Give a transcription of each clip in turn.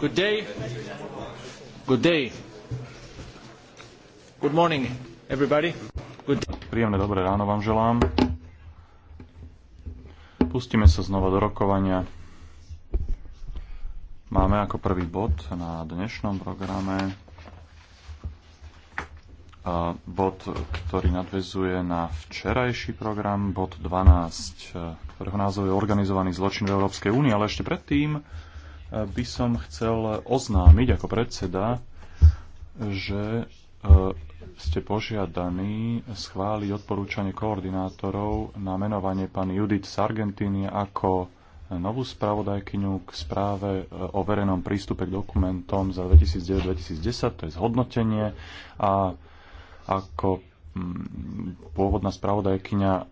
Good day. Good day. Good morning, everybody. Good day. Príjemné dobré ráno vám želám. Pustíme sa znova do rokovania. Máme ako prvý bod na dnešnom programe bod, ktorý nadvezuje na včerajší program, bod 12, e, ktorého názov je Organizovaný zločin v Európskej únii, ale ešte predtým e, by som chcel oznámiť ako predseda, že e, ste požiadaní schváliť odporúčanie koordinátorov na menovanie pani Judith Sargentini ako novú spravodajkyňu k správe o verejnom prístupe k dokumentom za 2009-2010, to je zhodnotenie a ako mm, pôvodná spravodajkyňa e,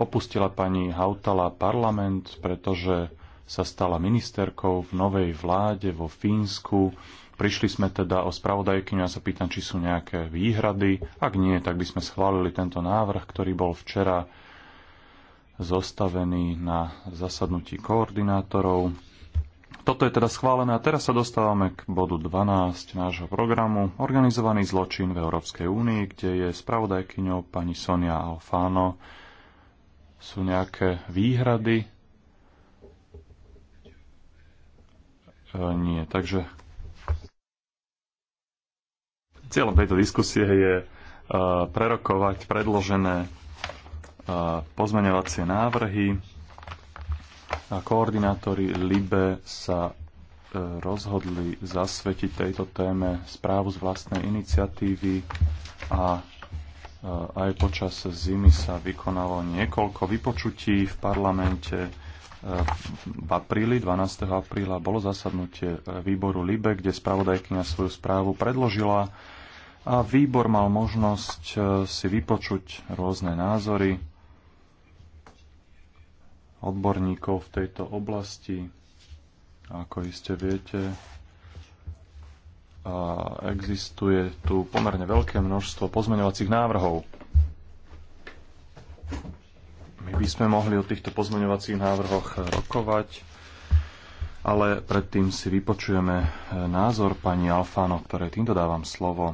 opustila pani Hautala parlament, pretože sa stala ministerkou v novej vláde vo Fínsku. Prišli sme teda o spravodajkyňu a ja sa pýtam, či sú nejaké výhrady. Ak nie, tak by sme schválili tento návrh, ktorý bol včera zostavený na zasadnutí koordinátorov. Toto je teda schválené a teraz sa dostávame k bodu 12 nášho programu Organizovaný zločin v Európskej únii, kde je spravodajkyňou pani Sonia Alfano. Sú nejaké výhrady? E, nie, takže cieľom tejto diskusie je e, prerokovať predložené e, pozmeňovacie návrhy koordinátori LIBE sa e, rozhodli zasvetiť tejto téme správu z vlastnej iniciatívy a e, aj počas zimy sa vykonalo niekoľko vypočutí v parlamente. E, v apríli, 12. apríla, bolo zasadnutie výboru LIBE, kde spravodajkyňa svoju správu predložila a výbor mal možnosť si vypočuť rôzne názory odborníkov v tejto oblasti. Ako iste viete, existuje tu pomerne veľké množstvo pozmeňovacích návrhov. My by sme mohli o týchto pozmeňovacích návrhoch rokovať, ale predtým si vypočujeme názor pani Alfáno, ktoré týmto dávam slovo.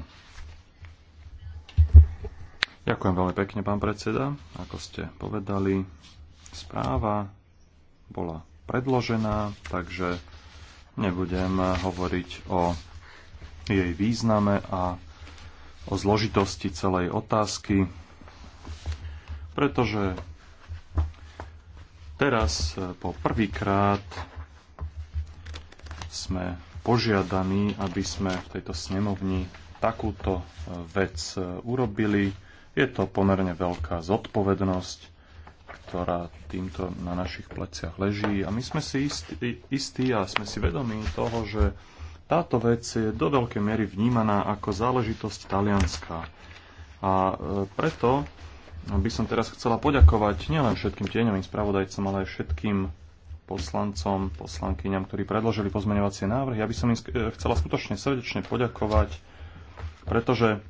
Ďakujem veľmi pekne, pán predseda. Ako ste povedali, Správa bola predložená, takže nebudem hovoriť o jej význame a o zložitosti celej otázky, pretože teraz eh, po prvýkrát sme požiadaní, aby sme v tejto snemovni takúto eh, vec eh, urobili. Je to pomerne veľká zodpovednosť ktorá týmto na našich pleciach leží. A my sme si istí, istí a sme si vedomí toho, že táto vec je do veľkej miery vnímaná ako záležitosť talianská. A e, preto by som teraz chcela poďakovať nielen všetkým tieňovým spravodajcom, ale aj všetkým poslancom, poslankyňam, ktorí predložili pozmeňovacie návrhy. Ja by som im e, chcela skutočne srdečne poďakovať, pretože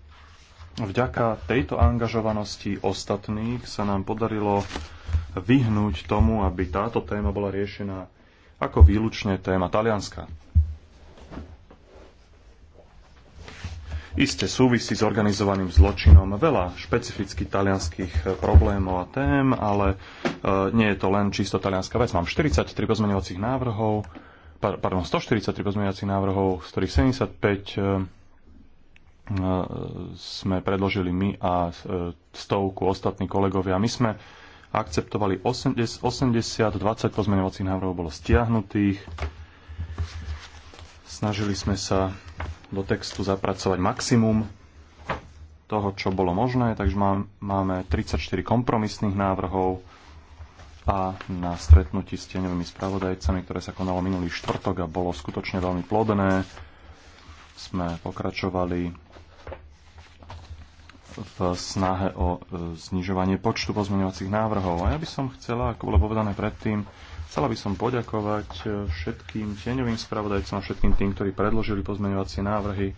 vďaka tejto angažovanosti ostatných sa nám podarilo vyhnúť tomu, aby táto téma bola riešená ako výlučne téma talianská. Isté súvisí s organizovaným zločinom veľa špecificky talianských problémov a tém, ale e, nie je to len čisto talianská vec. Mám 43 pozmeňovacích návrhov, pardon, 143 pozmeňovacích návrhov, z ktorých 75 No, e, sme predložili my a e, stovku ostatní kolegovia. My sme akceptovali 80, 20 pozmeňovacích návrhov bolo stiahnutých. Snažili sme sa do textu zapracovať maximum toho, čo bolo možné, takže máme 34 kompromisných návrhov a na stretnutí s tieňovými spravodajcami, ktoré sa konalo minulý štvrtok a bolo skutočne veľmi plodné, sme pokračovali v snahe o e, znižovanie počtu pozmeňovacích návrhov. A ja by som chcela, ako bolo povedané predtým, chcela by som poďakovať e, všetkým tieňovým spravodajcom a všetkým tým, ktorí predložili pozmeňovacie návrhy.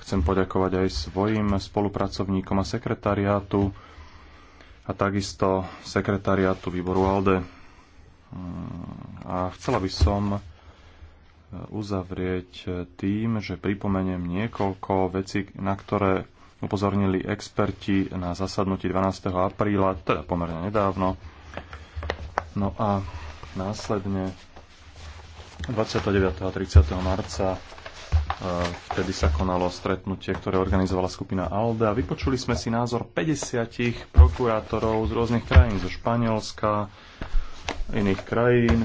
Chcem poďakovať aj svojim spolupracovníkom a sekretariátu a takisto sekretariátu výboru ALDE. Mm, a chcela by som e, uzavrieť tým, že pripomeniem niekoľko vecí, na ktoré upozornili experti na zasadnutí 12. apríla, teda pomerne nedávno. No a následne 29. a 30. marca e, Vtedy sa konalo stretnutie, ktoré organizovala skupina ALDE a vypočuli sme si názor 50 prokurátorov z rôznych krajín, zo Španielska, iných krajín.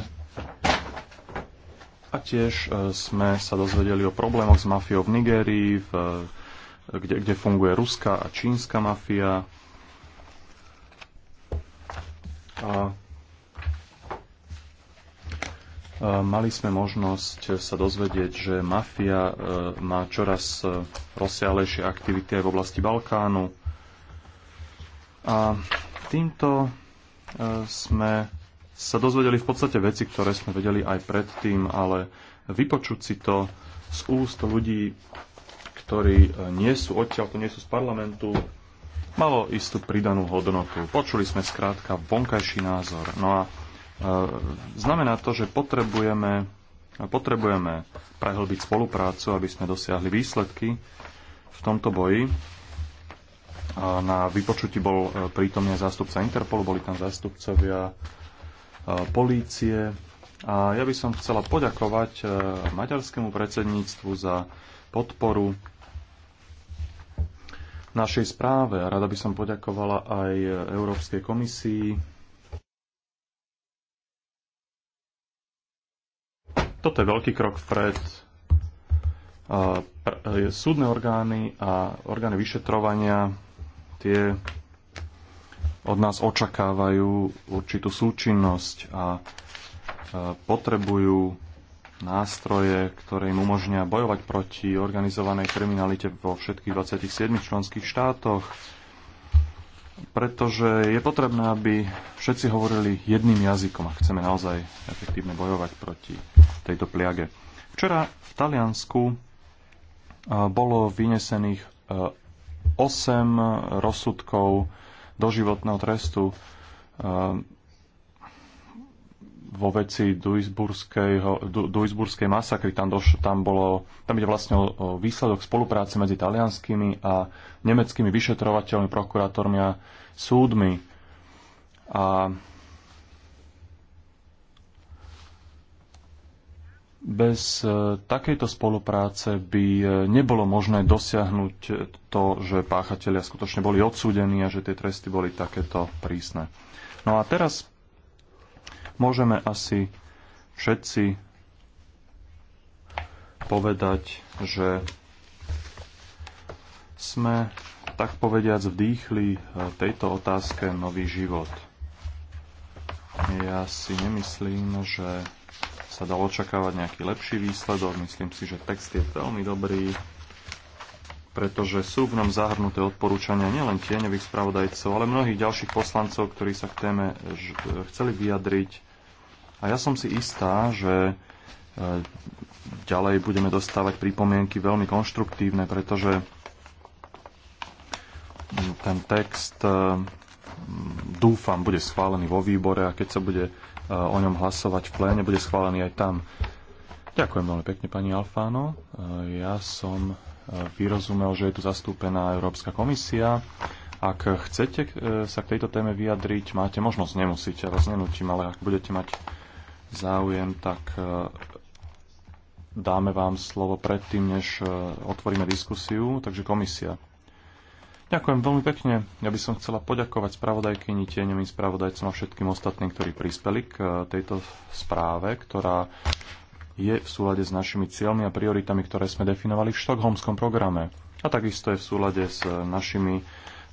A tiež e, sme sa dozvedeli o problémoch s mafiou v Nigérii, v kde, kde funguje ruská a čínska mafia. A Mali sme možnosť sa dozvedieť, že mafia e, má čoraz e, rozsiahlejšie aktivity aj v oblasti Balkánu. A týmto e, sme sa dozvedeli v podstate veci, ktoré sme vedeli aj predtým, ale vypočuť si to z úst ľudí, ktorí e, nie sú odtiaľ, nie sú z parlamentu, malo istú pridanú hodnotu. Počuli sme skrátka vonkajší názor. No a e, znamená to, že potrebujeme, potrebujeme prehlbiť spoluprácu, aby sme dosiahli výsledky v tomto boji. A na vypočutí bol e, prítomný zástupca Interpolu, boli tam zástupcovia e, polície. A ja by som chcela poďakovať maďarskému predsedníctvu za podporu našej správe. A rada by som poďakovala aj Európskej komisii. Toto je veľký krok vpred. Súdne orgány a orgány vyšetrovania tie od nás očakávajú určitú súčinnosť a potrebujú nástroje, ktoré im umožnia bojovať proti organizovanej kriminalite vo všetkých 27 členských štátoch, pretože je potrebné, aby všetci hovorili jedným jazykom a chceme naozaj efektívne bojovať proti tejto pliage. Včera v Taliansku bolo vynesených 8 rozsudkov doživotného trestu vo veci Duisburskej masakry. Tam, doš, tam, bolo, tam ide vlastne o výsledok spolupráce medzi talianskými a nemeckými vyšetrovateľmi, prokurátormi a súdmi. A bez e, takejto spolupráce by e, nebolo možné dosiahnuť to, že páchatelia skutočne boli odsúdení a že tie tresty boli takéto prísne. No a teraz Môžeme asi všetci povedať, že sme tak povediac vdýchli e, tejto otázke nový život. Ja si nemyslím, že sa dal očakávať nejaký lepší výsledok. Myslím si, že text je veľmi dobrý, pretože sú v ňom zahrnuté odporúčania nielen tieňových spravodajcov, ale mnohých ďalších poslancov, ktorí sa k téme chceli vyjadriť. A ja som si istá, že e, ďalej budeme dostávať pripomienky veľmi konštruktívne, pretože ten text e, dúfam bude schválený vo výbore a keď sa bude e, o ňom hlasovať v pléne, bude schválený aj tam. Ďakujem veľmi pekne, pani Alfáno. Ja som vyrozumel, že je tu zastúpená Európska komisia. Ak chcete sa k tejto téme vyjadriť, máte možnosť, nemusíte, vás nenútim, ale ak budete mať záujem, tak e, dáme vám slovo predtým, než e, otvoríme diskusiu. Takže komisia. Ďakujem veľmi pekne. Ja by som chcela poďakovať spravodajkyni, tieňovým spravodajcom a všetkým ostatným, ktorí prispeli k e, tejto správe, ktorá je v súlade s našimi cieľmi a prioritami, ktoré sme definovali v štokholmskom programe. A takisto je v súlade s našimi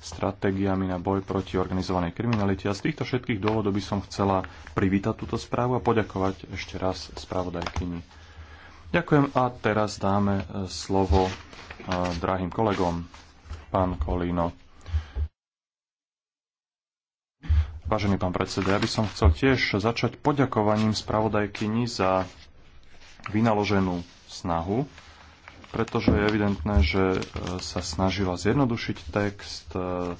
stratégiami na boj proti organizovanej kriminalite. A z týchto všetkých dôvodov by som chcela privítať túto správu a poďakovať ešte raz spravodajkyni. Ďakujem a teraz dáme e, slovo e, drahým kolegom, pán Kolíno. Vážený pán predseda, ja by som chcel tiež začať poďakovaním spravodajkyni za vynaloženú snahu pretože je evidentné, že e, sa snažila zjednodušiť text, e,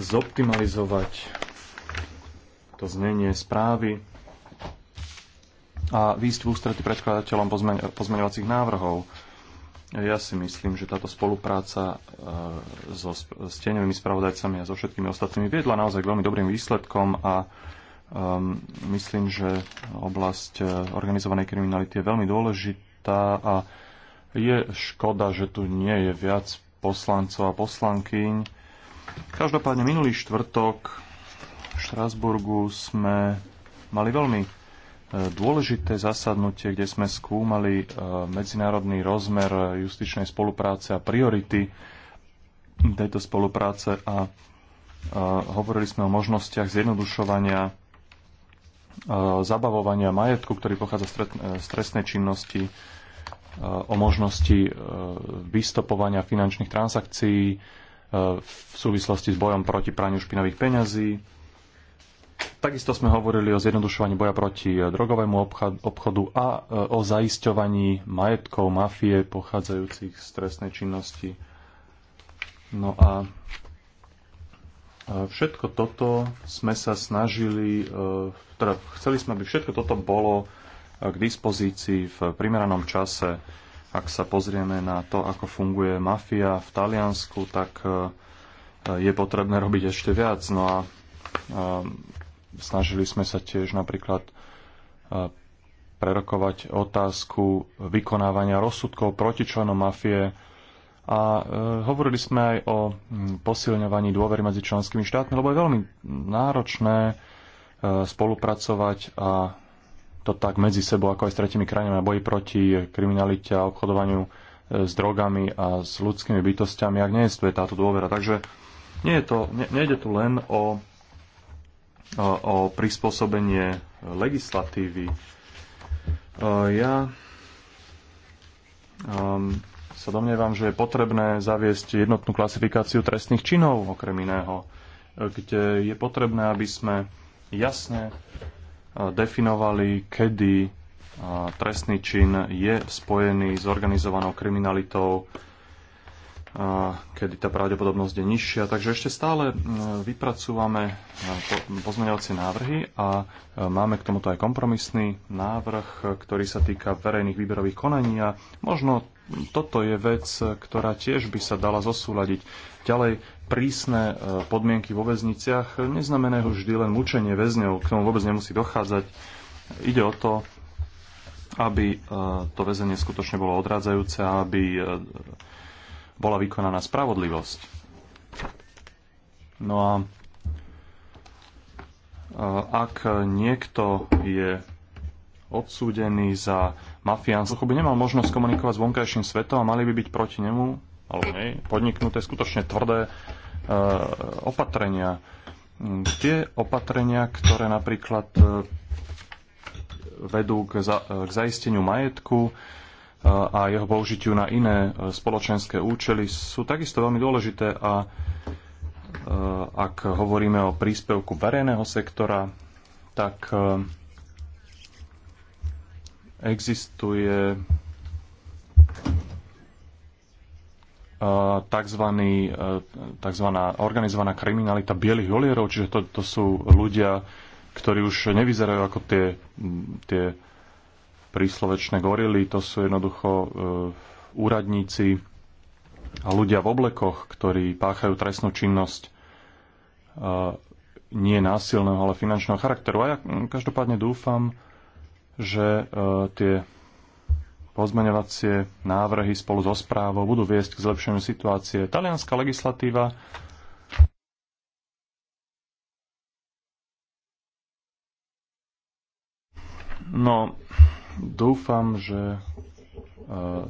zoptimalizovať to znenie správy a výjsť v ústrety predkladateľom pozmeňovacích návrhov. Ja si myslím, že táto spolupráca e, so steňovými spravodajcami a so všetkými ostatnými viedla naozaj k veľmi dobrým výsledkom a myslím, že oblasť organizovanej kriminality je veľmi dôležitá tá a je škoda, že tu nie je viac poslancov a poslankyň. Každopádne minulý štvrtok v Štrasburgu sme mali veľmi e, dôležité zasadnutie, kde sme skúmali e, medzinárodný rozmer justičnej spolupráce a priority tejto spolupráce a e, hovorili sme o možnostiach zjednodušovania zabavovania majetku, ktorý pochádza z trestnej činnosti, o možnosti e, vystopovania finančných transakcií e, v súvislosti s bojom proti praniu špinavých peňazí. Takisto sme hovorili o zjednodušovaní boja proti e, drogovému obchodu a o zaisťovaní majetkov mafie pochádzajúcich z trestnej činnosti. No a Všetko toto sme sa snažili, e, teda chceli sme, aby všetko toto bolo e, k dispozícii v primeranom čase. Ak sa pozrieme na to, ako funguje mafia v Taliansku, tak e, je potrebné robiť ešte viac. No a snažili sme sa tiež napríklad prerokovať otázku vykonávania rozsudkov proti členom mafie, a e, hovorili sme aj o mm, posilňovaní dôvery medzi členskými štátmi, lebo je veľmi náročné e, spolupracovať a to tak medzi sebou, ako aj s tretimi krajinami a boji proti kriminalite a obchodovaniu e, s drogami a s ľudskými bytostiami, ak je táto dôvera. Takže nie je to, ne, nejde tu len o, o, o prispôsobenie legislatívy. Ja um, sa domnievam, že je potrebné zaviesť jednotnú klasifikáciu trestných činov, okrem iného, kde je potrebné, aby sme jasne e, definovali, kedy e, trestný čin je spojený s organizovanou kriminalitou, e, kedy tá pravdepodobnosť je nižšia. Takže ešte stále vypracúvame pozmeňovacie návrhy a máme k tomuto aj kompromisný návrh, ktorý sa týka verejných výberových konaní a možno toto je vec, ktorá tiež by sa dala zosúľadiť. Ďalej, prísne e, podmienky vo väzniciach neznamenajú vždy len mučenie väzňov, k tomu vôbec nemusí dochádzať. Ide o to, aby e, to väzenie skutočne bolo odrádzajúce a aby e, bola vykonaná spravodlivosť. No a ak niekto je odsúdený za mafiánstvo, by nemal možnosť komunikovať s vonkajším svetom a mali by byť proti nemu alebo nej podniknuté skutočne tvrdé e, opatrenia. Tie opatrenia, ktoré napríklad e, vedú k, za, e, k zaisteniu majetku e, a jeho použitiu na iné e, spoločenské účely, sú takisto veľmi dôležité a e, ak hovoríme o príspevku verejného sektora, tak e, existuje e, tzv. E, organizovaná kriminalita bielých holierov, čiže to, to sú ľudia, ktorí už nevyzerajú ako tie, tie príslovečné gorily, to sú jednoducho e, úradníci a ľudia v oblekoch, ktorí páchajú trestnú činnosť nie násilného, ale finančného charakteru. A ja každopádne dúfam, že e, tie pozmeňovacie návrhy spolu so správou budú viesť k zlepšeniu situácie. Talianská legislatíva No, dúfam, že e,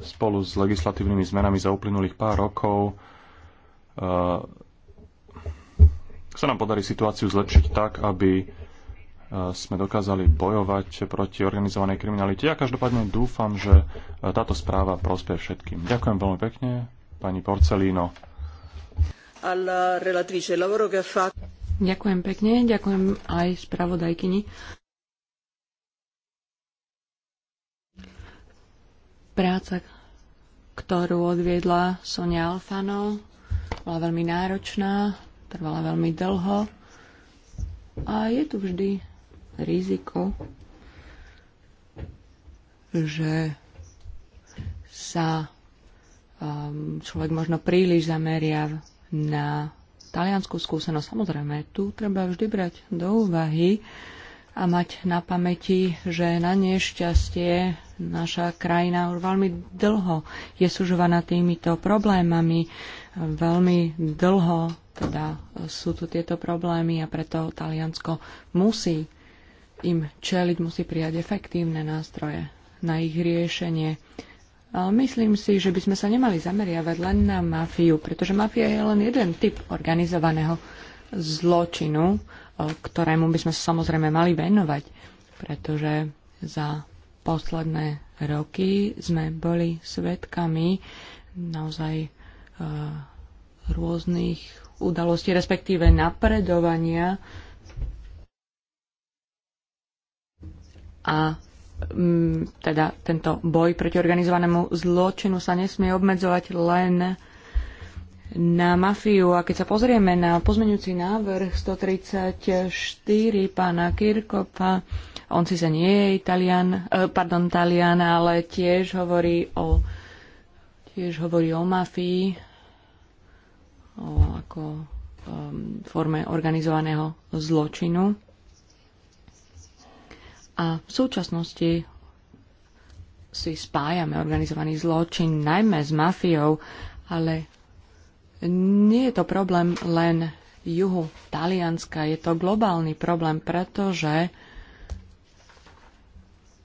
spolu s legislatívnymi zmenami za uplynulých pár rokov e, sa nám podarí situáciu zlepšiť tak, aby sme dokázali bojovať proti organizovanej kriminalite. Ja každopádne dúfam, že e, táto správa prospie všetkým. Ďakujem veľmi pekne, pani Porcelino. Ďakujem pekne, ďakujem aj spravodajkyni. Práca, ktorú odviedla Sonia Alfano, bola veľmi náročná, trvala veľmi dlho a je tu vždy riziko, že sa um, človek možno príliš zameria na talianskú skúsenosť. Samozrejme, tu treba vždy brať do úvahy a mať na pamäti, že na nešťastie naša krajina už veľmi dlho je sužovaná týmito problémami. Veľmi dlho teda sú tu tieto problémy a preto Taliansko musí im čeliť, musí prijať efektívne nástroje na ich riešenie. Ale myslím si, že by sme sa nemali zameriavať len na mafiu, pretože mafia je len jeden typ organizovaného zločinu, e, ktorému by sme sa samozrejme mali venovať, pretože za posledné roky sme boli svetkami naozaj e, rôznych udalostí, respektíve napredovania a mm, teda tento boj proti organizovanému zločinu sa nesmie obmedzovať len na mafiu. A keď sa pozrieme na pozmeňujúci návrh 134 pána Kirkopa, on si sa nie je Italian, e, pardon, Talian, ale tiež hovorí o tiež hovorí o mafii, o ako um, forme organizovaného zločinu. A v súčasnosti si spájame organizovaný zločin najmä s mafiou, ale nie je to problém len juhu Talianska, je to globálny problém, pretože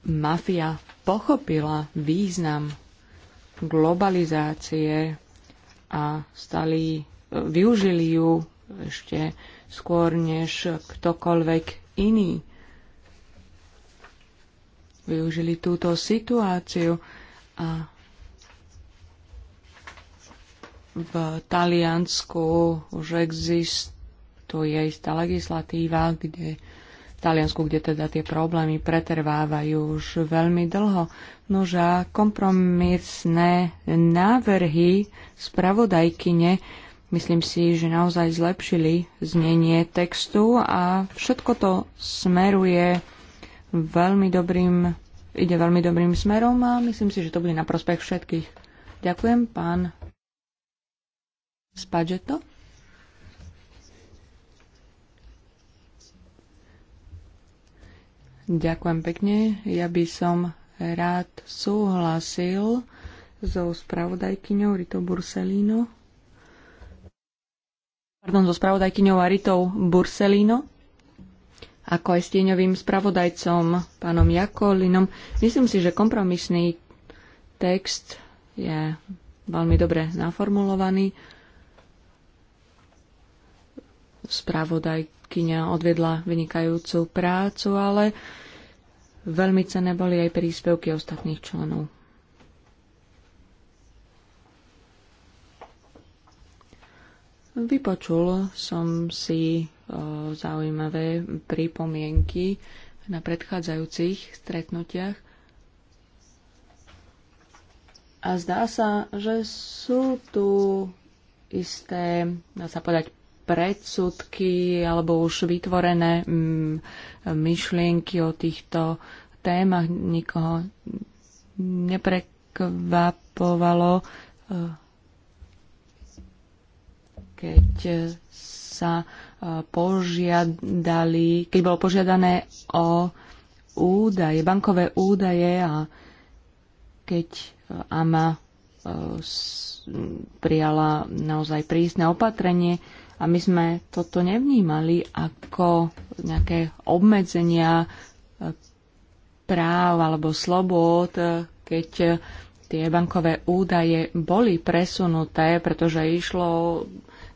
mafia pochopila význam globalizácie a stali, využili ju ešte skôr než ktokoľvek iný využili túto situáciu a v Taliansku už existuje istá legislatíva, kde v Taliansku, kde teda tie problémy pretrvávajú už veľmi dlho. Nože a kompromisné návrhy spravodajkyne myslím si, že naozaj zlepšili znenie textu a všetko to smeruje veľmi dobrým, ide veľmi dobrým smerom a myslím si, že to bude na prospech všetkých. Ďakujem, pán Spadžeto. Ďakujem pekne. Ja by som rád súhlasil so spravodajkyňou Ritou Burselino. Pardon, so spravodajkyňou Aritou Burselino ako aj stieňovým spravodajcom, pánom Jakolinom. Myslím si, že kompromisný text je veľmi dobre naformulovaný. Spravodajkyňa odvedla vynikajúcu prácu, ale veľmi cené boli aj príspevky ostatných členov. Vypočul som si zaujímavé pripomienky na predchádzajúcich stretnutiach. A zdá sa, že sú tu isté, dá sa povedať, predsudky alebo už vytvorené mm, myšlienky o týchto témach. Nikoho neprekvapovalo, eh, keď sa požiadali, keď bolo požiadané o údaje, bankové údaje a keď eh, AMA eh, prijala naozaj prísne opatrenie a my sme toto nevnímali ako nejaké obmedzenia eh, práv alebo slobod, keď tie bankové údaje boli presunuté, pretože išlo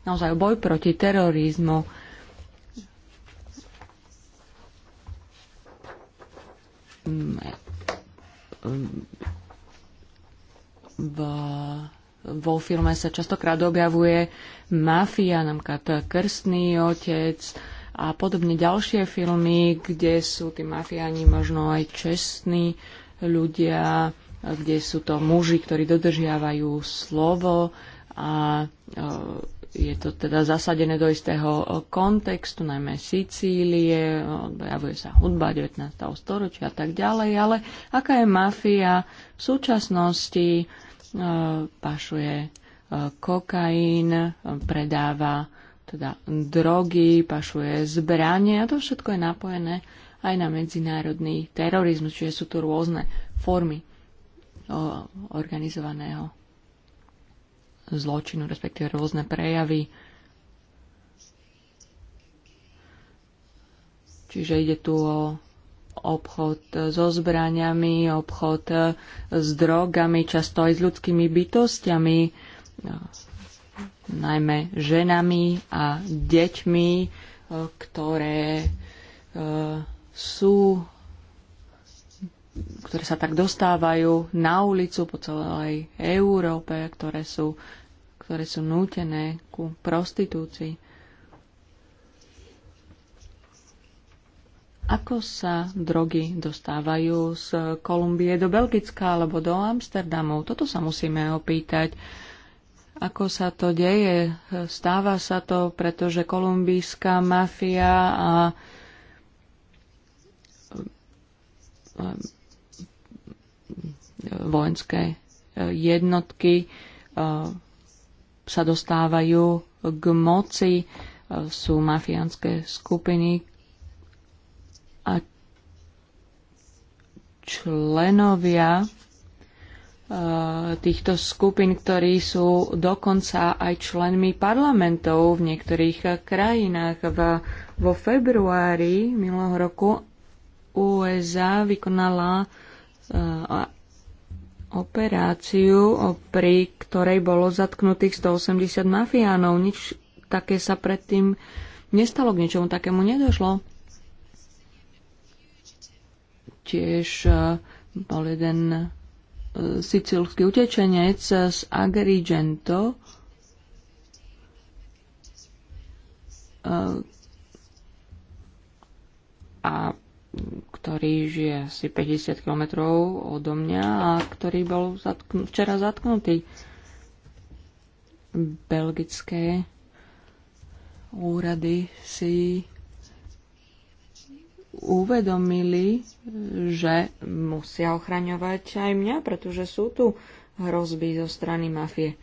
naozaj o boj proti terorizmu. V, vo filme sa častokrát objavuje mafia, napríklad Krstný otec a podobne ďalšie filmy, kde sú tí mafiáni možno aj čestní ľudia, kde sú to muži, ktorí dodržiavajú slovo a e, je to teda zasadené do istého eh, kontextu, najmä Sicílie, eh, objavuje sa hudba 19. storočia a tak ďalej, ale aká je mafia v súčasnosti, eh, pašuje kokain, predáva teda drogy, pašuje zbranie a to všetko je napojené aj na medzinárodný terorizmus, čiže sú tu rôzne formy organizovaného zločinu, respektíve rôzne prejavy. Čiže ide tu o obchod so zbraniami, obchod s drogami, často aj s ľudskými bytostiami, najmä ženami a deťmi, ktoré e, sú ktoré sa tak dostávajú na ulicu po celej Európe, ktoré sú ktoré sú nútené ku prostitúcii. Ako sa drogy dostávajú z Kolumbie do Belgicka alebo do Amsterdamu? Toto sa musíme opýtať. Ako sa to deje? Stáva sa to, pretože kolumbijská mafia a e, e, vojenské jednotky e, sa dostávajú k moci, e, sú mafiánske skupiny a členovia e, týchto skupín, ktorí sú dokonca aj členmi parlamentov v niektorých krajinách. V, vo februári minulého roku USA vykonala e, operáciu, pri ktorej bolo zatknutých 180 mafiánov. Nič také sa predtým nestalo, k ničomu takému nedošlo. Tiež e, bol jeden e, sicilský utečenec z Agrigento, e, a ktorý žije asi 50 km odo mňa a ktorý bol zatkn- včera zatknutý. Belgické úrady si uvedomili, že musia ochraňovať aj mňa, pretože sú tu hrozby zo strany mafie.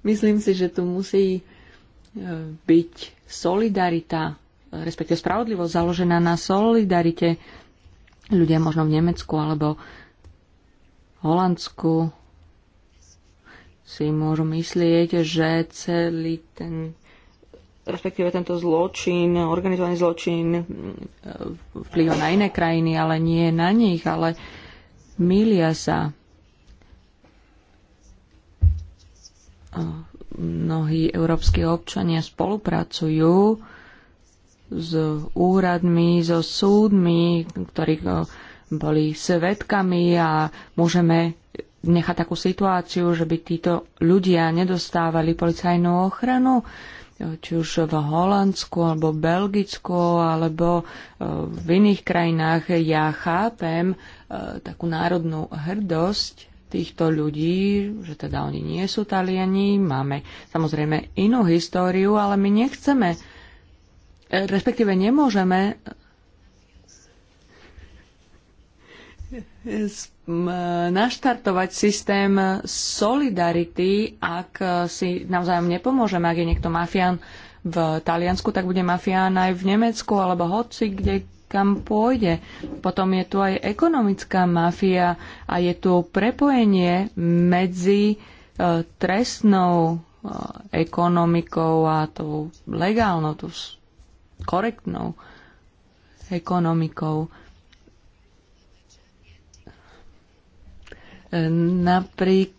Myslím si, že tu musí byť solidarita, respektíve spravodlivosť založená na solidarite. Ľudia možno v Nemecku alebo Holandsku si môžu myslieť, že celý ten respektíve tento zločin, organizovaný zločin vplyva na iné krajiny, ale nie na nich, ale milia sa mnohí európsky občania spolupracujú s úradmi, so súdmi, ktorí eh, boli svetkami a môžeme nechať takú situáciu, že by títo ľudia nedostávali policajnú ochranu, či už v Holandsku, alebo Belgicku, alebo eh, v iných krajinách. Ja chápem eh, takú národnú hrdosť týchto ľudí, že teda oni nie sú Taliani, máme samozrejme inú históriu, ale my nechceme, e, respektíve nemôžeme naštartovať systém solidarity, ak si navzájom nepomôžeme, ak je niekto mafián v Taliansku, tak bude mafián aj v Nemecku alebo hoci kde kam pôjde. Potom je tu aj ekonomická mafia a je tu prepojenie medzi e, trestnou e, ekonomikou a tou legálnou, tú korektnou ekonomikou. E, napríklad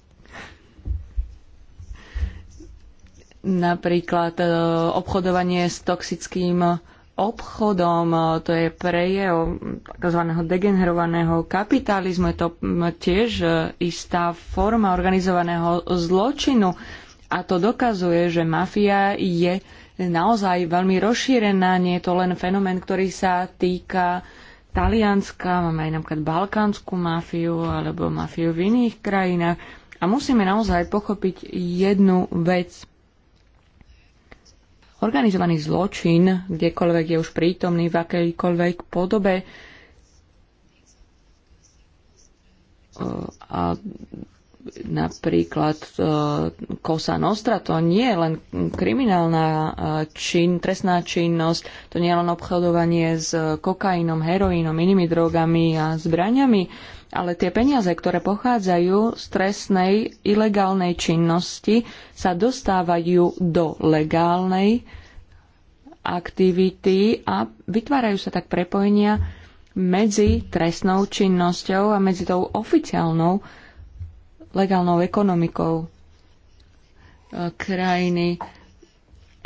napríklad e, obchodovanie s toxickým obchodom, e, to je prejev tzv. degenerovaného kapitalizmu, je to tiež e, istá forma organizovaného zločinu a to dokazuje, že mafia je naozaj veľmi rozšírená, nie je to len fenomén, ktorý sa týka Talianska, máme aj napríklad balkánsku mafiu alebo mafiu v iných krajinách a musíme naozaj pochopiť jednu vec – Organizovaný zločin, kdekoľvek je už prítomný v akejkoľvek podobe, a napríklad Kosa e, Nostra, to nie je len kriminálna e, čin, trestná činnosť, to nie je len obchodovanie s kokainom, heroínom, inými drogami a zbraniami ale tie peniaze, ktoré pochádzajú z trestnej ilegálnej činnosti, sa dostávajú do legálnej aktivity a vytvárajú sa tak prepojenia medzi trestnou činnosťou a medzi tou oficiálnou legálnou ekonomikou e, krajiny.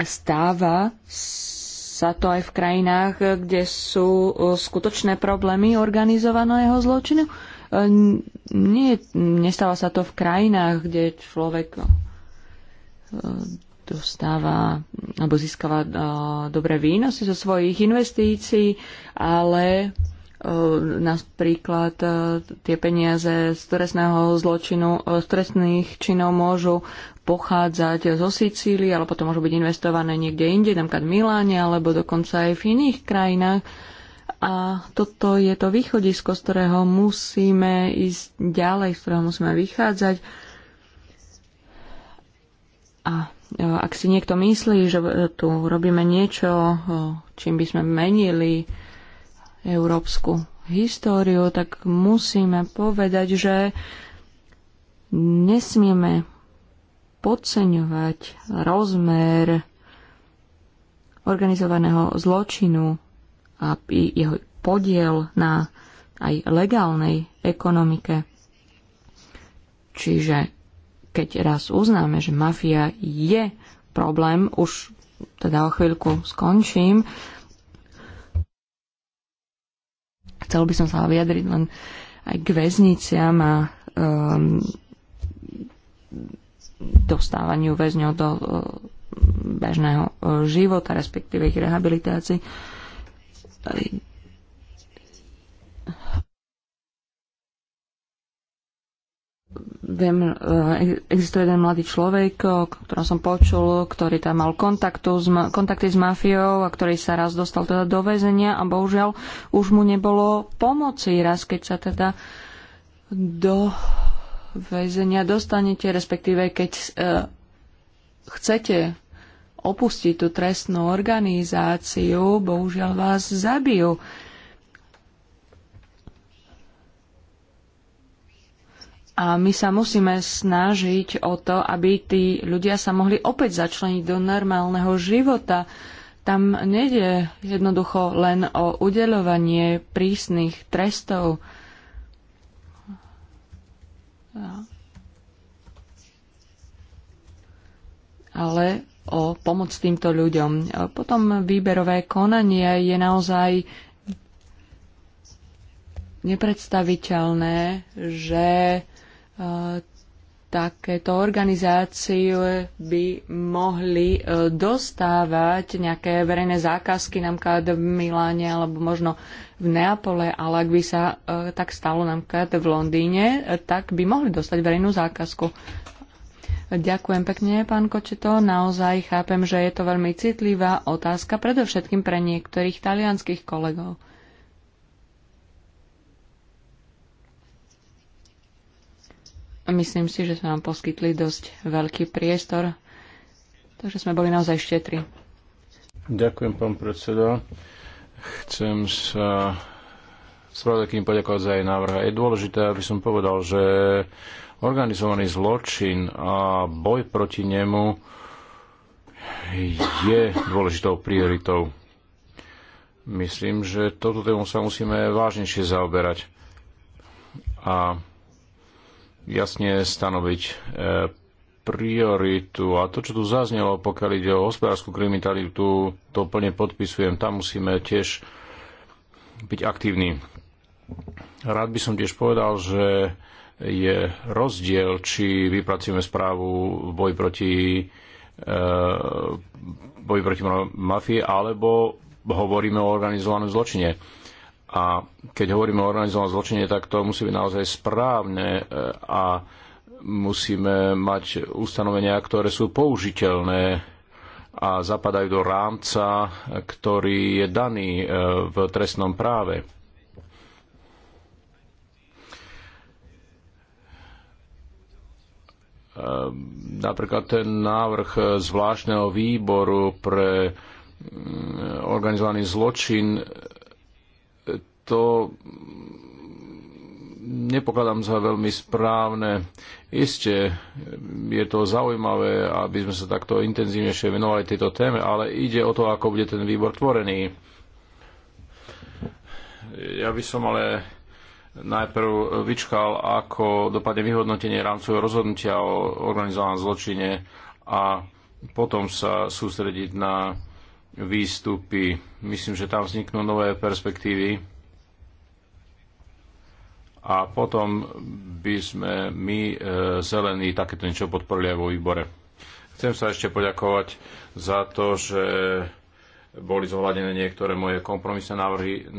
Stáva sa to aj v krajinách, kde sú e, skutočné problémy organizovaného zločinu. Nie, nestáva sa to v krajinách, kde človek e, dostáva alebo získava e, dobré výnosy zo svojich investícií, ale e, napríklad tie peniaze z trestného zločinu, z trestných činov môžu pochádzať zo Sicílie, alebo potom môžu byť investované niekde inde, napríklad v Miláne, alebo dokonca aj v iných krajinách, a toto je to východisko, z ktorého musíme ísť ďalej, z ktorého musíme vychádzať. A e, ak si niekto myslí, že tu robíme niečo, e, čím by sme menili európsku históriu, tak musíme povedať, že nesmieme podceňovať rozmer organizovaného zločinu a jeho podiel na aj legálnej ekonomike. Čiže keď raz uznáme, že mafia je problém, už teda o chvíľku skončím, chcel by som sa vyjadriť len aj k väzniciam a um, dostávaniu väzňov do uh, bežného uh, života, respektíve ich rehabilitácii. Uh, Viem, eh, existuje jeden mladý človek, o ktorom som počul, ktorý tam mal kontaktu s, kontakty s mafiou a ktorý sa raz dostal teda do väzenia a bohužiaľ už mu nebolo pomoci raz, keď sa teda do väzenia dostanete, respektíve keď e, chcete opustiť tú trestnú organizáciu, bohužiaľ vás zabijú. A my sa musíme snažiť o to, aby tí ľudia sa mohli opäť začleniť do normálneho života. Tam nejde jednoducho len o udeľovanie prísnych trestov. Ale o pomoc týmto ľuďom. Potom výberové konanie je naozaj nepredstaviteľné, že e, takéto organizácie by mohli e, dostávať nejaké verejné zákazky napríklad v Miláne alebo možno v Neapole, ale ak by sa e, tak stalo napríklad v Londýne, tak by mohli dostať verejnú zákazku. Ďakujem pekne, pán Kočeto. Naozaj chápem, že je to veľmi citlivá otázka, predovšetkým pre niektorých talianských kolegov. Myslím si, že sme nám poskytli dosť veľký priestor, takže sme boli naozaj štetri. Ďakujem, pán predseda. Chcem sa spravodajkým poďakovať za jej návrh. Je dôležité, aby som povedal, že Organizovaný zločin a boj proti nemu je dôležitou prioritou. Myslím, že toto tému sa musíme vážnejšie zaoberať a jasne stanoviť e, prioritu. A to, čo tu zaznelo, pokiaľ ide o hospodárskú kriminalitu, to plne podpisujem. Tam musíme tiež byť aktívni. Rád by som tiež povedal, že je rozdiel, či vypracujeme správu v boji proti, e, boji proti mafii, alebo hovoríme o organizovanom zločine. A keď hovoríme o organizovanom zločine, tak to musí byť naozaj správne eh, a musíme mať ustanovenia, ktoré sú použiteľné a zapadajú do rámca, ktorý je daný eh, v trestnom práve Ehm, napríklad ten návrh zvláštneho výboru pre mm, organizovaný zločin, to nepokladám za veľmi správne. Isté, je to zaujímavé, aby sme sa takto intenzívnejšie venovali tejto téme, ale ide o to, ako bude ten výbor tvorený. Ja by som ale najprv vyčkal, ako dopadne vyhodnotenie rámcového rozhodnutia o organizovanom zločine a potom sa sústrediť na výstupy. Myslím, že tam vzniknú nové perspektívy a potom by sme my, e, zelení, takéto niečo podporili aj vo výbore. Chcem sa ešte poďakovať za to, že boli zohľadené niektoré moje kompromisné návrhy,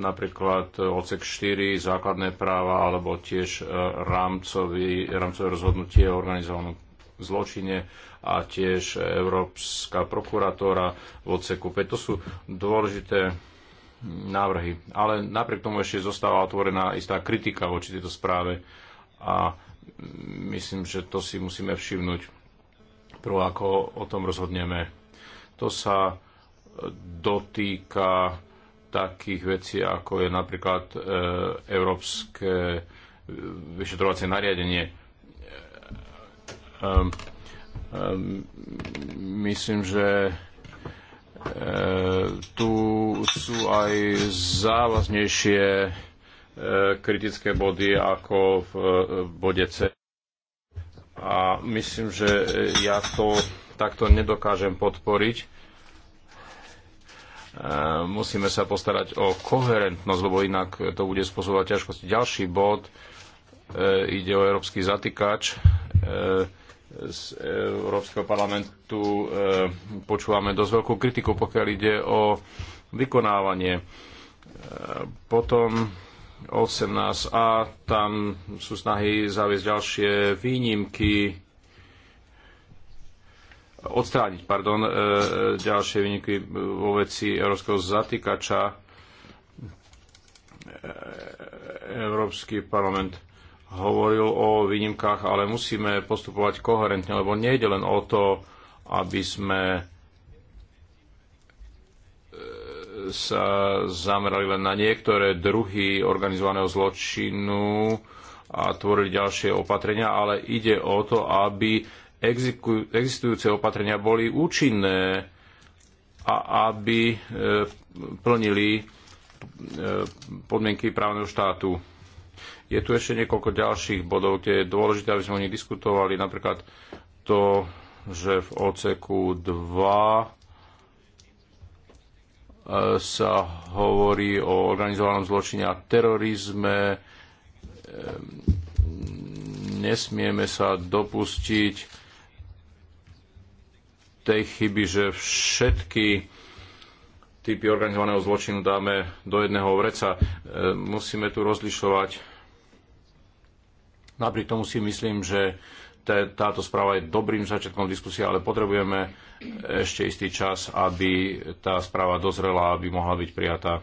napríklad odsek 4, základné práva, alebo tiež e, rámcový, rámcové rozhodnutie o organizovanom zločine a tiež Európska prokurátora v odseku 5. To sú dôležité návrhy. Ale napriek tomu ešte zostáva otvorená istá kritika voči tejto správe a myslím, že to si musíme všimnúť prvo, ako o tom rozhodneme. To sa dotýka takých vecí, ako je napríklad e, európske e, vyšetrovacie nariadenie. E, myslím, že tu sú aj závaznejšie kritické body ako v bode C. A myslím, že ja to takto nedokážem podporiť Ehm, musíme sa postarať o koherentnosť, lebo inak to bude spôsobovať ťažkosti. Ďalší bod eh, ide o európsky zatýkač. Eh, z Európskeho parlamentu eh, počúvame dosť veľkú kritiku, pokiaľ ide o vykonávanie. Potom 18a, tam sú snahy zaviesť ďalšie výnimky odstrániť pardon, e, e, ďalšie výniky e, vo veci európskeho zatýkača. Európsky parlament hovoril o výnimkách, ale musíme postupovať koherentne, lebo nie ide len o to, aby sme sa zamerali len na niektoré druhy organizovaného zločinu a tvorili ďalšie opatrenia, ale ide o to, aby existujúce opatrenia boli účinné a aby e, plnili e, podmienky právneho štátu. Je tu ešte niekoľko ďalších bodov, kde je dôležité, aby sme o nich diskutovali. Napríklad to, že v oceku 2 sa hovorí o organizovanom zločine a terorizme. E, nesmieme sa dopustiť tej chyby, že všetky typy organizovaného zločinu dáme do jedného vreca. E, musíme tu rozlišovať. Napriek tomu si myslím, že táto správa je dobrým začiatkom diskusie, ale potrebujeme ešte istý čas, aby tá správa dozrela, aby mohla byť prijatá.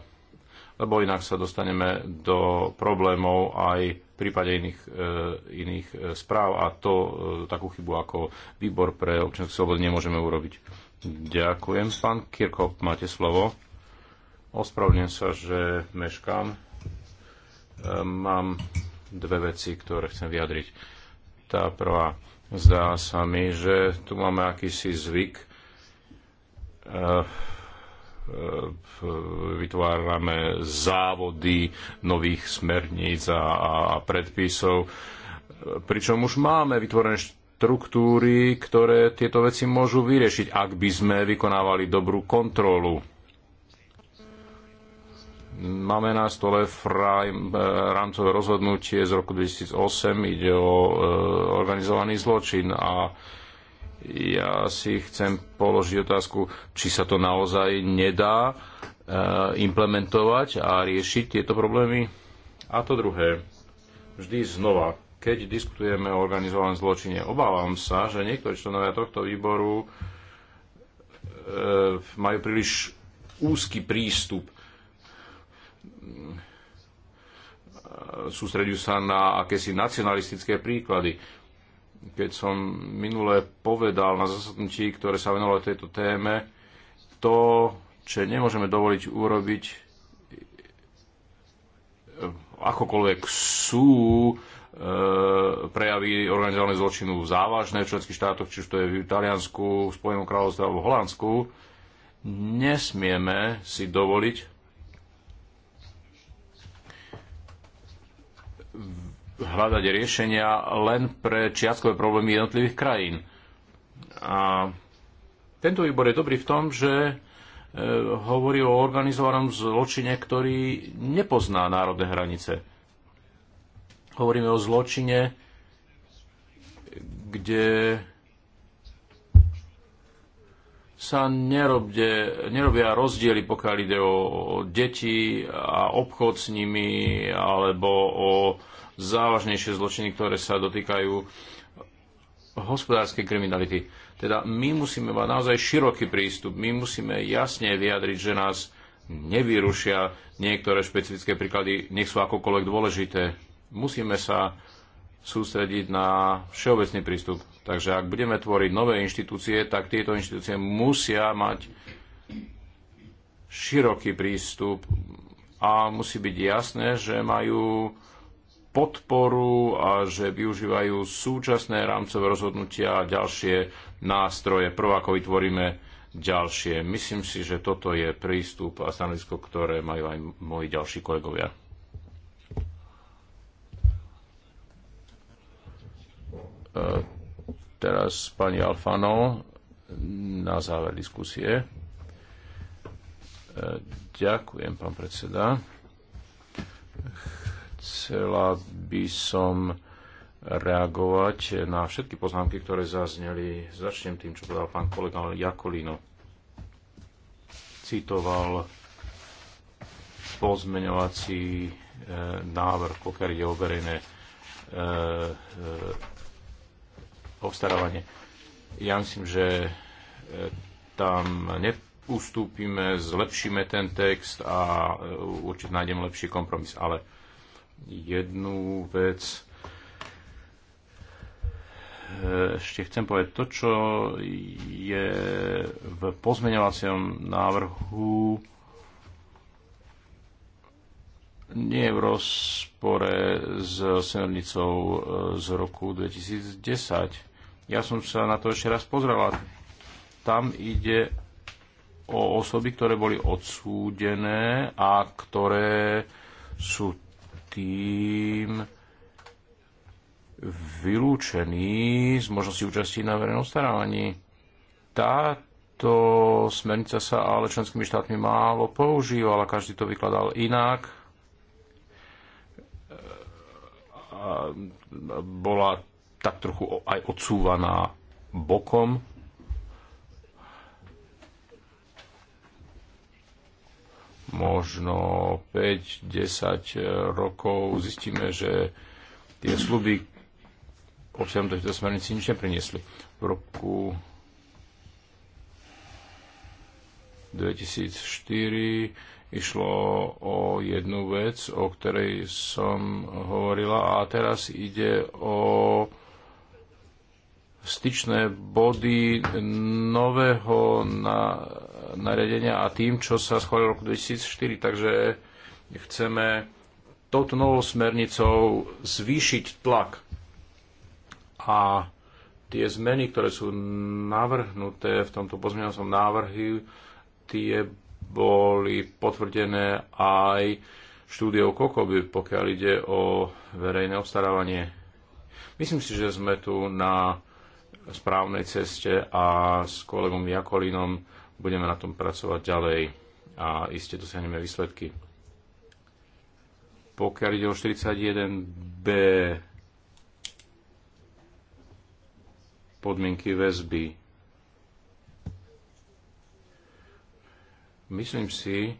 Lebo inak sa dostaneme do problémov aj prípade iných, e, iných e, správ a to e, takú chybu ako výbor pre občianskú slobodu nemôžeme urobiť. Ďakujem. Pán Kirko máte slovo. Ospravedlňujem sa, že meškám. Mám dve veci, ktoré chcem vyjadriť. Tá prvá, zdá sa mi, že tu máme akýsi zvyk, E, vytvárame závody nových smerníc a, a predpisov, e, pričom už máme vytvorené štruktúry, ktoré tieto veci môžu vyriešiť, ak by sme vykonávali dobrú kontrolu. Máme na stole e, rámcové rozhodnutie z roku 2008, ide o organizovaný zločin a ja si chcem položiť otázku, či sa to naozaj nedá e, implementovať a riešiť tieto problémy. A to druhé, vždy znova, keď diskutujeme o organizovanom zločine, obávam sa, že niektorí členovia tohto výboru e, majú príliš úzky prístup. E, sústredujú sa na akési nacionalistické príklady. Keď som minule povedal na zasadnutí, ktoré sa venovalo tejto téme, to, čo nemôžeme dovoliť urobiť, akokoľvek sú e, prejavy organizovaného zločinu závažné v členských štátoch, či už to je v Taliansku, v Spojenom kráľovstve alebo v Holandsku, nesmieme si dovoliť hľadať riešenia len pre čiastkové problémy jednotlivých krajín. A tento výbor je dobrý v tom, že e, hovorí o organizovanom zločine, ktorý nepozná národné hranice. Hovoríme o zločine, kde sa nerobde, nerobia rozdiely, pokiaľ ide o deti a obchod s nimi, alebo o závažnejšie zločiny, ktoré sa dotýkajú hospodárskej kriminality. Teda my musíme mať naozaj široký prístup. My musíme jasne vyjadriť, že nás nevyrušia niektoré špecifické príklady, nech sú akokoľvek dôležité. Musíme sa sústrediť na všeobecný prístup. Takže ak budeme tvoriť nové inštitúcie, tak tieto inštitúcie musia mať široký prístup a musí byť jasné, že majú podporu a že využívajú súčasné rámcové rozhodnutia a ďalšie nástroje. Prvá, ako vytvoríme ďalšie. Myslím si, že toto je prístup a stanovisko, ktoré majú aj moji ďalší kolegovia. E, teraz pani Alfano na záver diskusie. E, ďakujem, pán predseda Chcela by som reagovať na všetky poznámky, ktoré zazneli. Začnem tým, čo povedal pán kolega Jakolino. Citoval pozmeňovací e, návrh, pokiaľ ide o verejné e, e, obstarávanie. Ja myslím, že tam neustúpime, zlepšíme ten text a určite nájdeme lepší kompromis. Ale jednu vec. Ešte chcem povedať to, čo je v pozmeňovacom návrhu nie je v rozpore s smernicou e, z roku 2010. Ja som sa na to ešte raz pozrela. Tam ide o osoby, ktoré boli odsúdené a ktoré sú tým vylúčení z možnosti účasti na verejnom starávaní. Táto smernica sa ale členskými štátmi málo používala, každý to vykladal inak. A bola tak trochu aj odsúvaná bokom možno 5-10 e, rokov zistíme, že tie sluby obsahnuté v tejto smernici nič nepriniesli. V roku 2004 išlo o jednu vec, o ktorej som hovorila a teraz ide o styčné body nového na nariadenia a tým, čo sa schválilo v roku 2004. Takže chceme touto novou smernicou zvýšiť tlak a tie zmeny, ktoré sú navrhnuté v tomto pozmeňovacom návrhu, tie boli potvrdené aj štúdiou Kokoby, pokiaľ ide o verejné obstarávanie. Myslím si, že sme tu na správnej ceste a s kolegom Jakolinom Budeme na tom pracovať ďalej a iste dosiahneme výsledky. Pokiaľ ide o 41b podmienky väzby, myslím si,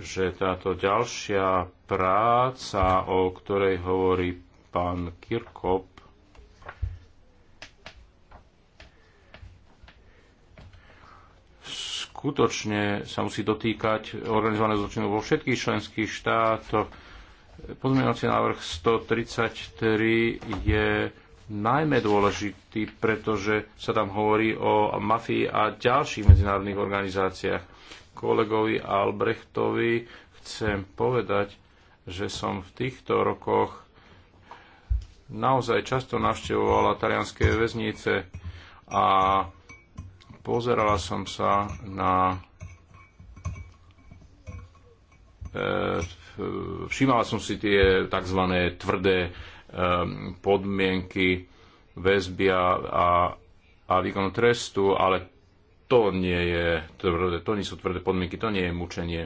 že táto ďalšia práca, o ktorej hovorí pán Kirkop, skutočne sa musí dotýkať organizovaného zločinu vo všetkých členských štátoch. Pozmeňovací návrh 133 je najmä dôležitý, pretože sa tam hovorí o mafii a ďalších medzinárodných organizáciách. Kolegovi Albrechtovi chcem povedať, že som v týchto rokoch naozaj často navštevovala talianské väznice a Pozerala som sa na... E, Všimala som si tie tzv. tvrdé e, podmienky väzby a, a výkonu trestu, ale to nie je tvrdé, to nie sú tvrdé podmienky, to nie je mučenie.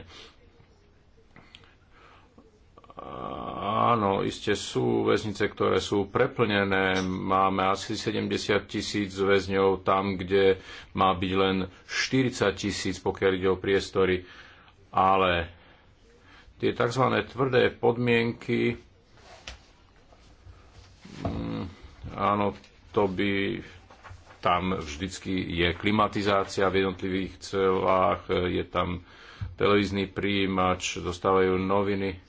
Áno, iste sú väznice, ktoré sú preplnené. Máme asi 70 tisíc väzňov tam, kde má byť len 40 tisíc, pokiaľ ide o priestory. Ale tie tzv. tvrdé podmienky, mm, áno, to by tam vždycky je klimatizácia v jednotlivých celách, je tam televízny príjimač, dostávajú noviny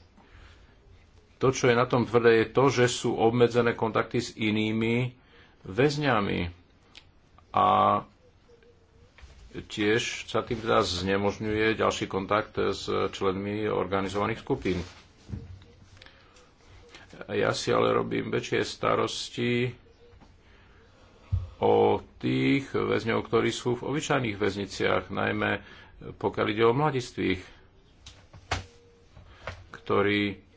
to, čo je na tom tvrdé, je to, že sú obmedzené kontakty s inými väzňami. A tiež sa tým teda znemožňuje ďalší kontakt s členmi organizovaných skupín. Ja si ale robím väčšie starosti o tých väzňov, ktorí sú v obyčajných väzniciach, najmä pokiaľ ide o mladistvých, ktorí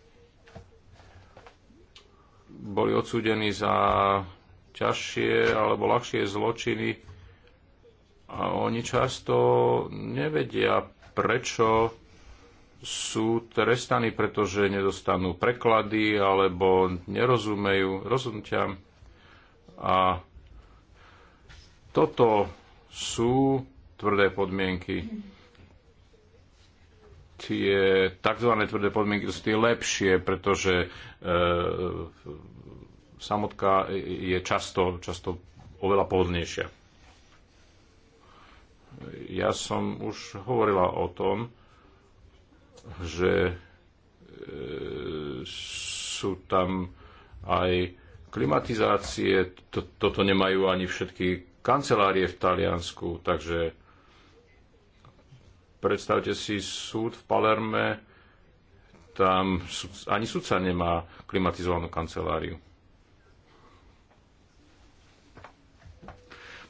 boli odsúdení za ťažšie alebo ľahšie zločiny a oni často nevedia, prečo sú trestaní, pretože nedostanú preklady alebo nerozumejú rozhodnutiam. A toto sú tvrdé podmienky tie tzv. tvrdé podmienky sú tie lepšie, pretože e, samotka je často, často oveľa pohodlnejšia. Ja som už hovorila o tom, že e, sú tam aj klimatizácie, to, toto nemajú ani všetky kancelárie v Taliansku, takže Predstavte si súd v Palerme, tam ani sudca nemá klimatizovanú kanceláriu.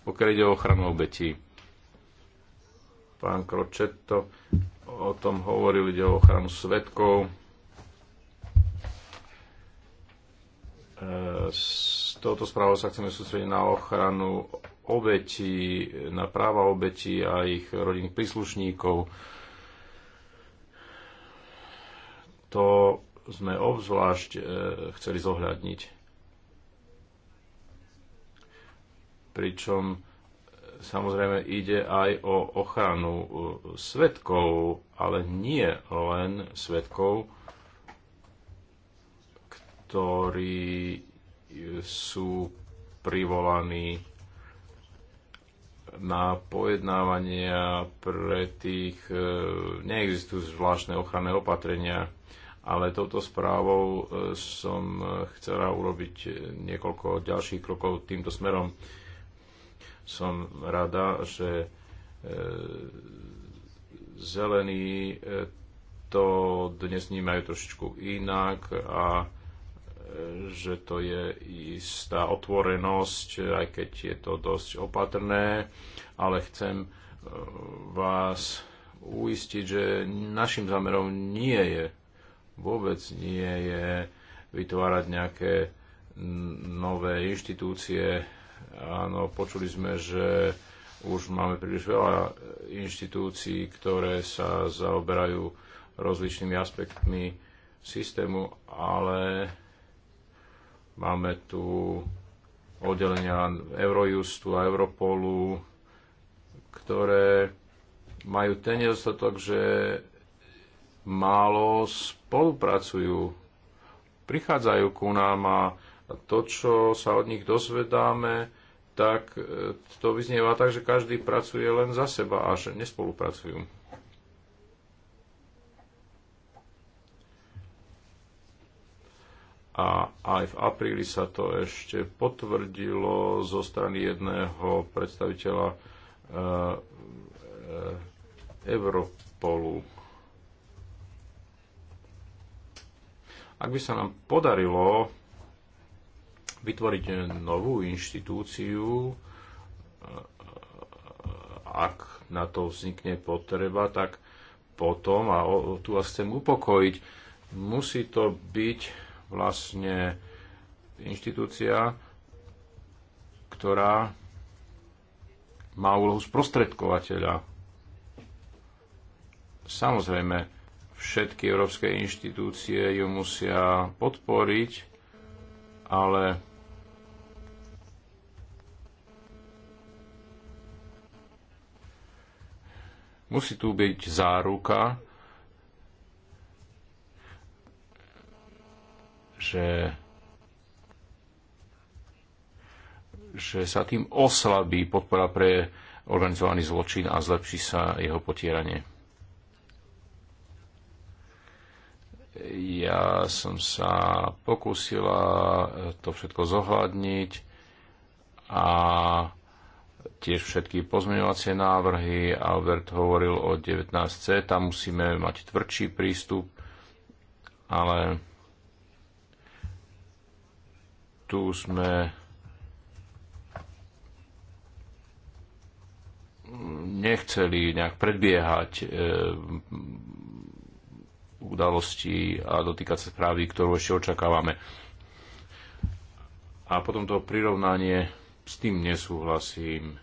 Pokiaľ ide o ochranu obetí, pán Kročetto o tom hovoril, ide o ochranu svetkov. E, s touto správou sa chceme sústrediť na ochranu obeti, na práva obeti a ich rodinných príslušníkov. To sme obzvlášť e, chceli zohľadniť. Pričom e, samozrejme ide aj o ochranu e, svetkov, ale nie len svetkov, ktorí sú privolaní na pojednávania pre tých e, neexistujú zvláštne ochranné opatrenia, ale touto správou e, som e, chcela urobiť niekoľko ďalších krokov týmto smerom. Som rada, že zelení to dnes vnímajú trošičku inak a že to je istá otvorenosť, aj keď je to dosť opatrné, ale chcem e, vás uistiť, že našim zámerom nie je, vôbec nie je vytvárať nejaké nové inštitúcie. Áno, počuli sme, že už máme príliš veľa inštitúcií, ktoré sa zaoberajú rozličnými aspektmi systému, ale Máme tu oddelenia Eurojustu a Europolu, ktoré majú ten nedostatok, že málo spolupracujú, prichádzajú ku nám a to, čo sa od nich dozvedáme, tak e, to vyznieva tak, že každý pracuje len za seba a že nespolupracujú. a aj v apríli sa to ešte potvrdilo zo strany jedného predstaviteľa eh, eh, Europolu. Ak by sa nám podarilo vytvoriť novú inštitúciu, eh, ak na to vznikne potreba, tak potom, a tu vás chcem upokojiť, musí to byť vlastne inštitúcia, ktorá má úlohu sprostredkovateľa. Samozrejme, všetky európske inštitúcie ju musia podporiť, ale musí tu byť záruka, že že sa tým oslabí podpora pre organizovaný zločin a zlepší sa jeho potieranie. Ja som sa pokúsila to všetko zohľadniť a tiež všetky pozmeňovacie návrhy. Albert hovoril o 19C, tam musíme mať tvrdší prístup, ale tu sme nechceli nejak predbiehať e, udalosti a dotýkať sa správy, ktorú ešte očakávame. A potom to prirovnanie, s tým nesúhlasím.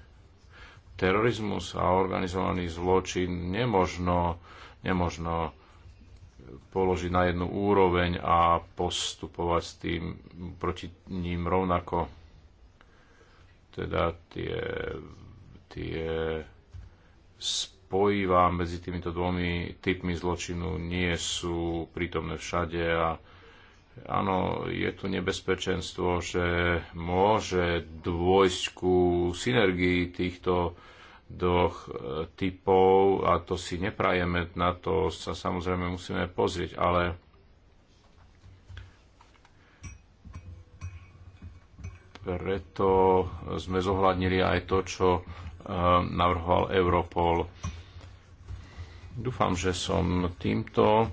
Terorizmus a organizovaný zločin nemožno, nemožno položiť na jednu úroveň a postupovať s tým proti ním rovnako. Teda tie, tie spojivá medzi týmito dvomi typmi zločinu nie sú prítomné všade a áno, je tu nebezpečenstvo, že môže dôjsť ku synergii týchto dvoch e, typov a to si neprajeme, na to sa samozrejme musíme pozrieť, ale preto sme zohľadnili aj to, čo e, navrhoval Europol. Dúfam, že som týmto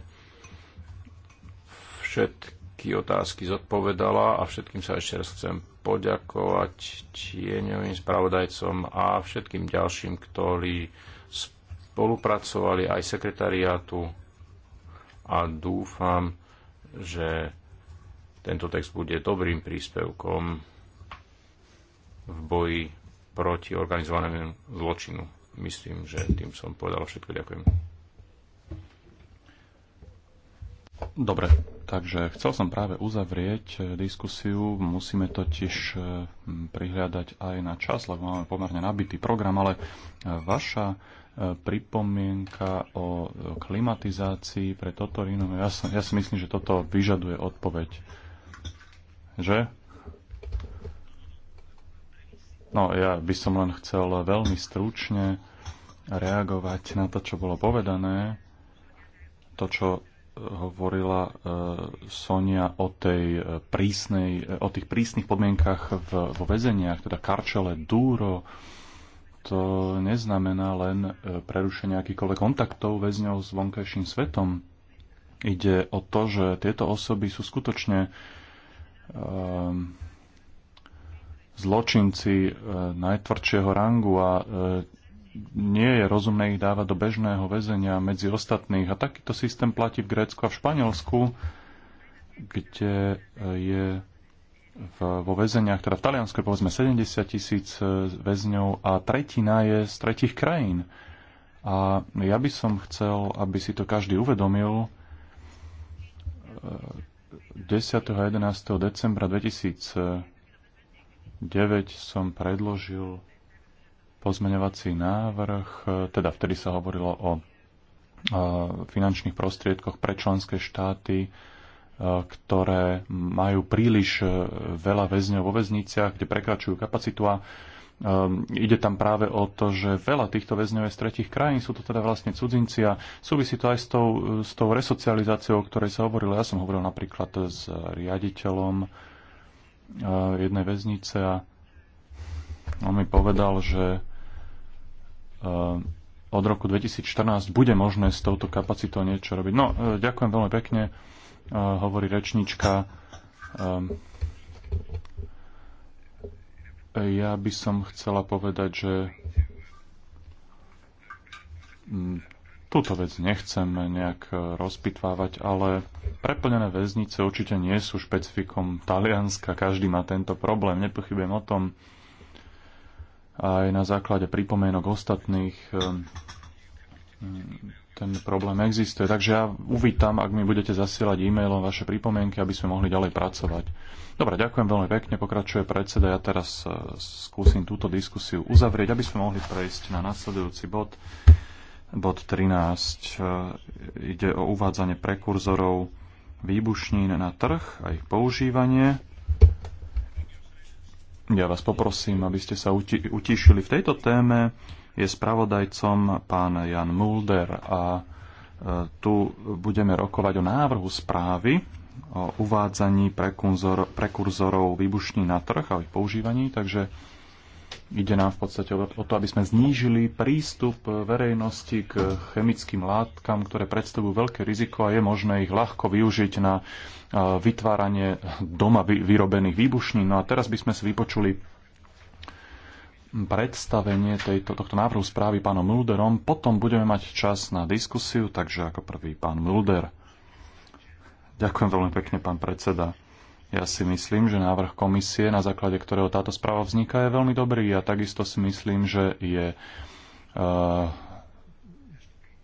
všetky otázky zodpovedala a všetkým sa ešte raz chcem poďakovať tieňovým spravodajcom a všetkým ďalším, ktorí spolupracovali aj sekretariátu a dúfam, že tento text bude dobrým príspevkom v boji proti organizovanému zločinu. Myslím, že tým som povedal všetko. Ďakujem. Dobre, takže chcel som práve uzavrieť e, diskusiu. Musíme totiž e, prihľadať aj na čas, lebo máme pomerne nabitý program, ale e, vaša pripomienka o klimatizácii pre toto ja, som, ja si myslím, že toto vyžaduje odpoveď. Že? No, ja by som len chcel veľmi stručne reagovať na to, čo bolo povedané. To, čo hovorila e, Sonia o, tej e, prísnej, e, o tých prísnych podmienkach v, vo väzeniach, teda karčele, dúro, to neznamená len prerušenie akýchkoľvek kontaktov väzňov s vonkajším svetom. Ide o to, že tieto osoby sú skutočne um, zločinci najtvrdšieho rangu a nie je rozumné ich dávať do bežného väzenia medzi ostatných. A takýto systém platí v Grécku a v Španielsku, kde je v, vo väzeniach, teda v Taliansku povedzme 70 tisíc e, väzňov a tretina je z tretich krajín. A ja by som chcel, aby si to každý uvedomil. 10. E, a 11. decembra 2009 som predložil pozmeňovací návrh, e, teda vtedy sa hovorilo o e, finančných prostriedkoch pre členské štáty, e, ktoré majú príliš veľa väzňov vo väzniciach, kde prekračujú kapacitu a Um, ide tam práve o to, že veľa týchto väzňov je z tretich krajín, sú to teda vlastne cudzinci a súvisí to aj s tou, s tou resocializáciou, o ktorej sa hovorilo. Ja som hovoril napríklad s riaditeľom uh, jednej väznice a on mi povedal, že eh, od roku 2014 bude možné s touto kapacitou niečo robiť. No, eh, ďakujem veľmi pekne, eh, hovorí rečnička. Ja by som chcela povedať, že hm, túto vec nechcem nejak rozpitvávať, ale preplnené väznice určite nie sú špecifikom Talianska. Každý má tento problém, nepochybujem o tom aj na základe pripomienok ostatných ehm, ten problém existuje. Takže ja uvítam, ak mi budete zasielať e-mailom vaše pripomienky, aby sme mohli ďalej pracovať. Dobre, ďakujem veľmi pekne, pokračuje predseda. Ja teraz e, skúsim túto diskusiu uzavrieť, aby sme mohli prejsť na nasledujúci bod. Bod 13 e, ide o uvádzanie prekurzorov výbušnín na trh a ich používanie. Ja vás poprosím, aby ste sa uti- utišili. V tejto téme je spravodajcom pán Jan Mulder a e, tu budeme rokovať o návrhu správy o uvádzaní prekurzor- prekurzorov výbušní na trh a ich používaní, takže ide nám v podstate o to, aby sme znížili prístup verejnosti k chemickým látkam, ktoré predstavujú veľké riziko a je možné ich ľahko využiť na vytváranie doma vyrobených výbušnín. No a teraz by sme si vypočuli predstavenie tejto, tohto návrhu správy pánom Mulderom. Potom budeme mať čas na diskusiu, takže ako prvý pán Mulder. Ďakujem veľmi pekne, pán predseda. Ja si myslím, že návrh komisie, na základe ktorého táto správa vzniká, je veľmi dobrý a takisto si myslím, že je uh,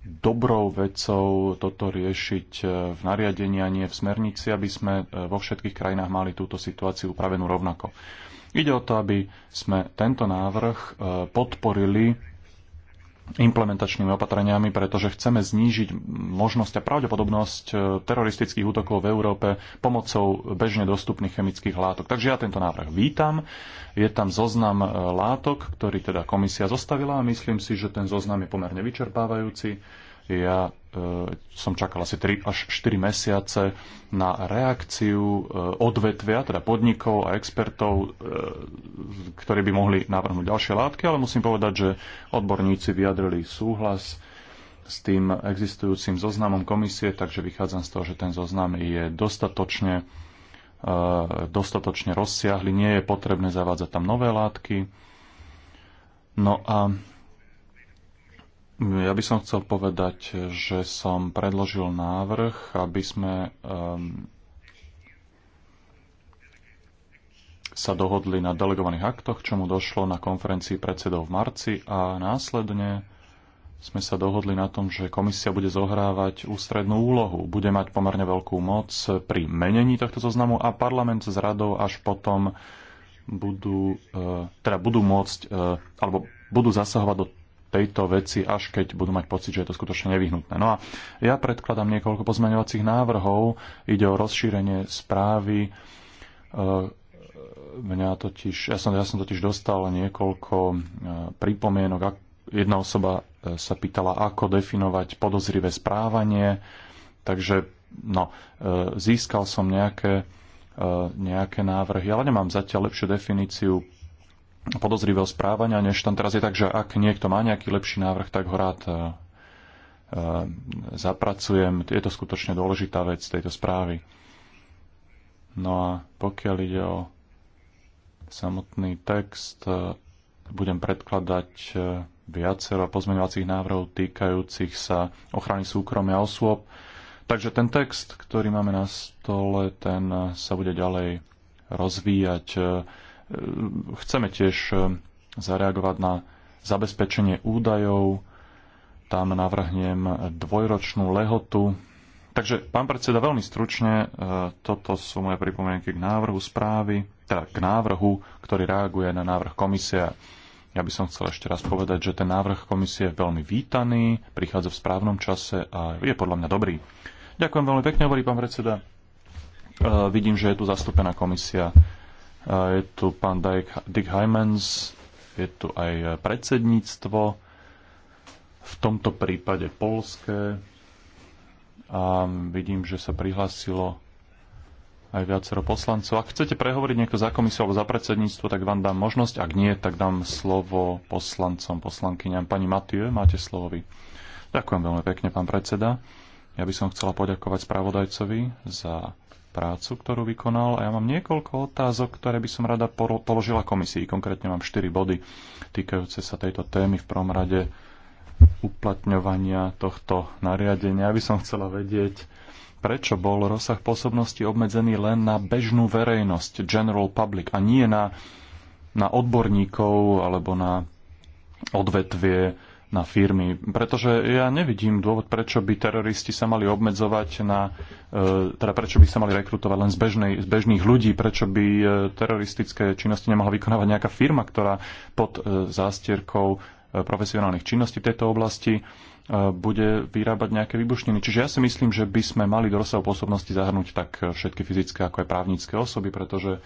dobrou vecou toto riešiť e, v nariadení a nie v smernici, aby sme e, vo všetkých krajinách mali túto situáciu upravenú rovnako. Ide o to, aby sme tento návrh e, podporili implementačnými opatreniami, pretože chceme znížiť možnosť a pravdepodobnosť e, teroristických útokov v Európe pomocou bežne dostupných chemických látok. Takže ja tento návrh vítam. Je tam zoznam e, látok, ktorý teda komisia zostavila a myslím si, že ten zoznam je pomerne vyčerpávajúci. Ja E, som čakal asi 3 až 4 mesiace na reakciu e, odvetvia, teda podnikov a expertov, e, ktorí by mohli navrhnúť ďalšie látky, ale musím povedať, že odborníci vyjadrili súhlas s tým existujúcim zoznamom komisie, takže vychádzam z toho, že ten zoznam je dostatočne, dostatočne rozsiahly, nie je potrebné zavádzať tam nové látky. No a ja by som chcel povedať, že som predložil návrh, aby sme um, sa dohodli na delegovaných aktoch, čomu došlo na konferencii predsedov v marci a následne sme sa dohodli na tom, že komisia bude zohrávať ústrednú úlohu. Bude mať pomerne veľkú moc pri menení tohto zoznamu a parlament s radou až potom budú, eh, teda budú môcť, eh, alebo budú zasahovať do tejto veci, až keď budú mať pocit, že je to skutočne nevyhnutné. No a ja predkladám niekoľko pozmeňovacích návrhov. Ide o rozšírenie správy. Eh, mňa totiž, ja som, ja som totiž dostal niekoľko eh, pripomienok. Jedna osoba eh, sa pýtala, ako definovať podozrivé správanie. Takže no, získal som nejaké nejaké návrhy, ale nemám zatiaľ lepšiu definíciu podozrivého správania, než tam teraz je tak, že ak niekto má nejaký lepší návrh, tak ho rád e, e, zapracujem. Je to skutočne dôležitá vec tejto správy. No a pokiaľ ide o samotný text, e, budem predkladať viacero pozmeňovacích návrhov týkajúcich sa ochrany súkromia osôb. Takže ten text, ktorý máme na stole, ten sa bude ďalej rozvíjať E, chceme tiež e, zareagovať na zabezpečenie údajov. Tam navrhnem dvojročnú lehotu. Takže, pán predseda, veľmi stručne, e, toto sú moje pripomienky k návrhu správy, teda k návrhu, ktorý reaguje na návrh komisia. Ja by som chcel ešte raz povedať, že ten návrh komisie je veľmi vítaný, prichádza v správnom čase a je podľa mňa dobrý. Ďakujem veľmi pekne, hovorí pán predseda. E, vidím, že je tu zastúpená komisia je tu pán Dick Hymans, je tu aj predsedníctvo, v tomto prípade polské. A vidím, že sa prihlasilo aj viacero poslancov. Ak chcete prehovoriť niekto za komisiu alebo za predsedníctvo, tak vám dám možnosť. Ak nie, tak dám slovo poslancom, poslankyňam. Pani Matiu, máte slovo vy. Ďakujem veľmi pekne, pán predseda. Ja by som chcela poďakovať spravodajcovi za prácu, ktorú vykonal a ja mám niekoľko otázok, ktoré by som rada položila komisii. Konkrétne mám 4 body týkajúce sa tejto témy v prvom rade uplatňovania tohto nariadenia. Ja by som chcela vedieť, prečo bol rozsah pôsobnosti obmedzený len na bežnú verejnosť, general public, a nie na, na odborníkov alebo na odvetvie na firmy. Pretože ja nevidím dôvod, prečo by teroristi sa mali obmedzovať na, e, teda prečo by sa mali rekrutovať len z, bežnej, z bežných ľudí, prečo by e, teroristické činnosti nemohla vykonávať nejaká firma, ktorá pod e, zástierkou profesionálnych činností v tejto oblasti bude vyrábať nejaké vybušniny. Čiže ja si myslím, že by sme mali do rozsahu pôsobnosti zahrnúť tak všetky fyzické ako aj právnické osoby, pretože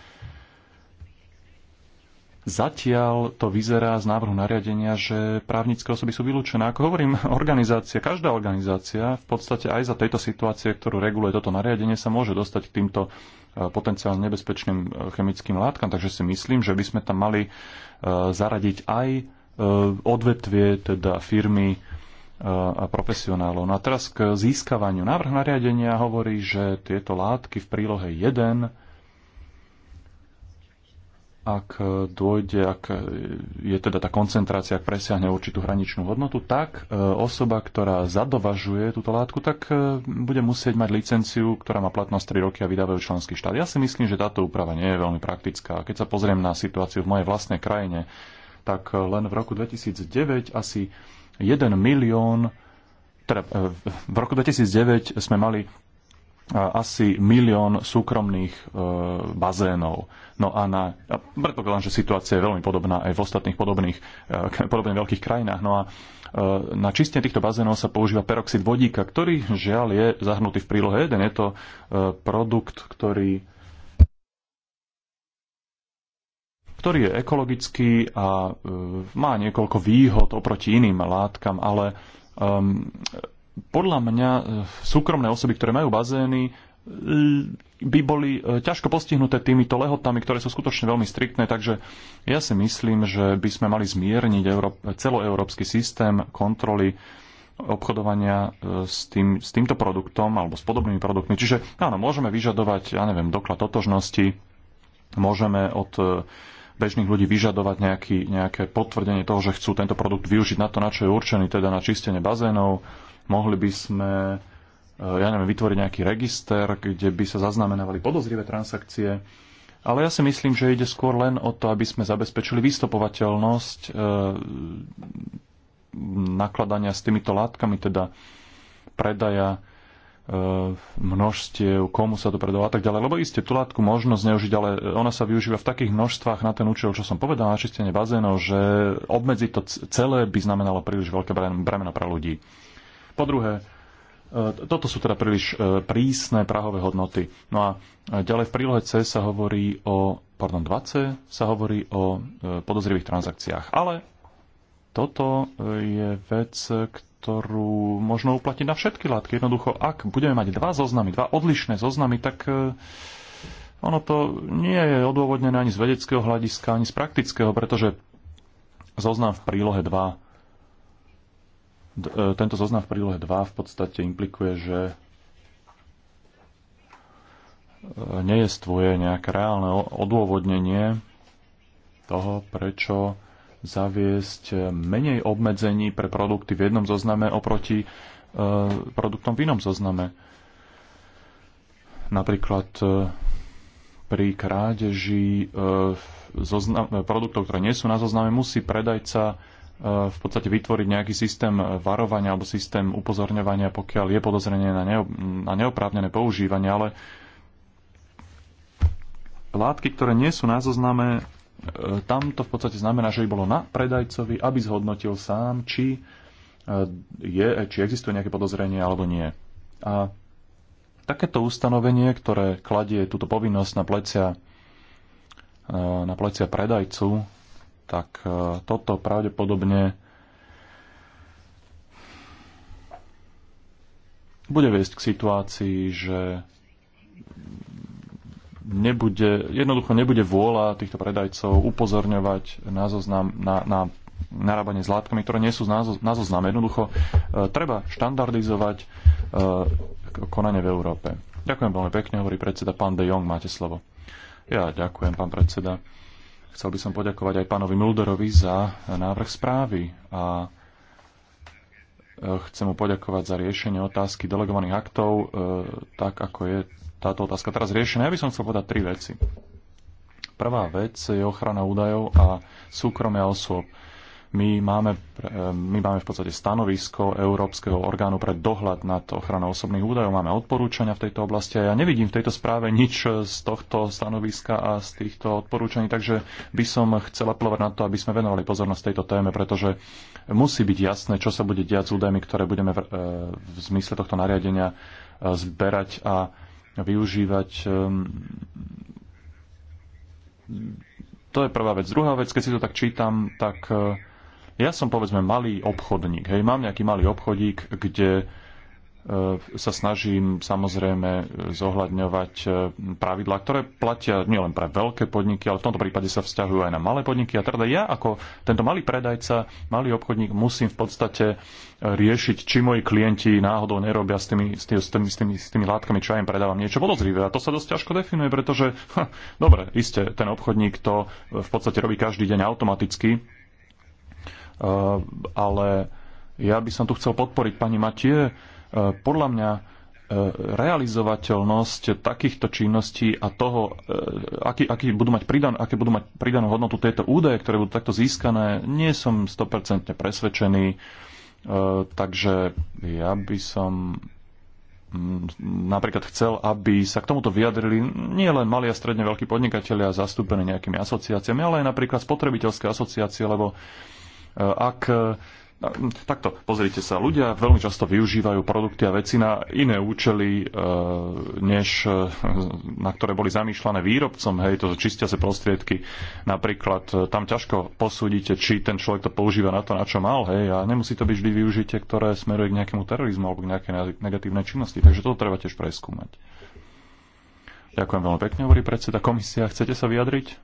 Zatiaľ to vyzerá z návrhu nariadenia, že právnické osoby sú vylúčené. Ako hovorím, organizácia, každá organizácia v podstate aj za tejto situácie, ktorú reguluje toto nariadenie, sa môže dostať k týmto e, potenciálne nebezpečným e, chemickým látkam. Takže si myslím, že by sme tam mali e, zaradiť aj odvetvie, teda firmy a profesionálov. No a teraz k získavaniu. Návrh nariadenia hovorí, že tieto látky v prílohe 1 ak dôjde, ak je teda tá koncentrácia, ak presiahne určitú hraničnú hodnotu, tak e, osoba, ktorá zadovažuje túto látku, tak e, bude musieť mať licenciu, ktorá má platnosť 3 roky a vydávajú členský štát. Ja si myslím, že táto úprava nie je veľmi praktická. Keď sa pozriem na situáciu v mojej vlastnej krajine, tak e, len v roku 2009 asi 1 milión teda v roku 2009 sme mali asi milión súkromných e, bazénov. No a na, ja predpokladám, že situácia je veľmi podobná aj v ostatných podobných, e, podobne veľkých krajinách. No a e, na čistenie týchto bazénov sa používa peroxid vodíka, ktorý žiaľ je zahrnutý v prílohe 1. Je to produkt, ktorý ktorý je ekologický a má niekoľko výhod oproti iným látkam, ale podľa mňa e, súkromné osoby, ktoré majú bazény, e, by boli e, ťažko postihnuté týmito lehotami, ktoré sú skutočne veľmi striktné, takže ja si myslím, že by sme mali zmierniť celoeurópsky systém kontroly obchodovania s, tým, s týmto produktom alebo s podobnými produktmi. Čiže áno, môžeme vyžadovať, ja neviem, doklad totožnosti, môžeme od bežných ľudí vyžadovať nejaký, nejaké potvrdenie toho, že chcú tento produkt využiť na to, na čo je určený, teda na čistenie bazénov, Mohli by sme eh, ja neviem, vytvoriť nejaký register, kde by sa zaznamenávali podozrivé transakcie. Ale ja si myslím, že ide skôr len o to, aby sme zabezpečili vystopovateľnosť eh, nakladania s týmito látkami, teda predaja eh, množstiev, komu sa to predalo a tak ďalej. Lebo iste tú látku možno zneužiť, ale ona sa využíva v takých množstvách na ten účel, čo som povedal, na čistenie bazénov, že obmedziť to celé by znamenalo príliš veľké bremeno pre ľudí. Po druhé, e, toto sú teda príliš e, prísne prahové hodnoty. No a e, ďalej v prílohe C sa hovorí o, pardon, 2C sa hovorí o podozrivých transakciách. Ale toto je vec, ktorú možno uplatniť na všetky látky. Jednoducho, ak budeme mať dva zoznamy, dva odlišné zoznamy, tak ono to nie je odôvodnené ani z vedeckého hľadiska, ani z praktického, pretože zoznam v prílohe 2 E, tento zoznam v prílohe 2 v podstate implikuje, že e, stvoje nejaké reálne odôvodnenie toho, prečo zaviesť menej obmedzení pre produkty v jednom zozname oproti e, produktom v inom zozname. Napríklad pri krádeži produktov, ktoré nie sú na zozname, musí predajca E, v podstate vytvoriť nejaký systém varovania alebo systém upozorňovania, pokiaľ je podozrenie na, neop- na neoprávnené používanie, ale látky, ktoré nie sú na zozname, e, tam to v podstate znamená, že by bolo na predajcovi, aby zhodnotil sám, či, e, je, či existuje nejaké podozrenie alebo nie. A takéto ustanovenie, ktoré kladie túto povinnosť na plecia, na plecia predajcu, tak e, toto pravdepodobne bude viesť k situácii, že nebude, jednoducho nebude vôľa týchto predajcov upozorňovať na, zoznam, na, na narábanie s látkami, ktoré nie sú na zoznam. Jednoducho e, treba štandardizovať e, konanie v Európe. Ďakujem veľmi pekne, hovorí predseda. Pán De Jong, máte slovo. Ja ďakujem, pán predseda. Chcel by som poďakovať aj pánovi Mulderovi za návrh správy a e, chcem mu poďakovať za riešenie otázky delegovaných aktov, e, tak ako je táto otázka teraz riešená. Ja by som chcel povedať tri veci. Prvá vec je ochrana údajov a súkromia osôb. My máme, eh, my máme v podstate stanovisko Európskeho orgánu pre dohľad nad ochranou osobných údajov, máme odporúčania v tejto oblasti a ja nevidím v tejto správe nič eh, z tohto stanoviska a z týchto odporúčaní, takže by som chcela plovať na to, aby sme venovali pozornosť tejto téme, pretože musí byť jasné, čo sa bude diať s údajmi, ktoré budeme v, eh, v zmysle tohto nariadenia zberať a využívať ehm, to je prvá vec. Druhá vec, keď si to tak čítam, tak ja som povedzme malý obchodník, hej, mám nejaký malý obchodík, kde e, sa snažím samozrejme zohľadňovať e, pravidlá, ktoré platia nielen pre veľké podniky, ale v tomto prípade sa vzťahujú aj na malé podniky. A teda ja ako tento malý predajca, malý obchodník musím v podstate riešiť, či moji klienti náhodou nerobia s tými, s tými, s tými, s tými, s tými látkami, čo ja im predávam, niečo podozrivé. A to sa dosť ťažko definuje, pretože, ha, dobre, iste, ten obchodník to v podstate robí každý deň automaticky, Eh, ale ja by som tu chcel podporiť pani Matie. Eh, podľa mňa eh, realizovateľnosť takýchto činností a toho, aký, aký budú mať pridan, aké budú mať pridanú hodnotu tieto údaje, ktoré budú takto získané, nie som 100% presvedčený. Takže ja by som mm, napríklad chcel, aby sa k tomuto vyjadrili nie len mali a stredne veľkí podnikatelia zastúpení nejakými asociáciami, ale aj napríklad spotrebiteľské asociácie, lebo uh, ak e, Takto, pozrite sa, ľudia veľmi často využívajú produkty a veci na iné účely, e, než e, na ktoré boli zamýšľané výrobcom, hej, to čistia sa prostriedky. Napríklad tam ťažko posúdite, či ten človek to používa na to, na čo mal, hej, a nemusí to byť vždy využitie, ktoré smeruje k nejakému terorizmu alebo k nejakej negatívnej činnosti, takže toto treba tiež preskúmať. Ďakujem veľmi pekne, hovorí predseda komisia. Chcete sa vyjadriť?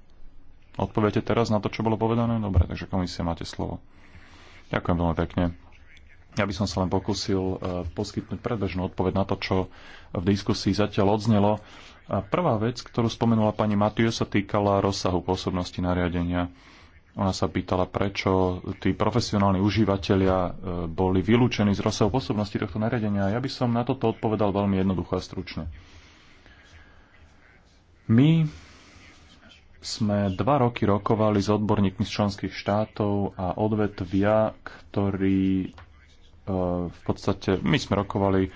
odpoviete teraz na to, čo bolo povedané? Dobre, takže komisia máte slovo. Ďakujem veľmi pekne. Ja by som sa len pokúsil e, poskytnúť predbežnú odpoveď na to, čo v diskusii zatiaľ odznelo. Prvá vec, ktorú spomenula pani Matiu, sa týkala rozsahu pôsobnosti nariadenia. Ona sa pýtala, prečo tí profesionálni užívateľia e, boli vylúčení z rozsahu pôsobnosti tohto nariadenia. Ja by som na toto odpovedal veľmi jednoducho a stručne. My sme dva roky rokovali s odborníkmi z členských štátov a odvetvia, ktorí e, v podstate, my sme rokovali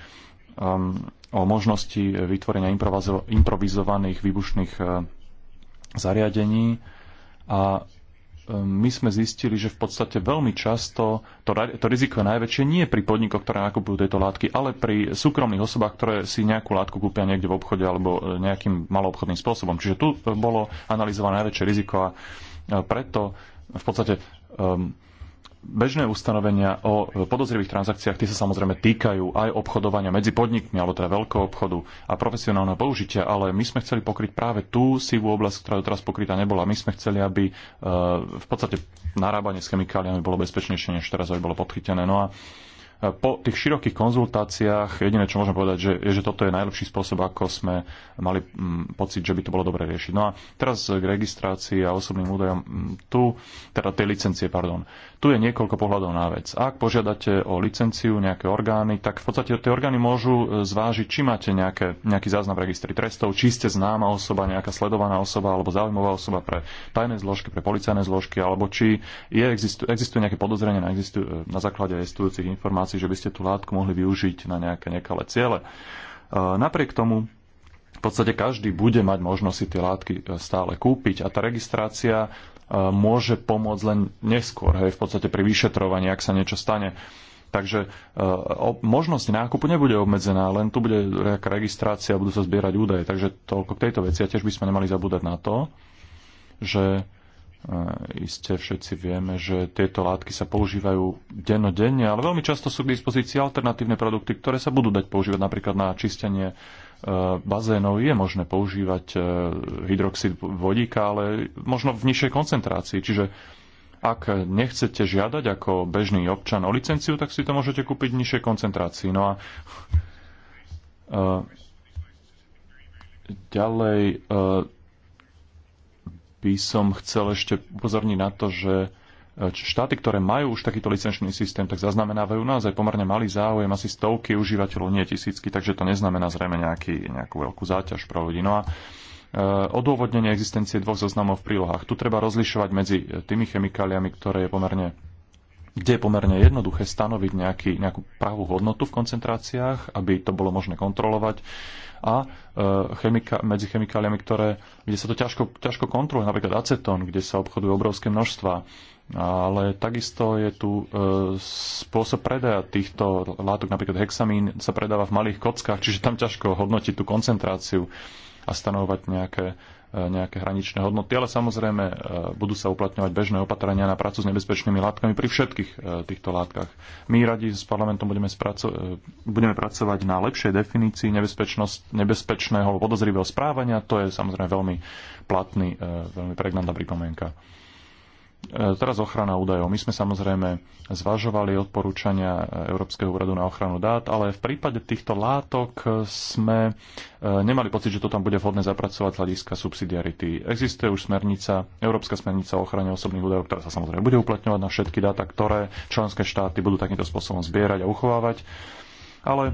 um, o možnosti vytvorenia improvizovaných výbušných e, zariadení a Ehm, my sme zistili, že v podstate veľmi často to, to riziko je najväčšie nie pri podnikoch, ktoré nakupujú tieto látky, ale pri súkromných osobách, ktoré si nejakú látku kúpia niekde v obchode alebo e, nejakým maloobchodným spôsobom. Čiže tu e, bolo analyzované najväčšie riziko a e, preto v podstate um, bežné ustanovenia o podozrivých transakciách, tie sa samozrejme týkajú aj obchodovania medzi podnikmi, alebo teda veľkého obchodu a profesionálneho použitia, ale my sme chceli pokryť práve tú sivú oblasť, ktorá doteraz pokrytá nebola. My sme chceli, aby e, v podstate narábanie s chemikáliami bolo bezpečnejšie, než teraz, aj bolo podchytené. No a e, po tých širokých konzultáciách jediné, čo môžem povedať, že, je, že toto je najlepší spôsob, ako sme mali pocit, že by to bolo dobre riešiť. No a teraz k registrácii a osobným údajom tu, teda tej licencie, pardon. Tu je niekoľko pohľadov na vec. Ak požiadate o licenciu nejaké orgány, tak v podstate tie orgány môžu e, zvážiť, či máte nejaké, nejaký záznam v registri trestov, či ste známa osoba, nejaká sledovaná osoba alebo zaujímavá osoba pre tajné zložky, pre policajné zložky, alebo či je, existuje, existuje nejaké podozrenie na, existu, e, na základe existujúcich informácií, že by ste tú látku mohli využiť na nejaké nekalé ciele. E, napriek tomu v podstate každý bude mať možnosť si tie látky stále kúpiť a tá registrácia E, môže pomôcť len neskôr, hej, v podstate pri vyšetrovaní, ak sa niečo stane. Takže e, možnosť nákupu nebude obmedzená, len tu bude nejaká registrácia, budú sa zbierať údaje. Takže toľko k tejto veci. A tiež by sme nemali zabúdať na to, že e, Iste všetci vieme, že tieto látky sa používajú dennodenne, ale veľmi často sú k dispozícii alternatívne produkty, ktoré sa budú dať používať napríklad na čistenie bazénov je možné používať e, hydroxid vodíka, ale možno v nižšej koncentrácii. Čiže ak nechcete žiadať ako bežný občan o licenciu, tak si to môžete kúpiť v nižšej koncentrácii. No a e, ďalej e, by som chcel ešte upozorniť na to, že štáty, ktoré majú už takýto licenčný systém, tak zaznamenávajú naozaj pomerne malý záujem, asi stovky užívateľov, nie tisícky, takže to neznamená zrejme nejaký, nejakú veľkú záťaž pre ľudí. No a e, odôvodnenie existencie dvoch zoznamov v prílohách. Tu treba rozlišovať medzi e, tými chemikáliami, ktoré je pomerne kde je pomerne jednoduché stanoviť nejaký, nejakú pravú hodnotu v koncentráciách, aby to bolo možné kontrolovať a e, chemika, medzi chemikáliami, ktoré, kde sa to ťažko, ťažko kontroluje, napríklad acetón, kde sa obchodujú obrovské množstva ale takisto je tu e, spôsob predaja týchto látok, napríklad hexamín sa predáva v malých kockách, čiže tam ťažko hodnotiť tú koncentráciu a stanovať nejaké, e, nejaké hraničné hodnoty, ale samozrejme e, budú sa uplatňovať bežné opatrenia na prácu s nebezpečnými látkami pri všetkých e, týchto látkach. My radi s parlamentom budeme, spraco- e, budeme pracovať na lepšej definícii nebezpečného podozrivého správania, to je samozrejme veľmi platný, e, veľmi pregnantná pripomienka. E, teraz ochrana údajov. My sme samozrejme zvažovali odporúčania Európskeho úradu na ochranu dát, ale v prípade týchto látok sme e, nemali pocit, že to tam bude vhodné zapracovať z hľadiska subsidiarity. Existuje už smernica, Európska smernica o ochrane osobných údajov, ktorá sa samozrejme bude uplatňovať na všetky dáta, ktoré členské štáty budú takýmto spôsobom zbierať a uchovávať. Ale e,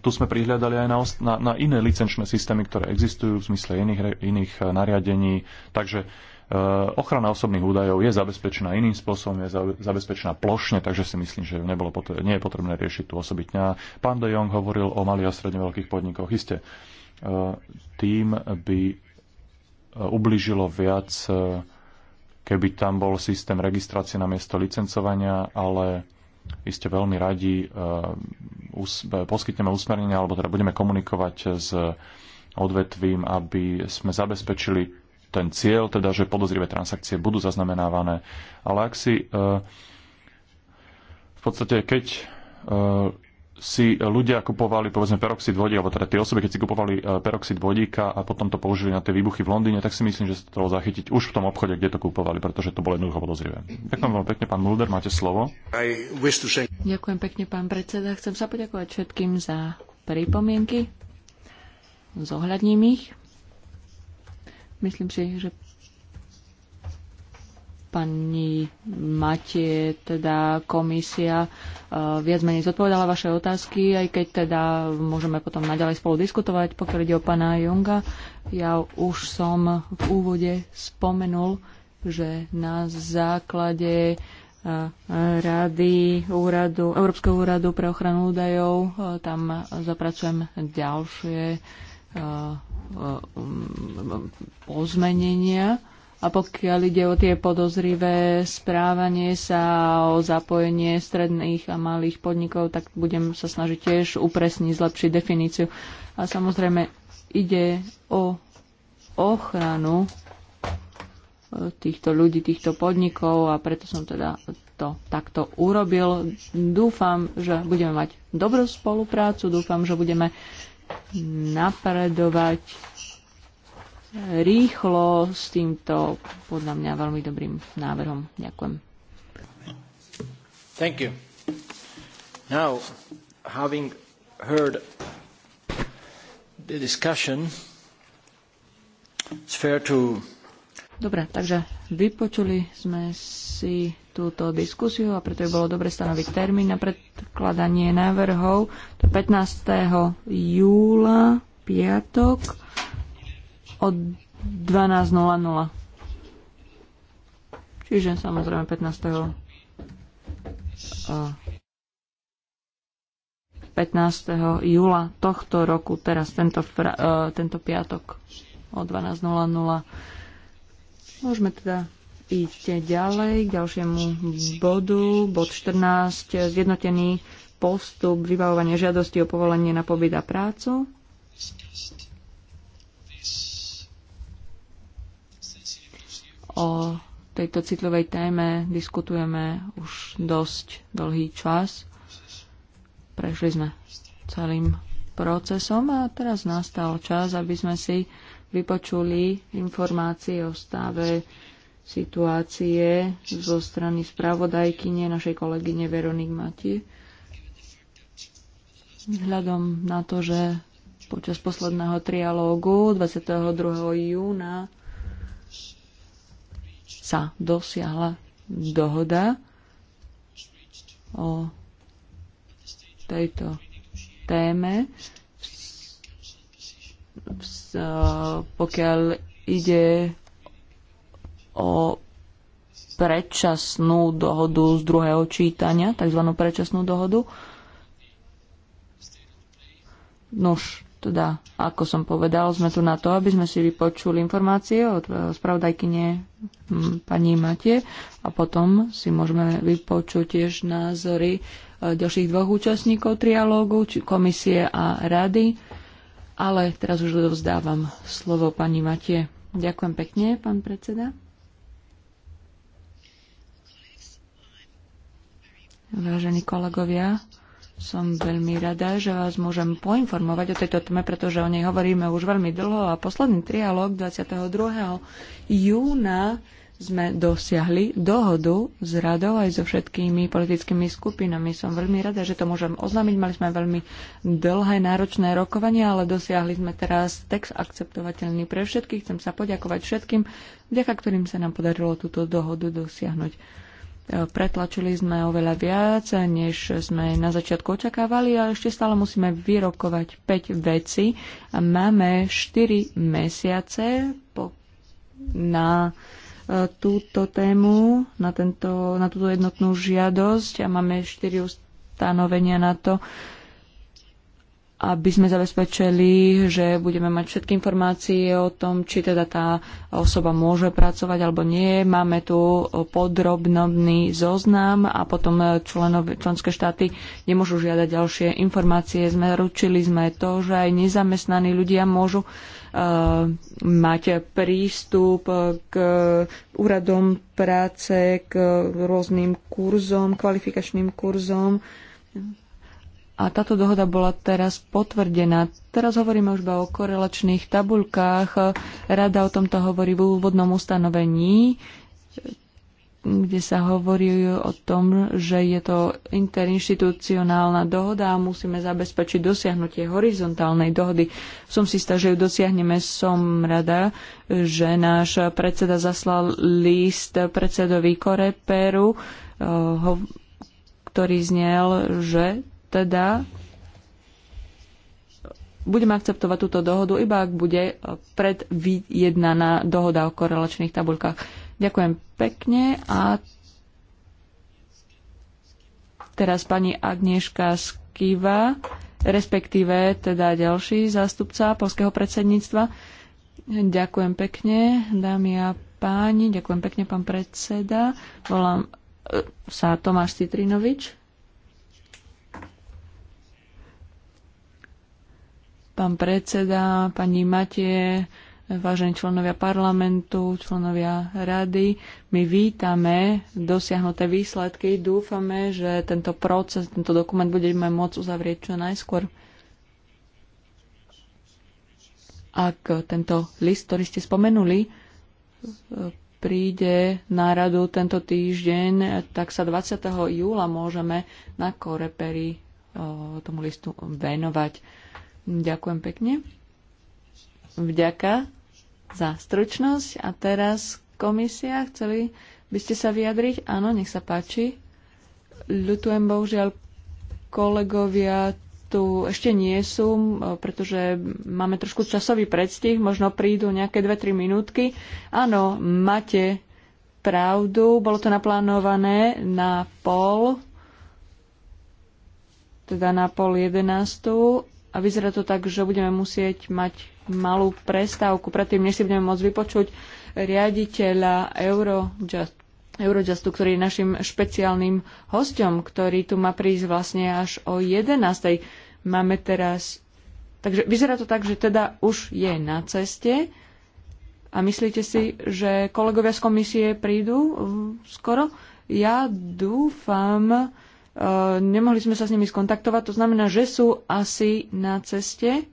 tu sme prihľadali aj na, na, na iné licenčné systémy, ktoré existujú v zmysle iných, iných nariadení. Takže Eh, ochrana osobných údajov je zabezpečená iným spôsobom, je zabezpečená plošne, takže si myslím, že nebolo potre- nie je potrebné riešiť tú osobitne. pán De Jong hovoril o malých a stredne veľkých podnikoch. Isté, eh, tým by eh, ubližilo viac, keby tam bol systém registrácie na miesto licencovania, ale iste veľmi radi poskytneme usmernenia, alebo teda budeme komunikovať s odvetvím, aby sme zabezpečili ten cieľ, teda, že podozrivé transakcie budú zaznamenávané. Ale ak si e, v podstate, keď e, si ľudia kupovali, povedzme, peroxid vodíka, alebo teda tie osoby, keď si kupovali e, peroxid vodíka a potom to použili na tie výbuchy v Londýne, tak si myslím, že sa to zachytiť už v tom obchode, kde to kupovali, pretože to bolo jednoducho podozrivé. Ďakujem veľmi pekne, pán Mulder, máte slovo. Ďakujem pekne, pán predseda. Chcem sa poďakovať všetkým za pripomienky. Zohľadním ich. Myslím si, že pani Matie, teda komisia e, viac menej zodpovedala vaše otázky, aj keď teda môžeme potom naďalej spolu diskutovať, pokiaľ ide o pána Junga. Ja už som v úvode spomenul, že na základe e, rady úradu, Európskeho úradu pre ochranu údajov e, tam zapracujem ďalšie Eh, um, pozmenenia. A pokiaľ ide o tie podozrivé správanie sa o zapojenie stredných a malých podnikov, tak budem sa snažiť tiež upresniť, zlepšiť definíciu. A samozrejme ide o ochranu eh, týchto ľudí, týchto podnikov a preto som teda to takto urobil. Dúfam, že budeme mať dobrú spoluprácu, dúfam, že budeme napredovať rýchlo s týmto podľa mňa veľmi dobrým návrhom. Ďakujem. Thank you. Now, having heard the discussion, it's fair to... Dobre, takže vypočuli sme si túto diskusiu a preto by bolo dobre stanoviť termín na predkladanie návrhov. 15. júla, piatok, od 12.00. Čiže samozrejme 15. 15. Eh, júla tohto roku, teraz tento, eh, tento piatok o 12.00. Môžeme teda ísť ďalej k ďalšiemu bodu, bod 14, zjednotený postup vybavovania žiadosti o povolenie na pobyt a prácu. O tejto citlivej téme diskutujeme už dosť dlhý čas. Prešli sme celým procesom a teraz nastal čas, aby sme si vypočuli informácie o stave situácie zo strany spravodajkyne našej kolegyne Veronik Mati. Vzhľadom na to, že počas posledného trialógu 22. júna sa dosiahla dohoda o tejto téme, pokiaľ ide o predčasnú dohodu z druhého čítania, tzv. predčasnú dohodu. Nuž, teda, ako som povedal, sme tu na to, aby sme si vypočuli informácie od e, spravodajkyne pani Matie a potom si môžeme vypočuť tiež názory e, ďalších dvoch účastníkov trialógu, či komisie a rady. Ale teraz už dovzdávam slovo pani Matie. Ďakujem pekne, pán predseda. Vážení kolegovia, som veľmi rada, že vás môžem poinformovať o tejto téme, pretože o nej hovoríme už veľmi dlho a posledný trialog 22. júna sme dosiahli dohodu s radou aj so všetkými politickými skupinami. Som veľmi rada, že to môžem oznámiť. Mali sme veľmi dlhé, náročné rokovanie, ale dosiahli sme teraz text akceptovateľný pre všetkých. Chcem sa poďakovať všetkým, vďaka ktorým sa nám podarilo túto dohodu dosiahnuť. Pretlačili sme oveľa viac, než sme na začiatku očakávali a ešte stále musíme vyrokovať 5 veci a máme 4 mesiace po, na e, túto tému, na, tento, na túto jednotnú žiadosť a máme 4 ustanovenia na to, aby sme zabezpečili, že budeme mať všetky informácie o tom, či teda tá osoba môže pracovať alebo nie. Máme tu podrobný zoznam a potom členov, členské štáty nemôžu žiadať ďalšie informácie. Sme ručili sme to, že aj nezamestnaní ľudia môžu uh, mať prístup k úradom práce, k rôznym kurzom, kvalifikačným kurzom a táto dohoda bola teraz potvrdená. Teraz hovoríme už iba o korelačných tabuľkách. Rada o tomto hovorí v úvodnom ustanovení, kde sa hovorí o tom, že je to interinstitucionálna dohoda a musíme zabezpečiť dosiahnutie horizontálnej dohody. Som si istá, že ju dosiahneme. Som rada, že náš predseda zaslal list predsedovi Koreperu, eh, ktorý znel, že teda budeme akceptovať túto dohodu, iba ak bude predvyjednaná dohoda o korelačných tabuľkách. Ďakujem pekne a teraz pani Agnieszka Skiva, respektíve teda ďalší zástupca polského predsedníctva. Ďakujem pekne, dámy a páni, ďakujem pekne, pán predseda. Volám e, sa Tomáš Citrinovič. pán predseda, pani Matie, vážení členovia parlamentu, členovia rady. My vítame dosiahnuté výsledky. Dúfame, že tento proces, tento dokument budeme môcť uzavrieť čo najskôr. Ak tento list, ktorý ste spomenuli, príde na radu tento týždeň, tak sa 20. júla môžeme na Koreperi eh, tomu listu venovať Ďakujem pekne. Vďaka za stručnosť. A teraz komisia, chceli by ste sa vyjadriť? Áno, nech sa páči. Ľutujem bohužiaľ kolegovia tu ešte nie sú, pretože máme trošku časový predstih, možno prídu nejaké 2-3 minútky. Áno, máte pravdu, bolo to naplánované na pol, teda na pol jedenástu, a vyzerá to tak, že budeme musieť mať malú prestávku. Predtým, než si budeme môcť vypočuť riaditeľa Eurojust, Eurojustu, ktorý je našim špeciálnym hostom, ktorý tu má prísť vlastne až o 11. Máme teraz... Takže vyzerá to tak, že teda už je na ceste. A myslíte si, že kolegovia z komisie prídu mm, skoro? Ja dúfam, nemohli sme sa s nimi skontaktovať, to znamená, že sú asi na ceste.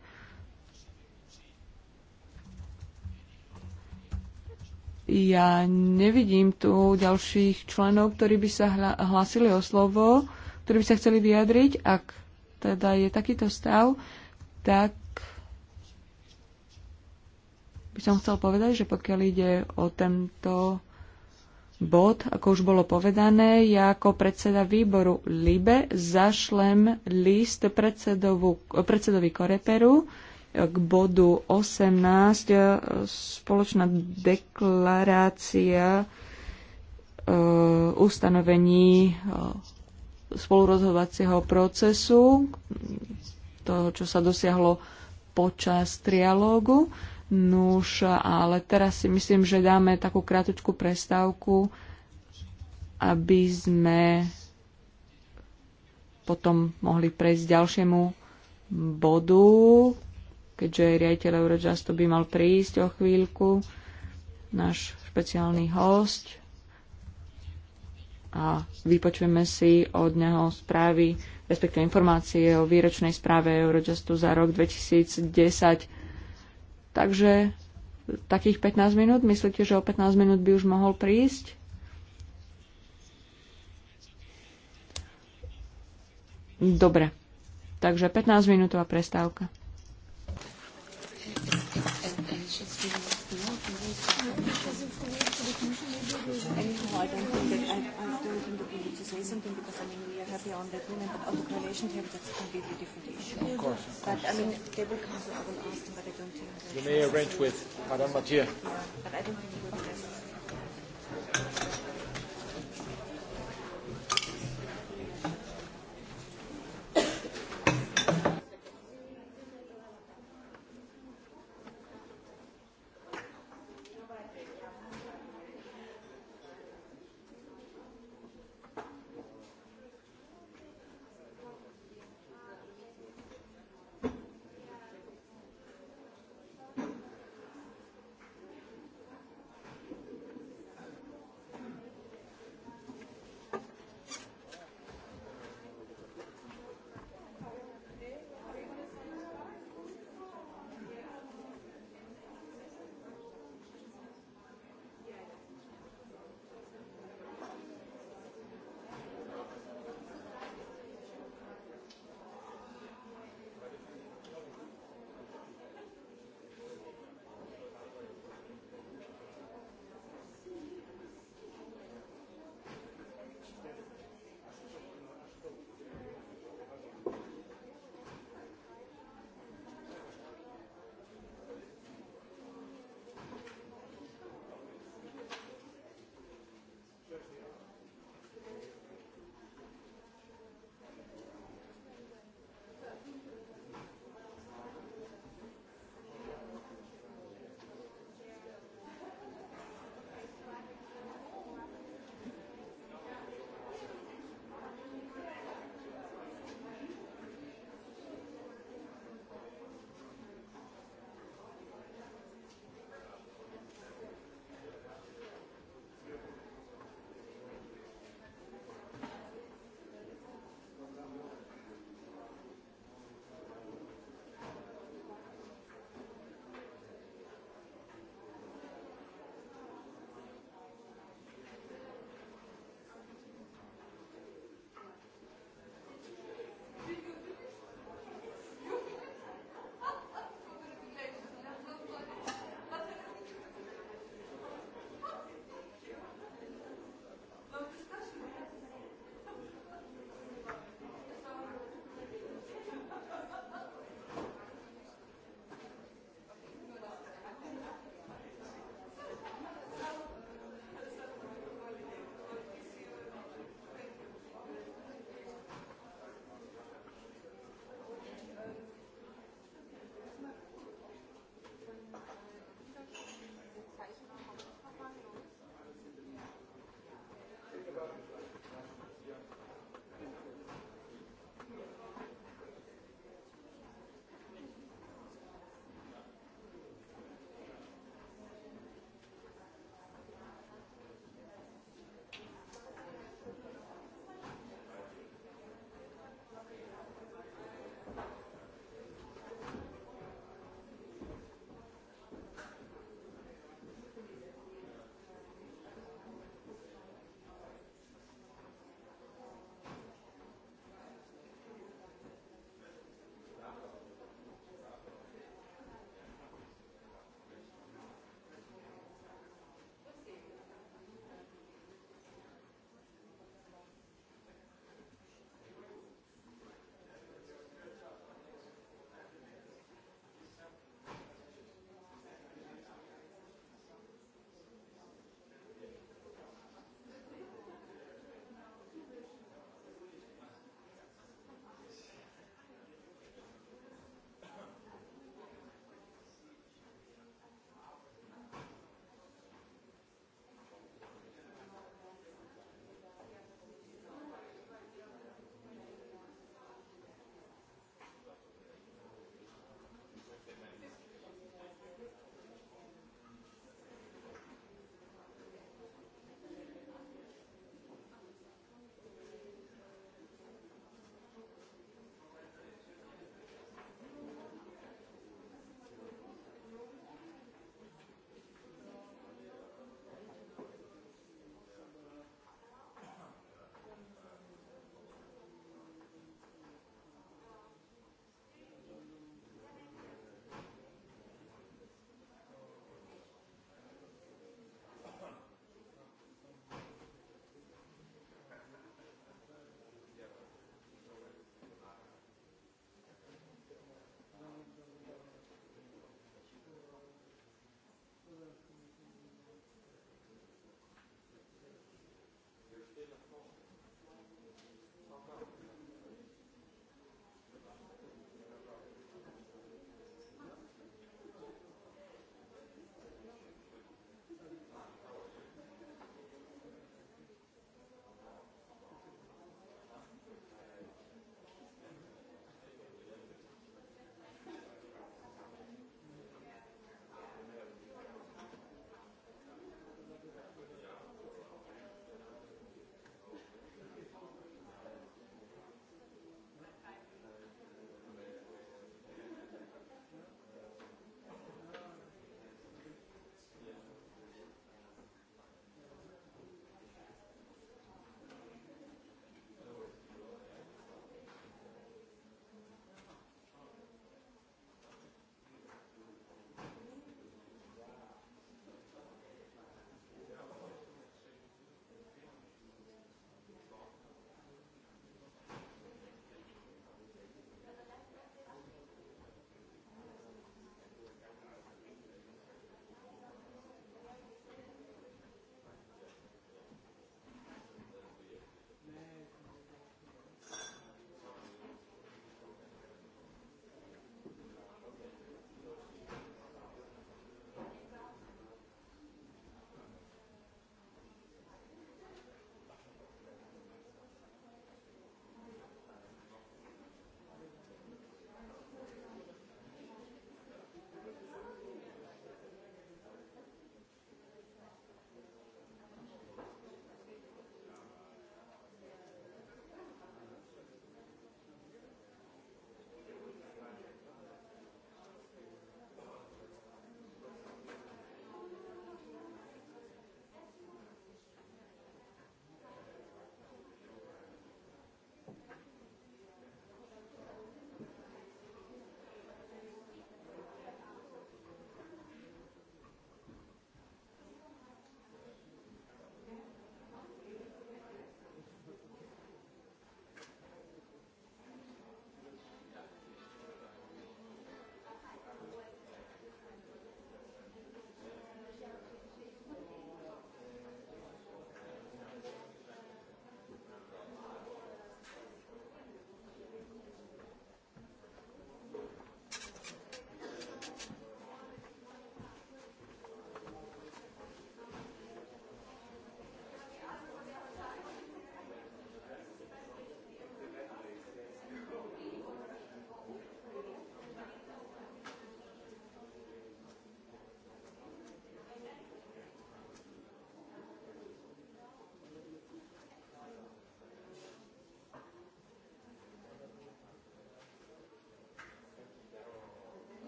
Ja nevidím tu ďalších členov, ktorí by sa hlásili o slovo, ktorí by sa chceli vyjadriť. Ak teda je takýto stav, tak by som chcel povedať, že pokiaľ ide o tento bod, ako už bolo povedané, ja ako predseda výboru LIBE zašlem list predsedovi Koreperu k bodu 18 e, spoločná deklarácia e, ustanovení e, spolurozhodovacieho procesu, toho, čo sa dosiahlo počas trialógu. Nuž, ale teraz si myslím, že dáme takú krátku prestávku, aby sme potom mohli prejsť ďalšiemu bodu, keďže riaditeľ Eurojustu by mal prísť o chvíľku, náš špeciálny host. A vypočujeme si od neho správy, respektíve informácie o výročnej správe Eurojustu za rok 2010 Takže takých 15 minút? Myslíte, že o 15 minút by už mohol prísť? Dobre. Takže 15 minútová prestávka. I don't think that I, I don't think that we need to say something because policy on the agreement of the coalition table, that's a completely different issue. Of course. Of course. But I mean, they will come, so I will ask them, but I don't think. You may arrange with Madame Mathieu. Yeah, but I don't think we will be necessary.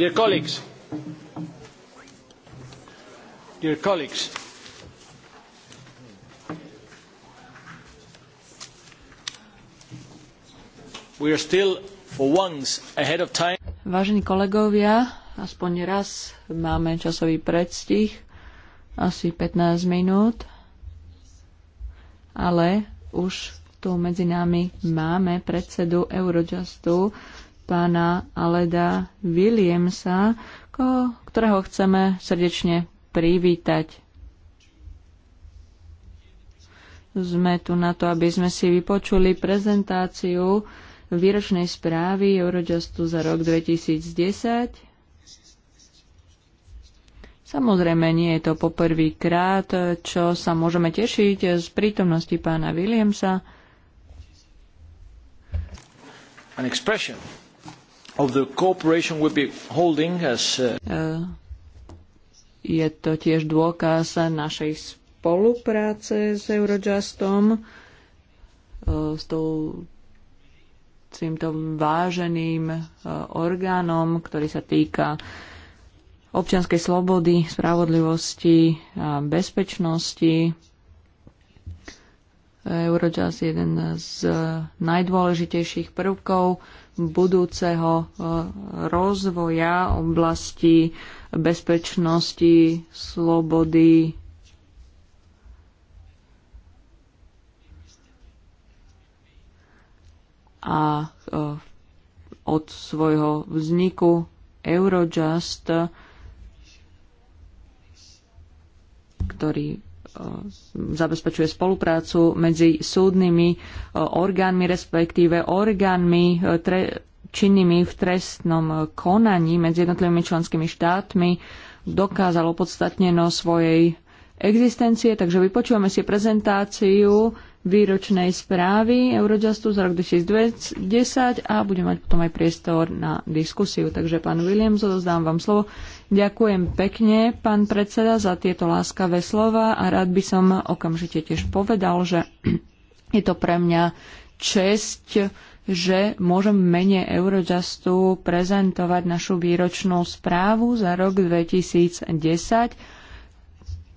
Dear colleagues, dear colleagues, we are still for once ahead of time. Vážení kolegovia, aspoň raz máme časový predstih, asi 15 minút, ale už tu medzi nami máme predsedu Eurojustu, pána Aleda Williamsa, ktorého chceme srdečne privítať. Sme tu na to, aby sme si vypočuli prezentáciu výročnej správy Eurojustu za rok 2010. Samozrejme, nie je to poprvýkrát, čo sa môžeme tešiť z prítomnosti pána Williamsa. An expression Uh, eh, je to tiež dôkaz našej spolupráce s Eurojustom, eh, s týmto váženým eh, orgánom, ktorý sa týka občianskej slobody, spravodlivosti a bezpečnosti. Eurojust je jeden z najdôležitejších prvkov budúceho e, rozvoja oblasti bezpečnosti, slobody, a e, od svojho vzniku Eurojust, ktorý E, zabezpečuje spoluprácu medzi súdnymi e, orgánmi, respektíve orgánmi e, tre, činnými v trestnom konaní medzi jednotlivými členskými štátmi, dokázalo podstatneno svojej existencie. Takže vypočujeme si prezentáciu výročnej správy Eurojustu za rok 2010 a budeme mať potom aj priestor na diskusiu. Takže pán Williams, odozdám vám slovo. Ďakujem pekne, pán predseda, za tieto láskavé slova a rád by som okamžite tiež povedal, že je to pre mňa česť, že môžem v mene Eurojustu prezentovať našu výročnú správu za rok 2010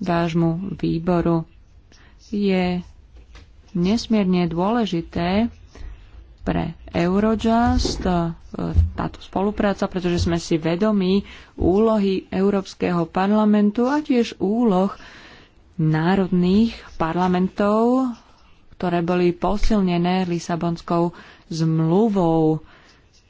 vášmu výboru. Je nesmierne dôležité pre Eurojust e, táto spolupráca, pretože sme si vedomí úlohy Európskeho parlamentu a tiež úloh národných parlamentov, ktoré boli posilnené Lisabonskou zmluvou.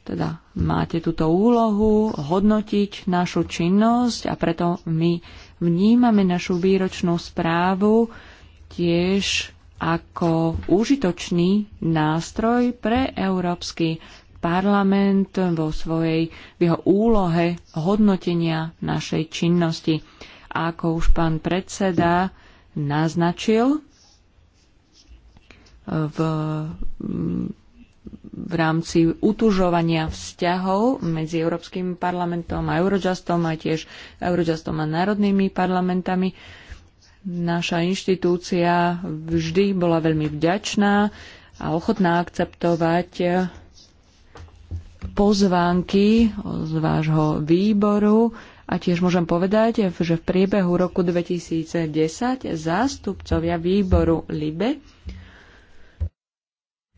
Teda máte túto úlohu hodnotiť našu činnosť a preto my vnímame našu výročnú správu tiež ako užitočný nástroj pre Európsky parlament vo svojej, v jeho úlohe hodnotenia našej činnosti. A ako už pán predseda naznačil, v, v rámci utužovania vzťahov medzi Európskym parlamentom a Eurojustom a tiež Eurojustom a národnými parlamentami Naša inštitúcia vždy bola veľmi vďačná a ochotná akceptovať pozvánky z vášho výboru a tiež môžem povedať, že v priebehu roku 2010 zástupcovia výboru LIBE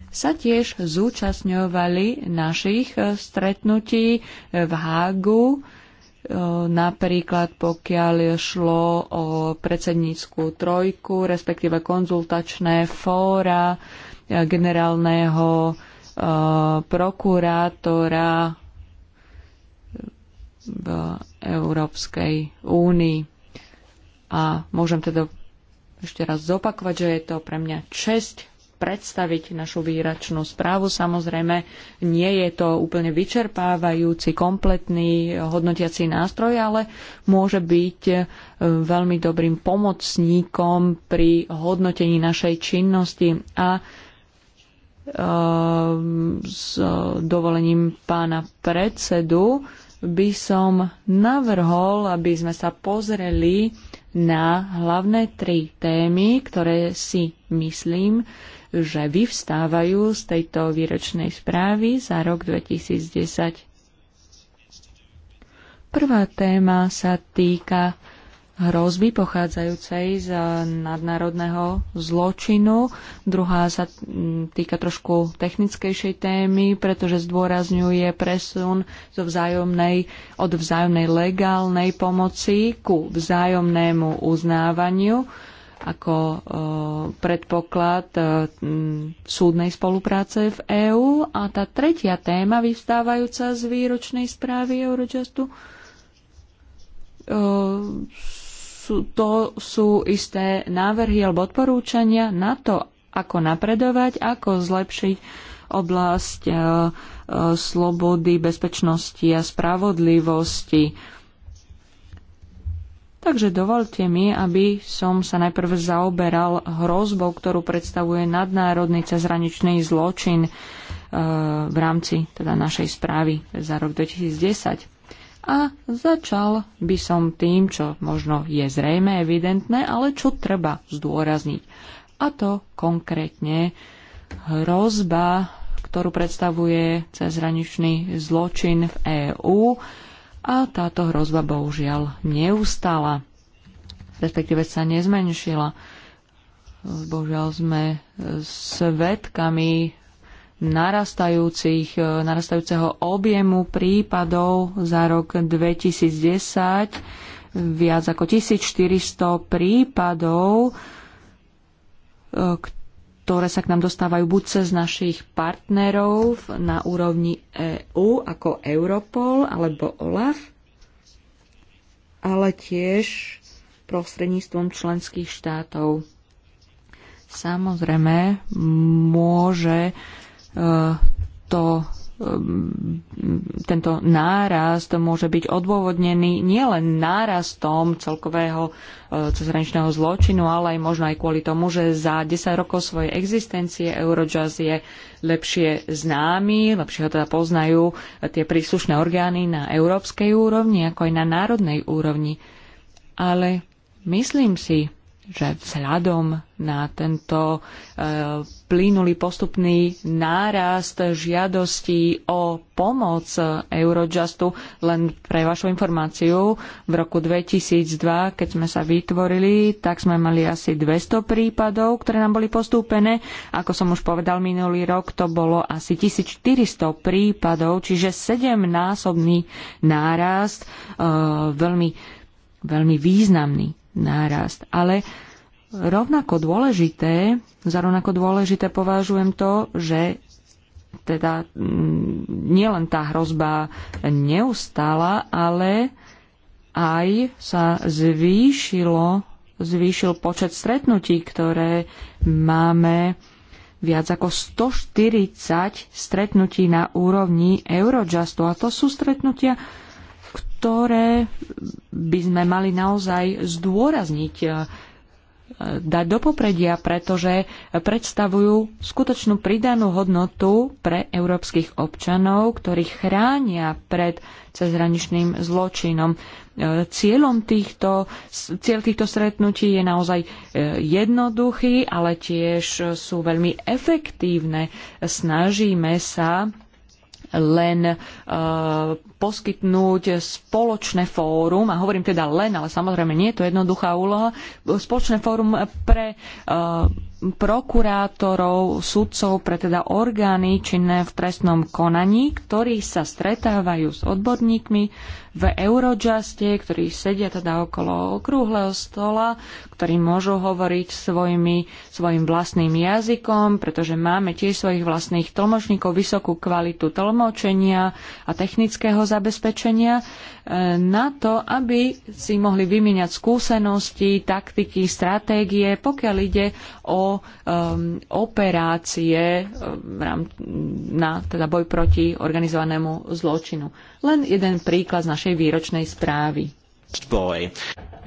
sa tiež zúčastňovali našich stretnutí v Hágu napríklad pokiaľ šlo o predsednícku trojku, respektíve konzultačné fóra e, generálneho e, prokurátora v Európskej únii. A môžem teda ešte raz zopakovať, že je to pre mňa česť predstaviť našu výračnú správu. Samozrejme, nie je to úplne vyčerpávajúci, kompletný hodnotiací nástroj, ale môže byť e, veľmi dobrým pomocníkom pri hodnotení našej činnosti a e, s dovolením pána predsedu by som navrhol, aby sme sa pozreli na hlavné tri témy, ktoré si myslím, že vyvstávajú z tejto výročnej správy za rok 2010. Prvá téma sa týka hrozby pochádzajúcej z nadnárodného zločinu. Druhá sa týka trošku technickejšej témy, pretože zdôrazňuje presun zo vzájomnej, od vzájomnej legálnej pomoci ku vzájomnému uznávaniu ako e, predpoklad e, súdnej spolupráce v EÚ. A tá tretia téma vyvstávajúca z výročnej správy Eurojustu e, to sú isté návrhy alebo odporúčania na to, ako napredovať, ako zlepšiť oblasť slobody, bezpečnosti a spravodlivosti Takže dovolte mi, aby som sa najprv zaoberal hrozbou, ktorú predstavuje nadnárodný cezhraničný zločin eh, v rámci teda našej správy za rok 2010. A začal by som tým, čo možno je zrejme evidentné, ale čo treba zdôrazniť. A to konkrétne hrozba, ktorú predstavuje cezhraničný zločin v EÚ, a táto hrozba bohužiaľ neustala, respektíve sa nezmenšila. Bohužiaľ sme svetkami narastajúcich, narastajúceho objemu prípadov za rok 2010, viac ako 1400 prípadov, ktoré sa k nám dostávajú buď cez našich partnerov na úrovni EÚ EU, ako Europol alebo OLAF, ale tiež prostredníctvom členských štátov. Samozrejme, môže e, to Ehm, tento nárast môže byť odôvodnený nielen nárastom celkového eh, cezhraničného zločinu, ale aj možno aj kvôli tomu, že za 10 rokov svojej existencie Eurojazz je lepšie známy, lepšie ho teda poznajú eh, tie príslušné orgány na európskej úrovni, ako aj na národnej úrovni. Ale myslím si, že vzhľadom na tento e, plynulý postupný nárast žiadostí o pomoc Eurojustu, len pre vašu informáciu, v roku 2002, keď sme sa vytvorili, tak sme mali asi 200 prípadov, ktoré nám boli postúpené. Ako som už povedal, minulý rok to bolo asi 1400 prípadov, čiže sedemnásobný nárast, e, veľmi, veľmi významný nárast. Ale rovnako dôležité, za rovnako dôležité považujem to, že teda mm, nielen tá hrozba neustála, ale aj sa zvýšilo, zvýšil počet stretnutí, ktoré máme viac ako 140 stretnutí na úrovni Eurojustu. A to sú stretnutia, ktoré by sme mali naozaj zdôrazniť, e, dať do popredia, pretože predstavujú skutočnú pridanú hodnotu pre európskych občanov, ktorí chránia pred cezhraničným zločinom. E, cieľom týchto, cieľ týchto stretnutí je naozaj e, jednoduchý, ale tiež sú veľmi efektívne. Snažíme sa len uh, poskytnúť spoločné fórum, a hovorím teda len, ale samozrejme nie je to jednoduchá úloha, spoločné fórum pre uh, prokurátorov, sudcov, pre teda orgány činné v trestnom konaní, ktorí sa stretávajú s odborníkmi v Eurojuste, ktorí sedia teda okolo okrúhleho stola, ktorí môžu hovoriť svojimi, svojim vlastným jazykom, pretože máme tiež svojich vlastných tlmočníkov, vysokú kvalitu tlmočenia a technického zabezpečenia e, na to, aby si mohli vymieňať skúsenosti, taktiky, stratégie, pokiaľ ide o um, operácie um, na teda boj proti organizovanému zločinu. Len jeden príklad z našej výročnej správy. Boy.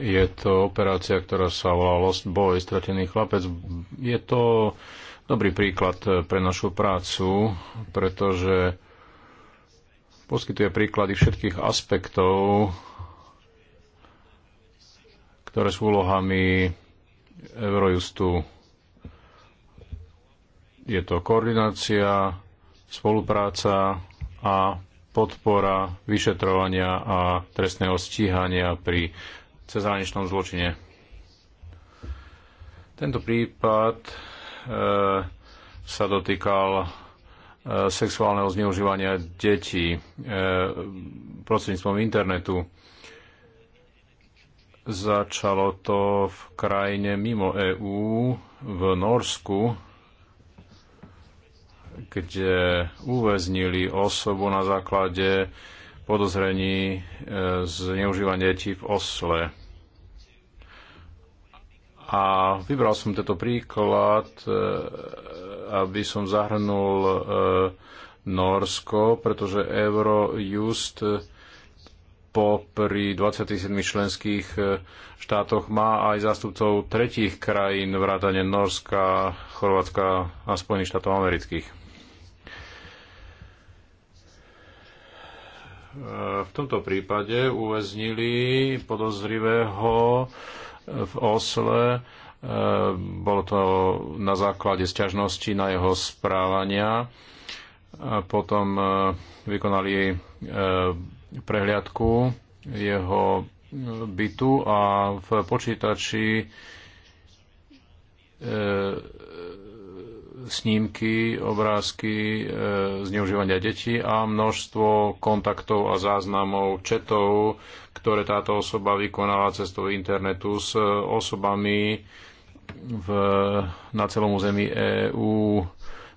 Je to operácia, ktorá sa volá Lost Boy, stratený chlapec. Je to dobrý príklad pre našu prácu, pretože poskytuje príklady všetkých aspektov, ktoré sú úlohami Eurojustu. Je to koordinácia, spolupráca a podpora vyšetrovania a trestného stíhania pri cezhraničnom zločine. Tento prípad e, sa dotýkal E, sexuálneho zneužívania detí e, prostredníctvom internetu. Začalo to v krajine mimo EÚ, v Norsku, kde uväznili osobu na základe podozrení e, neužívania detí v Osle. A vybral som tento príklad aby som zahrnul e, Norsko, pretože Eurojust e, pri 27 členských e, štátoch má aj zástupcov tretích krajín, vrátane Norska, Chorvátska a Spojených štátov amerických. V tomto prípade uväznili podozrivého v Osle Eh, bolo to na základe sťažnosti na jeho správania. Potom eh, vykonali eh, prehliadku jeho bytu a v počítači snímky, obrázky e, zneužívania detí a množstvo kontaktov a záznamov, četov, ktoré táto osoba vykonala cestou internetu s e, osobami, v, na celom území EÚ.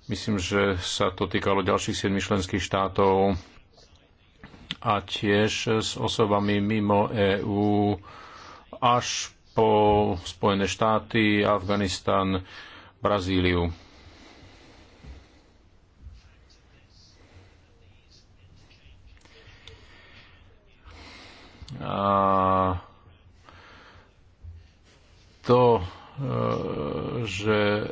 Myslím, že sa to týkalo ďalších 7 členských štátov a tiež s osobami mimo EÚ až po Spojené štáty, Afganistan, Brazíliu. A to E, že e,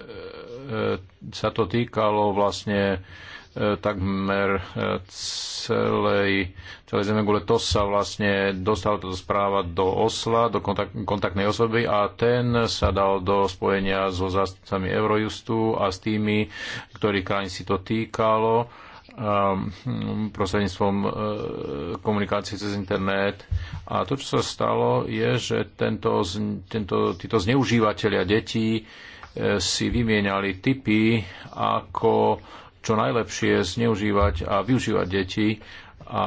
sa to týkalo vlastne e, takmer celej, celej zemegule. To sa vlastne dostal táto správa do Osla, do kontakt, kontaktnej osoby a ten sa dal do spojenia so zástupcami Eurojustu a s tými, ktorých krajín si to týkalo Um, prostredníctvom uh, komunikácie cez internet. A to, čo sa stalo, je, že tento, tento, títo zneužívateľia detí uh, si vymieniali typy, ako čo najlepšie zneužívať a využívať deti a, a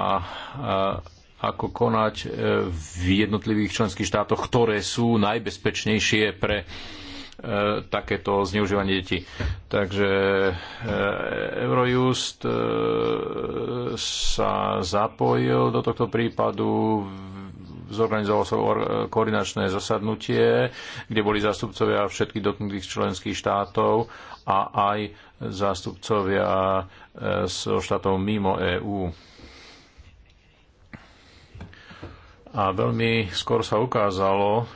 ako konať uh, v jednotlivých členských štátoch, ktoré sú najbezpečnejšie pre uh, E, takéto zneužívanie detí. Takže e, Eurojust e, sa zapojil do tohto prípadu, zorganizovalo sa koordinačné zasadnutie, kde boli zástupcovia všetkých dotknutých členských štátov a aj zástupcovia so štátov mimo EÚ. A veľmi skôr sa ukázalo,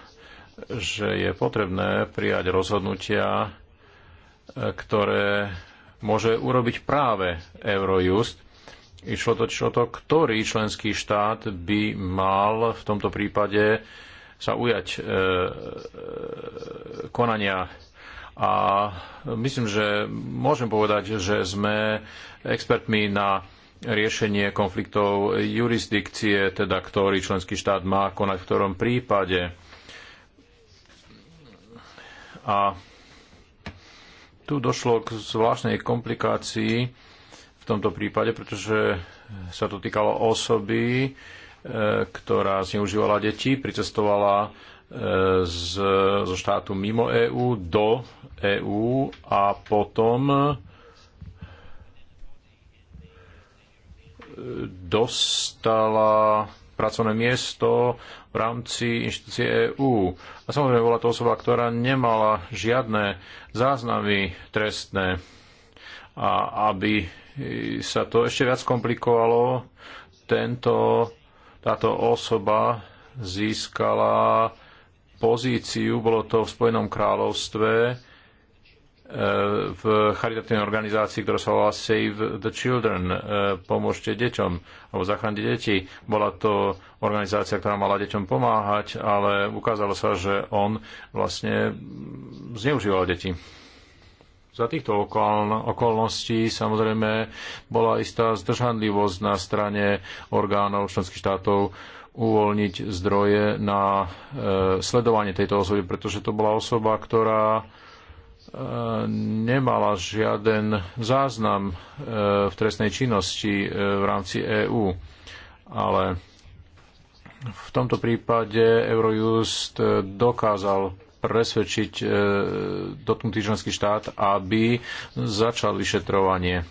že je potrebné prijať rozhodnutia, e, ktoré môže urobiť práve Eurojust. Išlo to, čo to, ktorý členský štát by mal v tomto prípade sa ujať e, e, konania. A myslím, že môžem povedať, že sme expertmi na riešenie konfliktov jurisdikcie, teda ktorý členský štát má konať v ktorom prípade a tu došlo k zvláštnej komplikácii v tomto prípade, pretože sa to týkalo osoby, e, ktorá zneužívala deti, pricestovala e, z, zo štátu mimo EÚ do EÚ a potom e, dostala pracovné miesto v rámci inštitúcie EÚ. A samozrejme bola to osoba, ktorá nemala žiadne záznamy trestné. A aby sa to ešte viac komplikovalo, tento, táto osoba získala pozíciu, bolo to v Spojenom kráľovstve, v charitatívnej organizácii, ktorá sa volá Save the Children, e, pomôžte deťom, alebo zachránte deti. Bola to organizácia, ktorá mala deťom pomáhať, ale ukázalo sa, že on vlastne zneužíval deti. Za týchto okolností samozrejme bola istá zdržanlivosť na strane orgánov členských štátov uvoľniť zdroje na e, sledovanie tejto osoby, pretože to bola osoba, ktorá E, nemala žiaden záznam e, v trestnej činnosti e, v rámci EÚ, ale v tomto prípade Eurojust dokázal presvedčiť dotknutý členský štát, aby začal vyšetrovanie.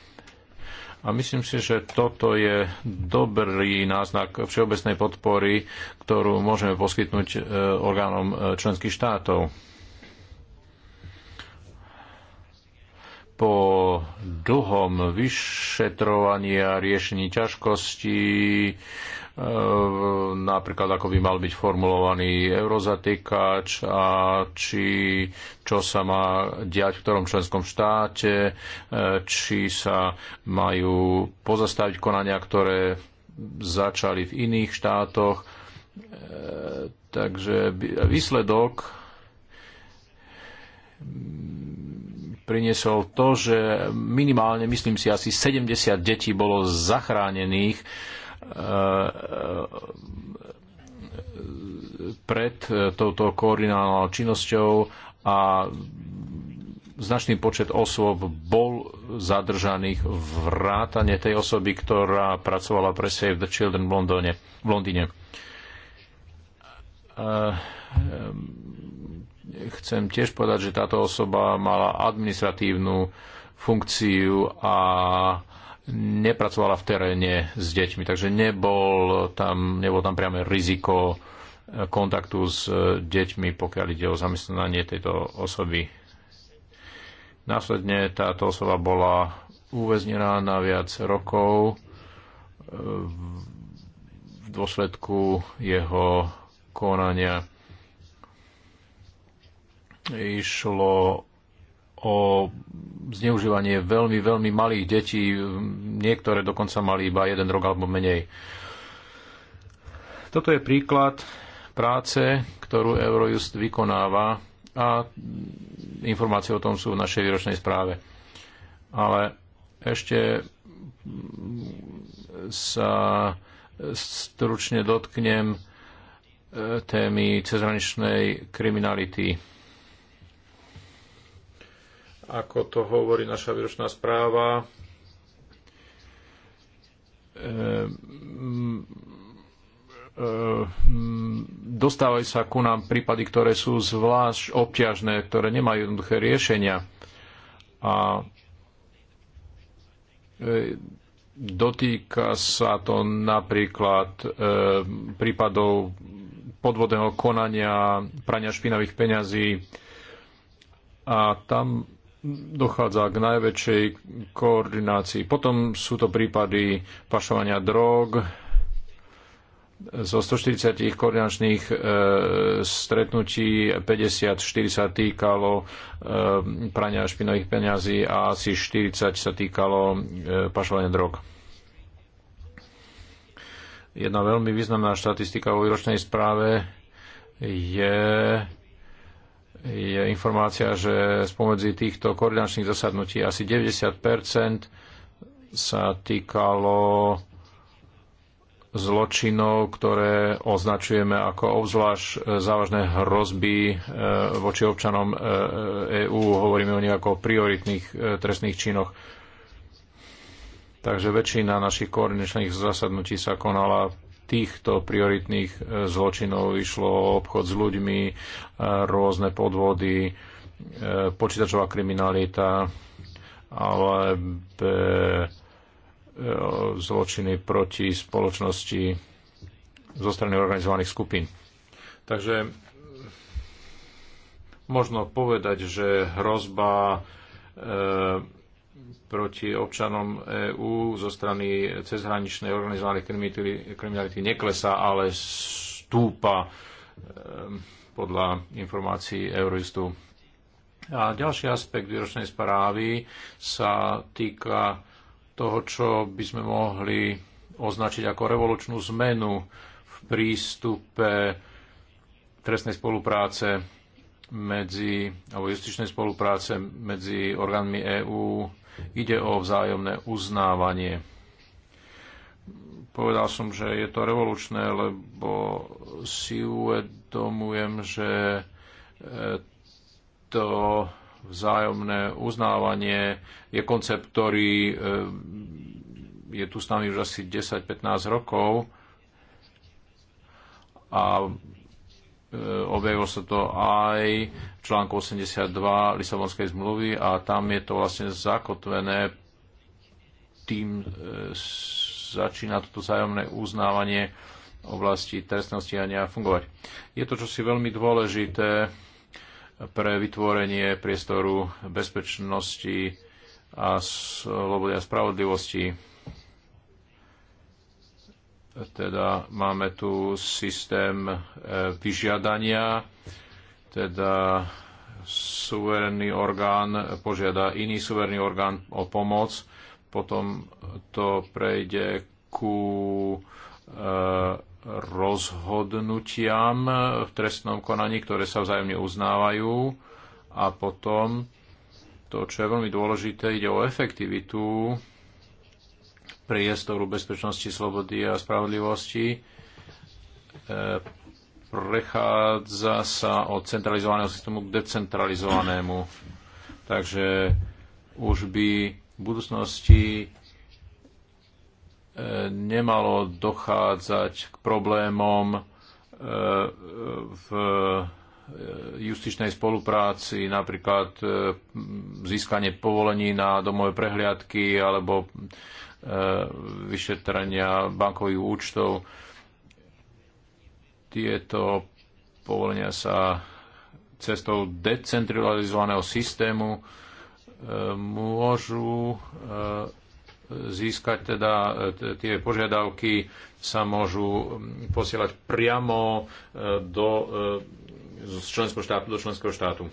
A myslím si, že toto je dobrý náznak všeobecnej podpory, ktorú môžeme poskytnúť orgánom členských štátov po dlhom vyšetrovaní a riešení ťažkostí, eh, napríklad ako by mal byť formulovaný eurozatýkač a či čo sa má diať v ktorom členskom štáte, eh, či sa majú pozastaviť konania, ktoré začali v iných štátoch. Eh, takže výsledok priniesol to, že minimálne, myslím si, asi 70 detí bolo zachránených eh, pred eh, touto koordinálnou činnosťou a značný počet osôb bol zadržaných vrátane tej osoby, ktorá pracovala pre Save the Children v, v Londýne. Uh, um, chcem tiež povedať, že táto osoba mala administratívnu funkciu a nepracovala v teréne s deťmi, takže nebol tam, nebol tam priame riziko kontaktu s e, deťmi, pokiaľ ide o zamestnanie tejto osoby. Následne táto osoba bola uväznená na viac rokov e, v dôsledku jeho konania Išlo o zneužívanie veľmi, veľmi malých detí. Niektoré dokonca mali iba jeden rok alebo menej. Toto je príklad práce, ktorú Eurojust vykonáva a informácie o tom sú v našej výročnej správe. Ale ešte sa stručne dotknem eh, témy cezraničnej kriminality ako to hovorí naša výročná správa, ehm, ehm, dostávajú sa ku nám prípady, ktoré sú zvlášť obťažné, ktoré nemajú jednoduché riešenia. A e, dotýka sa to napríklad e, prípadov podvodného konania, prania špinavých peňazí a tam dochádza k najväčšej koordinácii. Potom sú to prípady pašovania drog, zo 140 koordinačných e, stretnutí 54 sa týkalo e, prania špinových peňazí a asi 40 sa týkalo e, pašovania drog. Jedna veľmi významná štatistika o výročnej správe je je informácia, že spomedzi týchto koordinačných zasadnutí asi 90 sa týkalo zločinov, ktoré označujeme ako obzvlášť e, závažné hrozby e, voči občanom EÚ. E, Hovoríme o nich ako o prioritných trestných činoch. Takže väčšina našich koordinačných zasadnutí sa konala týchto prioritných e, zločinov išlo o obchod s ľuďmi, e, rôzne podvody, e, počítačová kriminalita, ale zločiny proti spoločnosti zo strany organizovaných skupín. Takže možno povedať, že hrozba proti občanom EÚ zo strany cezhraničnej organizovanej kriminality neklesá, ale stúpa e, podľa informácií Eurojustu. A ďalší aspekt výročnej správy sa týka toho, čo by sme mohli označiť ako revolučnú zmenu v prístupe trestnej spolupráce medzi, alebo justičnej spolupráce medzi orgánmi EÚ Ide o vzájomné uznávanie. Povedal som, že je to revolučné, lebo si uvedomujem, že e, to vzájomné uznávanie je koncept, ktorý e, je tu s nami už asi 10-15 rokov a E, objavilo sa to aj v článku 82 Lisabonskej zmluvy a tam je to vlastne zakotvené, tým e, začína toto zájomné uznávanie oblasti trestného stíhania fungovať. Je to čosi veľmi dôležité pre vytvorenie priestoru bezpečnosti a slobody a spravodlivosti teda máme tu systém e, vyžiadania, teda suverénny orgán požiada iný suverénny orgán o pomoc, potom to prejde ku e, rozhodnutiam v trestnom konaní, ktoré sa vzájomne uznávajú a potom to, čo je veľmi dôležité, ide o efektivitu priestoru bezpečnosti, slobody a spravodlivosti. E, prechádza sa od centralizovaného systému k decentralizovanému. Takže už by v budúcnosti e, nemalo dochádzať k problémom e, v justičnej spolupráci, napríklad získanie povolení na domové prehliadky alebo E, vyšetrenia bankových účtov. Tieto povolenia sa cestou decentralizovaného systému e, môžu e, získať teda tie požiadavky sa môžu posielať priamo do z členského štátu do členského štátu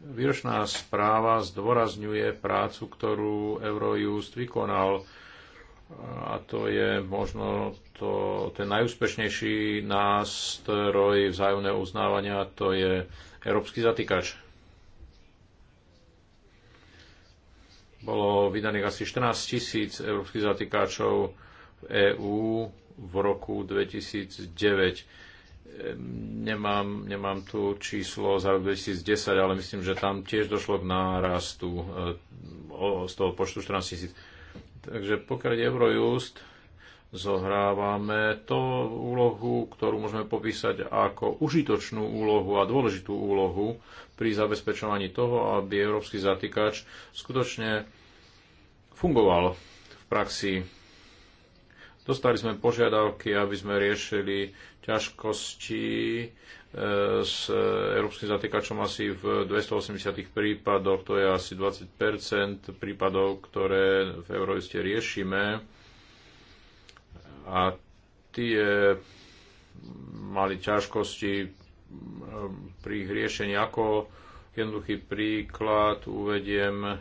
Výročná správa zdôrazňuje prácu, ktorú Eurojust vykonal a to je možno to, ten najúspešnejší nástroj vzájomného uznávania, a to je Európsky zatýkač. Bolo vydaných asi 14 tisíc európskych zatýkačov v EÚ v roku 2009 nemám, nemám tu číslo za rok 2010, ale myslím, že tam tiež došlo k nárastu e, z toho počtu 14 tisíc. Takže pokiaľ je Eurojust, zohrávame to úlohu, ktorú môžeme popísať ako užitočnú úlohu a dôležitú úlohu pri zabezpečovaní toho, aby európsky zatýkač skutočne fungoval v praxi Dostali sme požiadavky, aby sme riešili ťažkosti e, s európskym zatýkačom asi v 280 prípadoch, to je asi 20 prípadov, ktoré v Eurojste riešime. A tie mali ťažkosti pri ich riešení. Ako jednoduchý príklad uvediem e,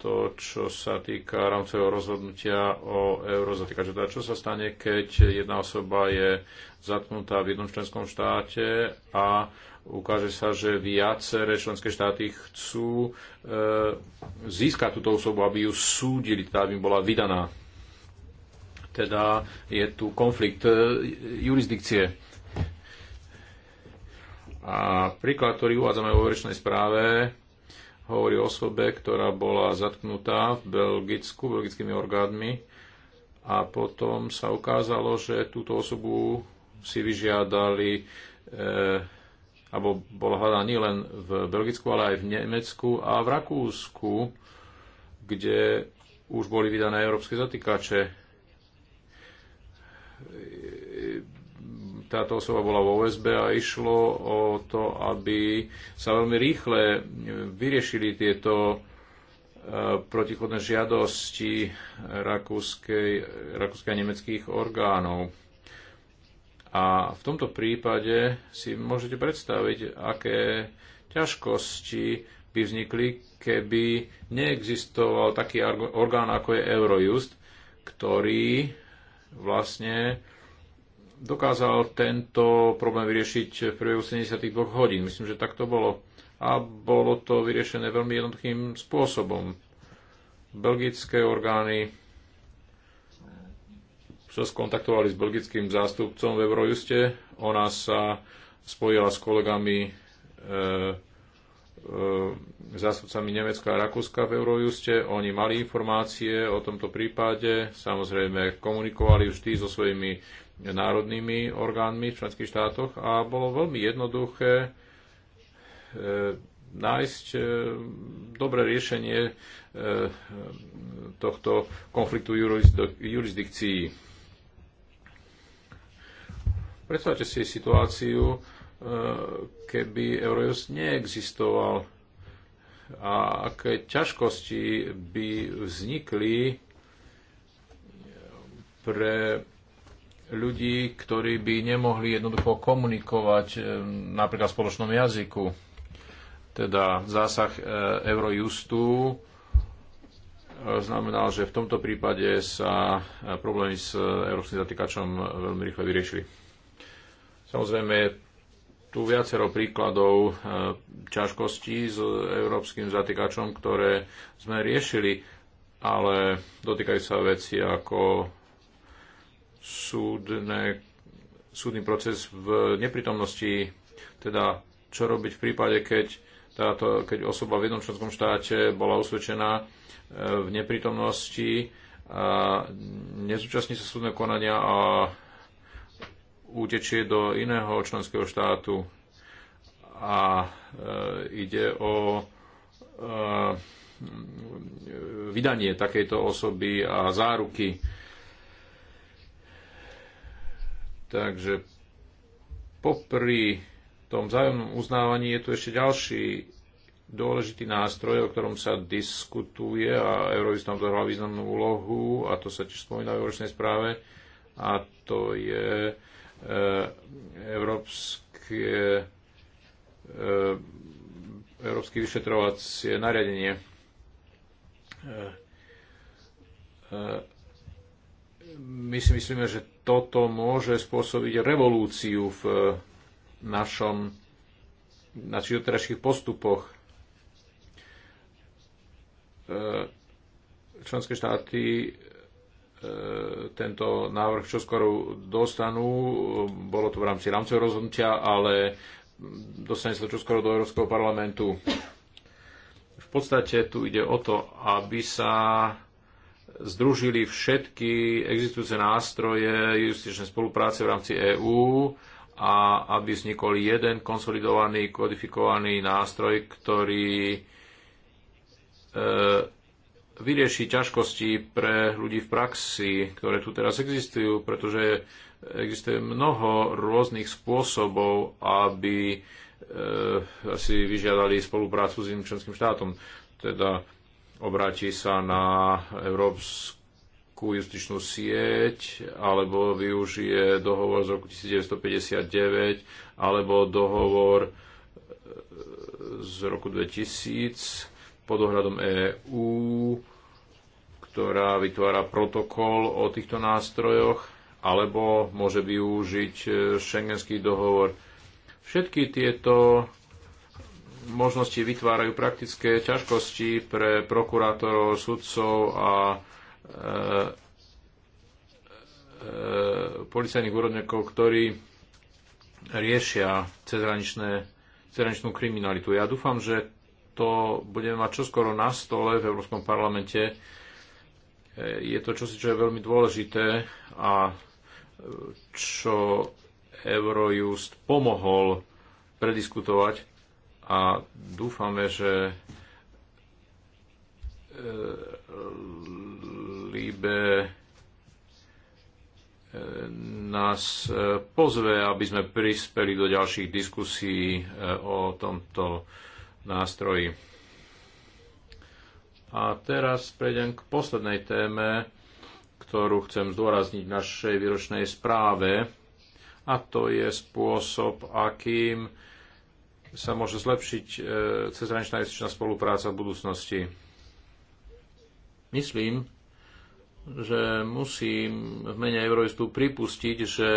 to, čo sa týka rámcového rozhodnutia o euro zatýkaču. Teda čo sa stane, keď jedna osoba je zatknutá v jednom členskom štáte a ukáže sa, že viaceré členské štáty chcú e, získať túto osobu, aby ju súdili, teda aby im bola vydaná. Teda je tu konflikt e, jurisdikcie. A príklad, ktorý uvádzame vo verečnej správe, hovorí o osobe, ktorá bola zatknutá v Belgicku, belgickými orgánmi a potom sa ukázalo, že túto osobu si vyžiadali e, alebo bola hľadaná nielen v Belgicku, ale aj v Nemecku a v Rakúsku, kde už boli vydané európske zatýkače táto osoba bola vo OSB a išlo o to, aby sa veľmi rýchle vyriešili tieto e, protichodné žiadosti rakúskej, rakúskej a nemeckých orgánov. A v tomto prípade si môžete predstaviť, aké ťažkosti by vznikli, keby neexistoval taký orgán, ako je Eurojust, ktorý vlastne dokázal tento problém vyriešiť v priebehu 72 hodín. Myslím, že tak to bolo. A bolo to vyriešené veľmi jednoduchým spôsobom. Belgické orgány sa skontaktovali s belgickým zástupcom v Eurojuste. Ona sa spojila s kolegami e, e, zástupcami Nemecka a Rakúska v Eurojuste. Oni mali informácie o tomto prípade, samozrejme komunikovali vždy so svojimi národnými orgánmi v členských štátoch a bolo veľmi jednoduché e, nájsť e, dobré riešenie e, tohto konfliktu jurisdikcií. Predstavte si situáciu, keby Eurojust neexistoval a aké ťažkosti by vznikli pre ľudí, ktorí by nemohli jednoducho komunikovať e, napríklad v spoločnom jazyku. Teda zásah e, Eurojustu e, znamenal, že v tomto prípade sa problémy s európskym zatýkačom veľmi rýchle vyriešili. Samozrejme, tu viacero príkladov ťažkostí s európskym zatýkačom, ktoré sme riešili, ale dotýkajú sa veci ako súdne, súdny proces v neprítomnosti, teda čo robiť v prípade, keď, táto, keď osoba v jednom členskom štáte bola usvedčená e, v neprítomnosti a nezúčastní sa súdne konania a utečie do iného členského štátu a e, ide o e, vydanie takejto osoby a záruky. E, Takže popri tom vzájomnom uznávaní je tu ešte ďalší dôležitý nástroj, o ktorom sa diskutuje a Eurovis tam zohral významnú úlohu a to sa tiež spomína v Európskej správe a to je e, Európske e, Európske vyšetrovacie nariadenie. E, e, my si myslíme, že toto môže spôsobiť revolúciu v eh, našom našich doterajších postupoch. Eh, členské štáty eh, tento návrh čoskoro dostanú. Bolo to v rámci rámcového rozhodnutia, ale dostane sa to čoskoro do Európskeho parlamentu. V podstate tu ide o to, aby sa združili všetky existujúce nástroje justičnej spolupráce v rámci EÚ a aby vznikol jeden konsolidovaný, kodifikovaný nástroj, ktorý e, vyrieši ťažkosti pre ľudí v praxi, ktoré tu teraz existujú, pretože existuje mnoho rôznych spôsobov, aby e, si vyžiadali spoluprácu s iným členským štátom. Teda obráti sa na Európsku justičnú sieť, alebo využije dohovor z roku 1959, alebo dohovor e, z roku 2000 pod ohľadom EÚ, ktorá vytvára protokol o týchto nástrojoch, alebo môže využiť e, šengenský dohovor. Všetky tieto možnosti vytvárajú praktické ťažkosti pre prokurátorov, sudcov a e, e, policajných úrodníkov, ktorí riešia cezhraničnú kriminalitu. Ja dúfam, že to budeme mať čoskoro na stole v Európskom parlamente. E, je to čosi, čo je veľmi dôležité a čo Eurojust pomohol prediskutovať a dúfame, že e, Líbe e, nás e, pozve, aby sme prispeli do ďalších diskusí o tomto nástroji. A teraz prejdem k poslednej téme, ktorú chcem zdôrazniť v našej výročnej správe, a to je spôsob, akým sa môže zlepšiť e, cezhraničná justičná spolupráca v budúcnosti? Myslím, že musím v mene Eurojustu pripustiť, že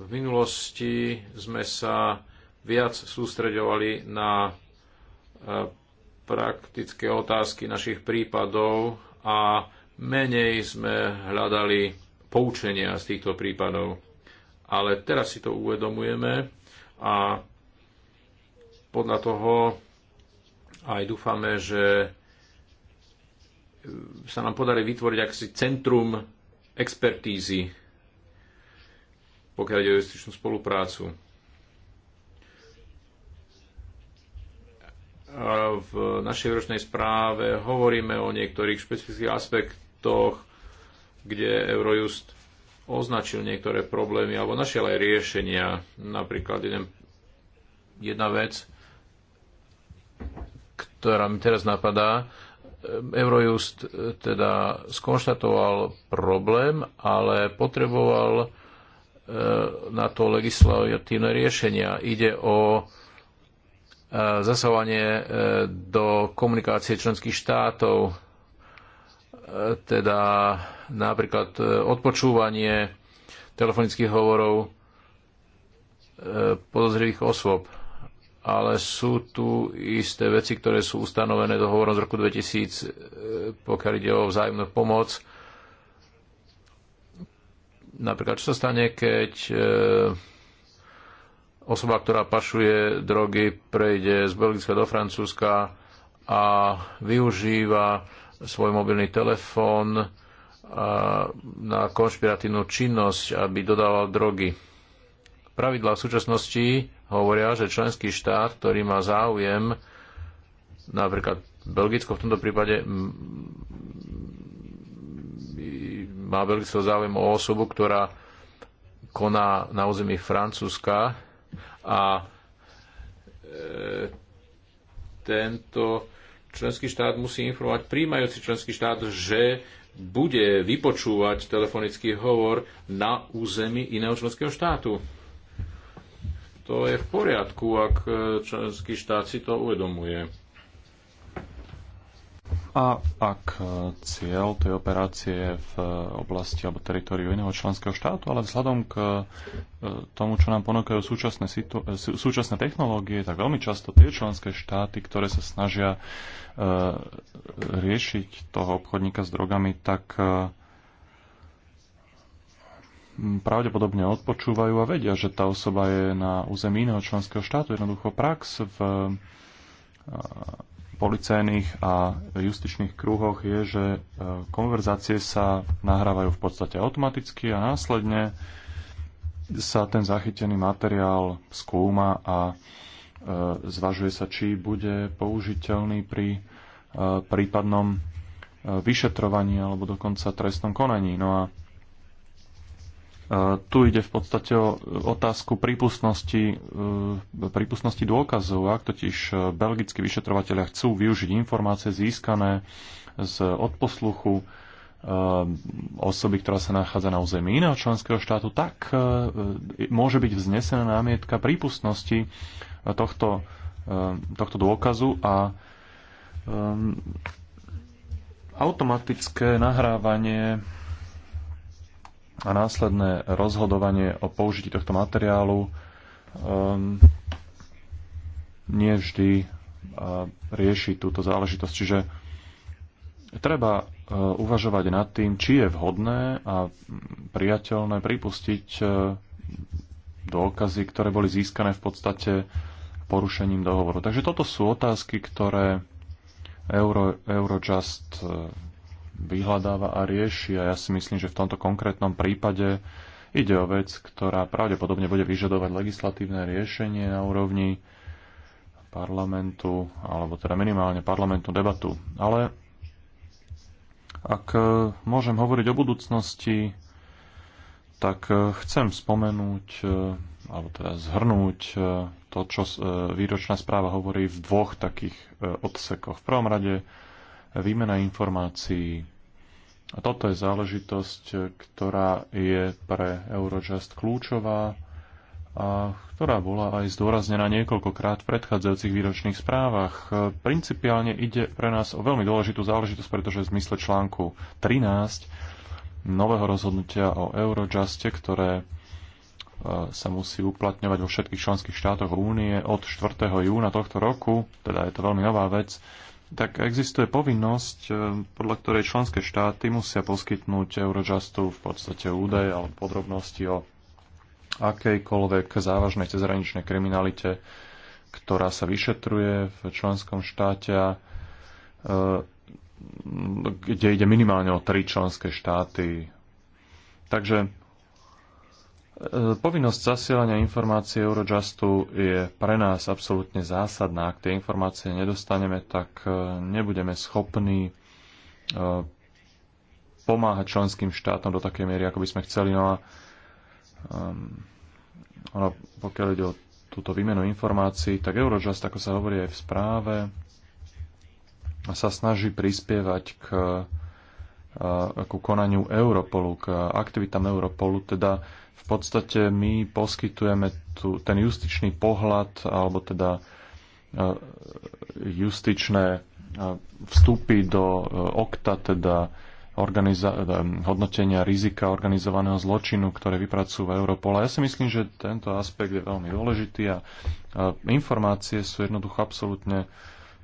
v minulosti sme sa viac sústreďovali na e, praktické otázky našich prípadov a menej sme hľadali poučenia z týchto prípadov. Ale teraz si to uvedomujeme a podľa toho aj dúfame, že sa nám podarí vytvoriť akýsi centrum expertízy, pokiaľ ide o justičnú spoluprácu. A v našej ročnej správe hovoríme o niektorých špecifických aspektoch, kde Eurojust označil niektoré problémy alebo našiel aj riešenia. Napríklad jeden, jedna vec, ktorá mi teraz napadá, Eurojust e, teda skonštatoval problém, ale potreboval e, na to legislatívne riešenia. Ide o e, zasahovanie do komunikácie členských štátov, teda napríklad odpočúvanie telefonických hovorov podozrivých osôb ale sú tu isté veci, ktoré sú ustanovené dohovorom z roku 2000, e, pokiaľ ide o vzájomnú pomoc. Napríklad, čo sa stane, keď e, osoba, ktorá pašuje drogy, prejde z Belgicka do Francúzska a využíva svoj mobilný telefón e, na konšpiratívnu činnosť, aby dodával drogy. Pravidlá v súčasnosti hovoria, že členský štát, ktorý má záujem, napríklad Belgicko v tomto prípade má Belgicko záujem o osobu, ktorá koná na území Francúzska a e, tento členský štát musí informovať príjmajúci členský štát, že bude vypočúvať telefonický hovor na území iného členského štátu to je v poriadku, ak e, členský štát si to uvedomuje. A ak e, cieľ tej operácie je v e, oblasti alebo teritoriu iného členského štátu, ale vzhľadom k tomu, čo nám ponúkajú súčasné, situ- súčasné technológie, tak veľmi často tie členské štáty, ktoré sa snažia riešiť toho obchodníka s drogami, tak pravdepodobne odpočúvajú a vedia, že tá osoba je na území iného členského štátu. Jednoducho prax v e, policajných a justičných krúhoch je, že e, konverzácie sa nahrávajú v podstate automaticky a následne sa ten zachytený materiál skúma a e, zvažuje sa, či bude použiteľný pri prípadnom vyšetrovaní alebo dokonca trestnom konaní. No a tu ide v podstate o otázku prípustnosti, e, prípustnosti dôkazov. Ak totiž e, belgickí vyšetrovateľia chcú využiť informácie získané z odposluchu e, osoby, ktorá sa nachádza na území iného členského štátu, tak môže byť vznesená námietka prípustnosti tohto, tohto dôkazu a automatické nahrávanie a následné rozhodovanie o použití tohto materiálu um, nie vždy uh, rieši túto záležitosť. Čiže treba uh, uvažovať nad tým, či je vhodné a priateľné pripustiť uh, dôkazy, ktoré boli získané v podstate porušením dohovoru. Takže toto sú otázky, ktoré Euro, Eurojust uh, vyhľadáva a rieši. A ja si myslím, že v tomto konkrétnom prípade ide o vec, ktorá pravdepodobne bude vyžadovať legislatívne riešenie na úrovni parlamentu, alebo teda minimálne parlamentnú debatu. Ale ak môžem hovoriť o budúcnosti, tak chcem spomenúť, alebo teda zhrnúť to, čo výročná správa hovorí v dvoch takých e, odsekoch. V prvom rade výmena informácií. A toto je záležitosť, ktorá je pre Eurojust kľúčová a ktorá bola aj zdôraznená niekoľkokrát v predchádzajúcich výročných správach. Principiálne ide pre nás o veľmi dôležitú záležitosť, pretože v zmysle článku 13 nového rozhodnutia o Eurojuste, ktoré e, sa musí uplatňovať vo všetkých členských štátoch únie od 4. júna tohto roku, teda je to veľmi nová vec, tak existuje povinnosť, e, podľa ktorej členské štáty musia poskytnúť Eurojustu v podstate údaje alebo podrobnosti o akejkoľvek závažnej cezhraničnej kriminalite, ktorá sa vyšetruje v členskom štáte e, kde ide minimálne o tri členské štáty. Takže E, povinnosť zasielania informácií Eurojustu je pre nás absolútne zásadná. Ak tie informácie nedostaneme, tak e, nebudeme schopní e, pomáhať členským štátom do takej miery, ako by sme chceli. No a um, ono, pokiaľ ide o túto výmenu informácií, tak Eurojust, ako sa hovorí aj v správe, sa snaží prispievať k ku konaniu Europolu, k aktivitám Europolu, teda v podstate my poskytujeme tu, ten justičný pohľad, alebo teda e, justičné e, vstupy do e, okta, teda, teda hodnotenia rizika organizovaného zločinu, ktoré vypracúva Europol. A ja si myslím, že tento aspekt je veľmi dôležitý a informácie sú jednoducho absolútne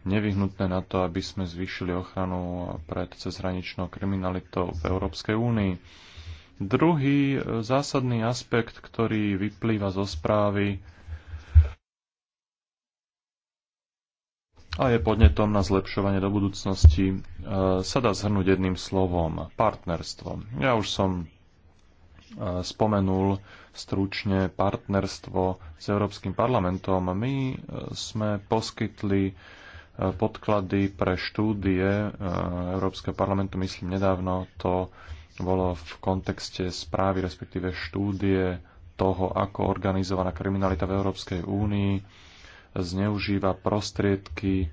nevyhnutné na to, aby sme zvýšili ochranu pred cezhraničnou kriminalitou v Európskej únii. Druhý e, zásadný aspekt, ktorý vyplýva zo správy a je podnetom na zlepšovanie do budúcnosti, e, sa dá zhrnúť jedným slovom partnerstvo. Ja už som e, spomenul stručne partnerstvo s Európskym parlamentom. My sme poskytli podklady pre štúdie Európskeho parlamentu, myslím nedávno to bolo v kontexte správy, respektíve štúdie toho, ako organizovaná kriminalita v Európskej únii zneužíva prostriedky e,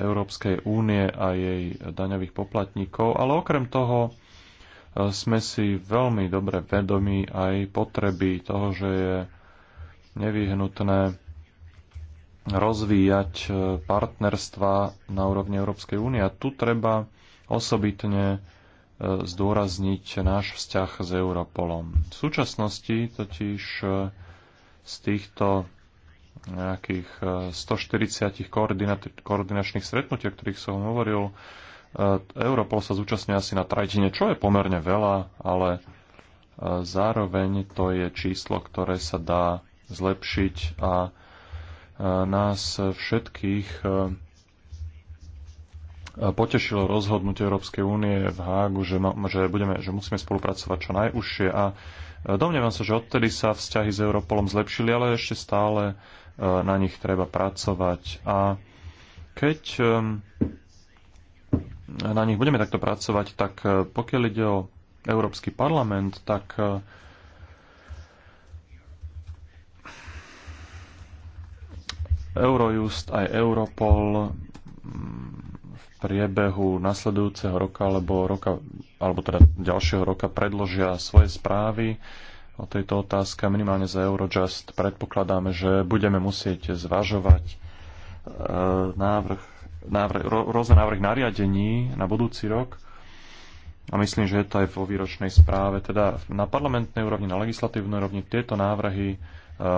Európskej únie a jej daňových poplatníkov, ale okrem toho e, sme si veľmi dobre vedomi aj potreby toho, že je nevyhnutné rozvíjať e, partnerstva na úrovni Európskej únie. A tu treba osobitne zdôrazniť náš vzťah s Europolom. V súčasnosti totiž e, z týchto nejakých 140 e, koordinačných stretnutí, o ktorých som hovoril, e, Europol sa zúčastňuje asi na tretine, čo je pomerne veľa, ale zároveň to je číslo, ktoré sa dá zlepšiť a nás všetkých potešilo rozhodnutie Európskej únie v Hágu, že, že, budeme, že musíme spolupracovať čo najúžšie a e, domnievam sa, že odtedy sa vzťahy s Europolom zlepšili, ale ešte stále e, na nich treba pracovať. A keď na nich budeme takto pracovať, tak e, pokiaľ ide o Európsky parlament, tak Eurojust aj Europol priebehu nasledujúceho roka alebo, roka, alebo teda ďalšieho roka predložia svoje správy o tejto otázke. Minimálne za Eurojust predpokladáme, že budeme musieť zvažovať e, návrh, návrh, rôzne návrhy nariadení na budúci rok. A myslím, že je to aj vo výročnej správe. Teda na parlamentnej úrovni, na legislatívnej úrovni tieto návrhy e,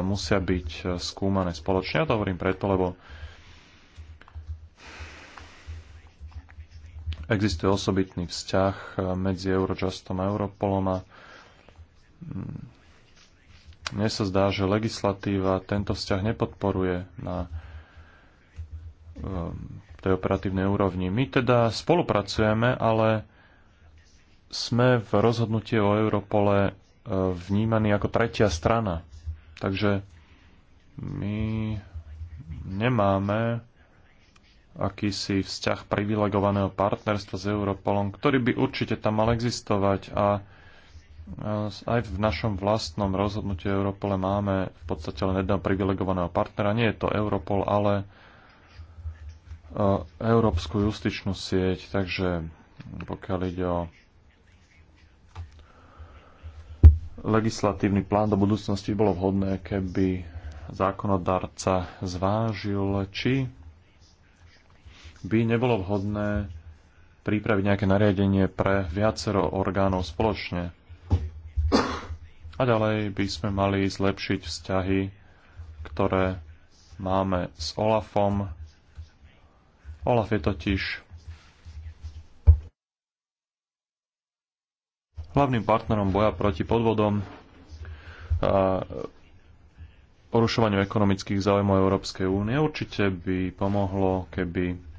musia byť e, skúmané spoločne. Ja to hovorím preto, lebo Existuje osobitný vzťah eh, medzi Eurojustom a Europolom a mm, mne sa zdá, že legislatíva tento vzťah nepodporuje na eh, tej operatívnej úrovni. My teda spolupracujeme, ale sme v rozhodnutí o Europole eh, vnímaní ako tretia strana. Takže my nemáme akýsi vzťah privilegovaného partnerstva s Europolom, ktorý by určite tam mal existovať a aj v našom vlastnom rozhodnutí Europole máme v podstate len jedného privilegovaného partnera. Nie je to Europol, ale e, Európsku justičnú sieť. Takže pokiaľ ide o legislatívny plán do budúcnosti, bolo vhodné, keby zákonodárca zvážil, či by nebolo vhodné pripraviť nejaké nariadenie pre viacero orgánov spoločne. A ďalej by sme mali zlepšiť vzťahy, ktoré máme s Olafom. Olaf je totiž hlavným partnerom boja proti podvodom a porušovaniu ekonomických záujmov Európskej únie. Určite by pomohlo, keby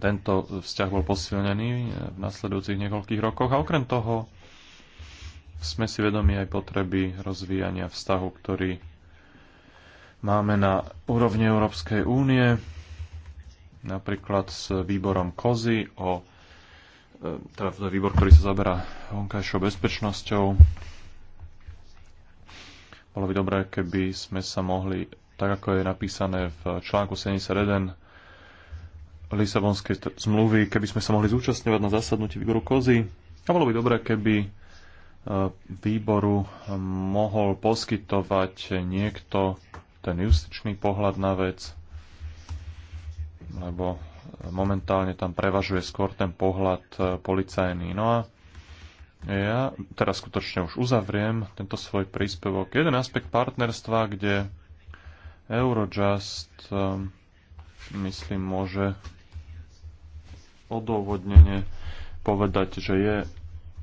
tento vzťah bol posilnený v nasledujúcich niekoľkých rokoch a okrem toho sme si vedomi aj potreby rozvíjania vztahu, ktorý máme na úrovni Európskej únie, napríklad s výborom COZY o e, teda výbor, ktorý sa zaberá vonkajšou bezpečnosťou. Bolo by dobré, keby sme sa mohli, tak ako je napísané v článku 71 Lisabonskej zmluvy, keby sme sa mohli zúčastňovať na zasadnutí výboru kozy. A bolo by dobré, keby e, výboru e, mohol poskytovať niekto ten justičný pohľad na vec, lebo e, momentálne tam prevažuje skôr ten pohľad policajný. No a ja teraz skutočne už uzavriem tento svoj príspevok. Jeden aspekt partnerstva, kde Eurojust, myslím, môže odôvodnenie povedať, že je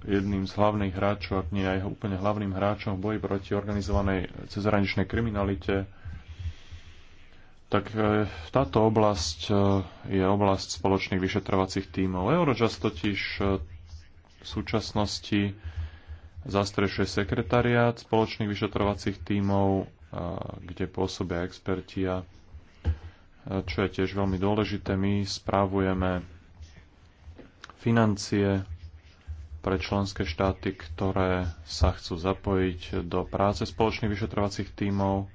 jedným z hlavných hráčov, ak nie aj úplne hlavným hráčom v boji proti organizovanej cezhraničnej kriminalite, tak e, táto oblasť e, je oblasť spoločných vyšetrovacích tímov. Eurojust totiž e, v súčasnosti zastrešuje sekretariát spoločných vyšetrovacích tímov, kde pôsobia experti a čo je tiež veľmi dôležité, my správujeme financie pre členské štáty, ktoré sa chcú zapojiť do práce spoločných vyšetrovacích tímov.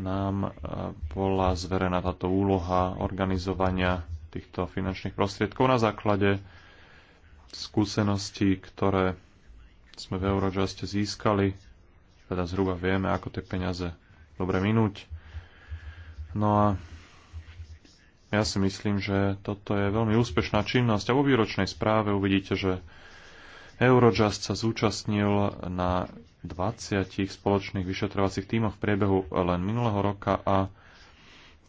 Nám e, bola zverená táto úloha organizovania týchto finančných prostriedkov na základe skúseností, ktoré sme v Eurojuste získali. Teda zhruba vieme, ako tie peniaze dobre minúť. No a ja si myslím, že toto je veľmi úspešná činnosť a vo výročnej správe uvidíte, že Eurojust sa zúčastnil na 20 spoločných vyšetrovacích tímoch v priebehu len minulého roka a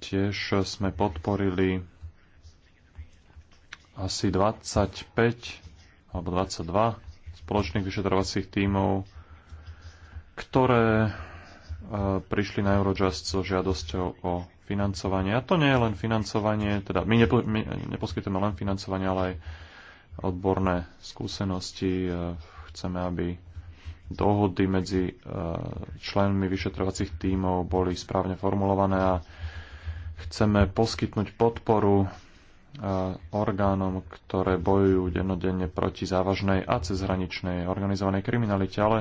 tiež sme podporili asi 25 alebo 22 spoločných vyšetrovacích tímov, ktoré e, prišli na Eurojust so žiadosťou o financovanie. A to nie je len financovanie, teda my, nepo, my neposkytujeme len financovanie, ale aj odborné skúsenosti. E, chceme, aby dohody medzi e, členmi vyšetrovacích tímov boli správne formulované a chceme poskytnúť podporu e, orgánom, ktoré bojujú dennodenne proti závažnej a cezhraničnej organizovanej kriminalite, ale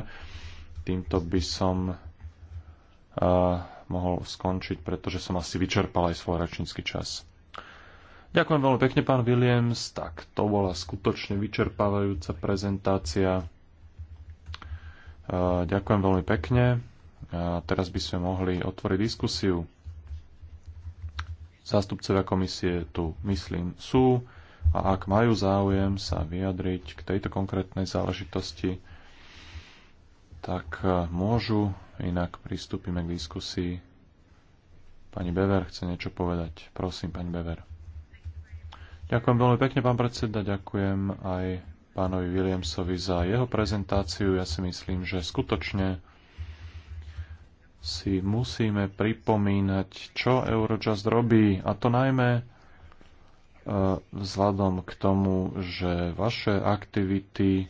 týmto by som mohol skončiť, pretože som asi vyčerpal aj svoj rečnícky čas. Ďakujem veľmi pekne, pán Williams. Tak, to bola skutočne vyčerpávajúca prezentácia. E, ďakujem veľmi pekne. A e, teraz by sme mohli otvoriť diskusiu. Zástupcovia komisie tu, myslím, sú a ak majú záujem sa vyjadriť k tejto konkrétnej záležitosti, tak e, môžu Inak pristúpime k diskusii. Pani Bever chce niečo povedať. Prosím, pani Bever. Ďakujem veľmi pekne, pán predseda. Ďakujem aj pánovi Williamsovi za jeho prezentáciu. Ja si myslím, že skutočne si musíme pripomínať, čo Eurojust robí. A to najmä e, vzhľadom k tomu, že vaše aktivity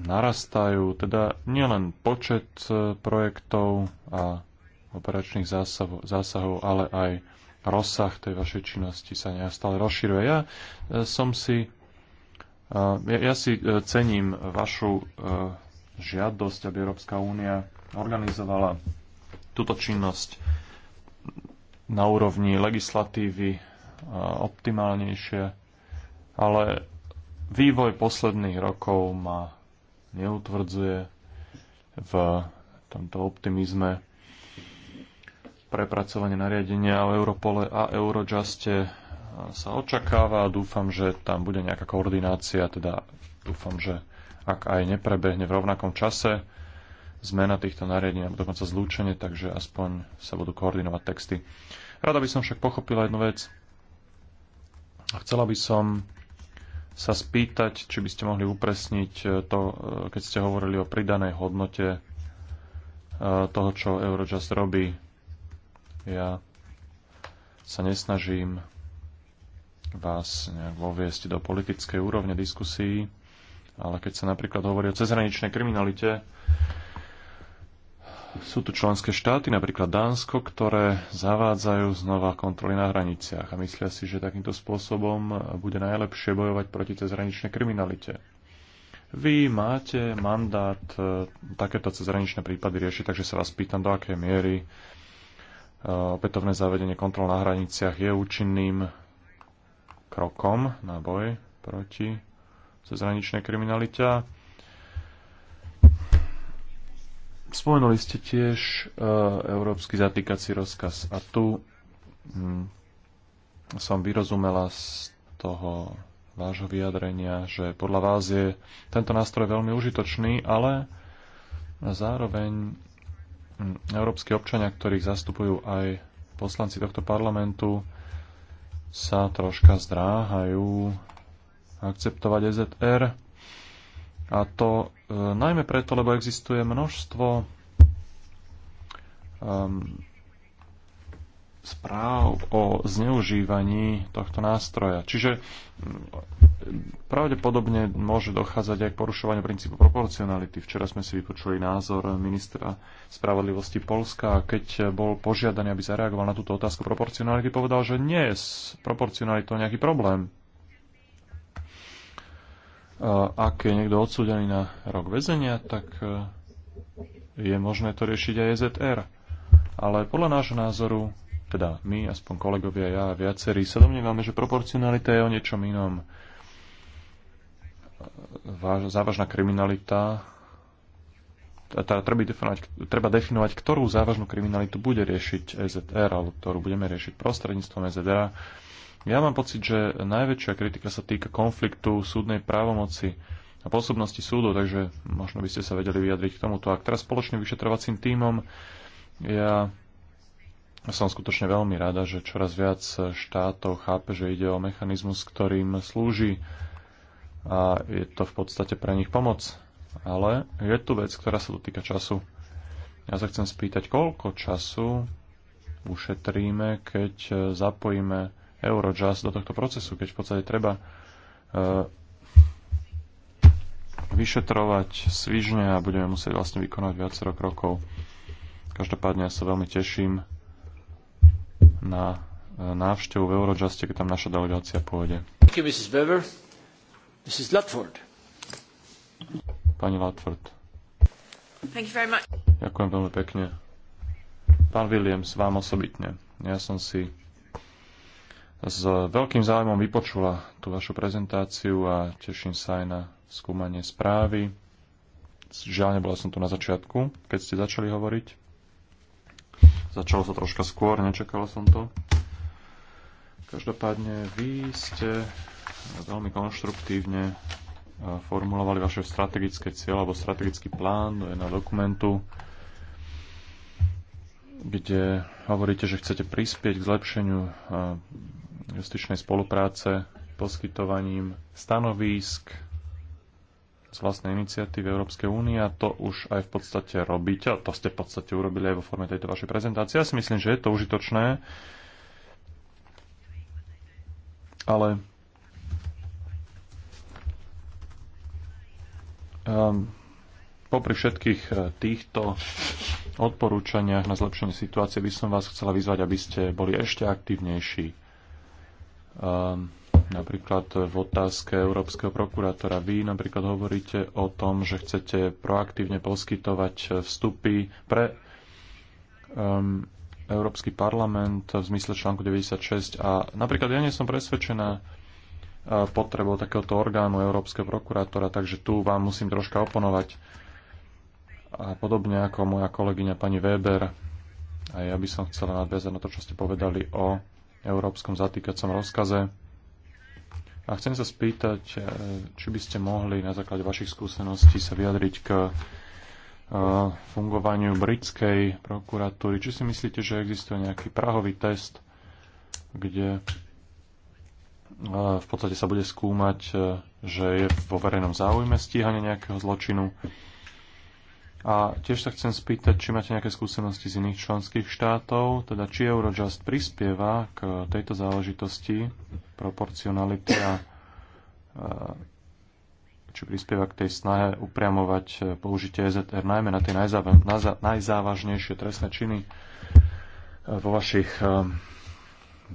narastajú, teda nielen počet e, projektov a operačných zásahov, zásahov ale aj rozsah tej vašej činnosti sa neustále rozširuje. Ja e, som si, e, ja, ja si cením vašu žiadosť, aby Európska únia organizovala túto činnosť na úrovni legislatívy optimálnejšie, ale vývoj posledných rokov ma neutvrdzuje v tomto optimizme prepracovanie nariadenia o Europole a Eurojuste sa očakáva a dúfam, že tam bude nejaká koordinácia, teda dúfam, že ak aj neprebehne v rovnakom čase zmena týchto nariadení alebo dokonca zlúčenie, takže aspoň sa budú koordinovať texty. Rada by som však pochopila jednu vec. Chcela by som sa spýtať, či by ste mohli upresniť e, to, e, keď ste hovorili o pridanej hodnote e, toho, čo Eurojust robí. Ja sa nesnažím vás nejak voviesť do politickej úrovne diskusí, ale keď sa napríklad hovorí o cezhraničnej kriminalite, sú tu členské štáty, napríklad Dánsko, ktoré zavádzajú znova kontroly na hraniciach a myslia si, že takýmto spôsobom bude najlepšie bojovať proti cezhraničnej kriminalite. Vy máte mandát e, takéto cezhraničné prípady riešiť, takže sa vás pýtam, do akej miery e, opätovné zavedenie kontrol na hraniciach je účinným krokom na boj proti cezhraničnej kriminalite. Spomenuli ste tiež e, európsky zatýkací rozkaz a tu hm, som vyrozumela z toho vášho vyjadrenia, že podľa vás je tento nástroj veľmi užitočný, ale zároveň hm, európsky občania, ktorých zastupujú aj poslanci tohto parlamentu, sa troška zdráhajú akceptovať EZR a to E, najmä preto, lebo existuje množstvo um, správ o zneužívaní tohto nástroja. Čiže mm, pravdepodobne môže dochádzať aj k porušovaniu princípu proporcionality. Včera sme si vypočuli názor ministra spravodlivosti Polska a keď bol požiadaný, aby zareagoval na túto otázku proporcionality, povedal, že nie je s proporcionalitou nejaký problém ak je niekto odsúdený na rok väzenia, tak e, je možné to riešiť aj EZR. Ale podľa nášho názoru, teda my, aspoň kolegovia, ja a viacerí, sa domnievame, že proporcionalita je o niečom inom. Váž, závažná kriminalita, teda treba definovať, treba definovať, ktorú závažnú kriminalitu bude riešiť EZR, alebo ktorú budeme riešiť prostredníctvom EZR. Ja mám pocit, že najväčšia kritika sa týka konfliktu súdnej právomoci a pôsobnosti súdu, takže možno by ste sa vedeli vyjadriť k tomuto. A teraz spoločným vyšetrovacím tímom ja som skutočne veľmi rada, že čoraz viac štátov chápe, že ide o mechanizmus, ktorým slúži a je to v podstate pre nich pomoc. Ale je tu vec, ktorá sa dotýka času. Ja sa chcem spýtať, koľko času ušetríme, keď zapojíme Eurojust do tohto procesu, keď v podstate treba e, vyšetrovať svižne a budeme musieť vlastne vykonať viacero krokov. Každopádne ja sa veľmi teším na e, návštevu v Eurojuste, keď tam naša delegácia pôjde. Pani Latford. Ďakujem veľmi pekne. Pán Williams, vám osobitne. Ja som si s veľkým záujmom vypočula tú vašu prezentáciu a teším sa aj na skúmanie správy. Žiaľ, nebola som tu na začiatku, keď ste začali hovoriť. Začalo sa troška skôr, nečakala som to. Každopádne vy ste veľmi konštruktívne e, formulovali vaše strategické cieľ alebo strategický plán do jedného dokumentu, kde hovoríte, že chcete prispieť k zlepšeniu e, justičnej spolupráce poskytovaním stanovísk z vlastnej iniciatívy Európskej únie a to už aj v podstate robíte a to ste v podstate urobili aj vo forme tejto vašej prezentácie. Ja si myslím, že je to užitočné, ale um, popri všetkých e, týchto odporúčaniach na zlepšenie situácie by som vás chcela vyzvať, aby ste boli ešte aktívnejší Ehm, napríklad v otázke Európskeho prokurátora. Vy napríklad hovoríte o tom, že chcete proaktívne poskytovať vstupy pre um, Európsky parlament v zmysle článku 96 a napríklad ja nie som presvedčená e, potrebou takéhoto orgánu Európskeho prokurátora, takže tu vám musím troška oponovať. A podobne ako moja kolegyňa pani Weber, a ja by som chcela nadviazať na to, čo ste povedali o európskom zatýkacom rozkaze. A chcem sa spýtať, e, či by ste mohli na základe vašich skúseností sa vyjadriť k e, fungovaniu britskej prokuratúry. Či si myslíte, že existuje nejaký prahový test, kde e, v podstate sa bude skúmať, že je vo verejnom záujme stíhanie nejakého zločinu a tiež sa chcem spýtať, či máte nejaké skúsenosti z iných členských štátov, teda či Eurojust prispieva k tejto záležitosti proporcionality a e, či prispieva k tej snahe upriamovať použitie EZR najmä na tie najzávažnejšie trestné činy e, vo vašich e,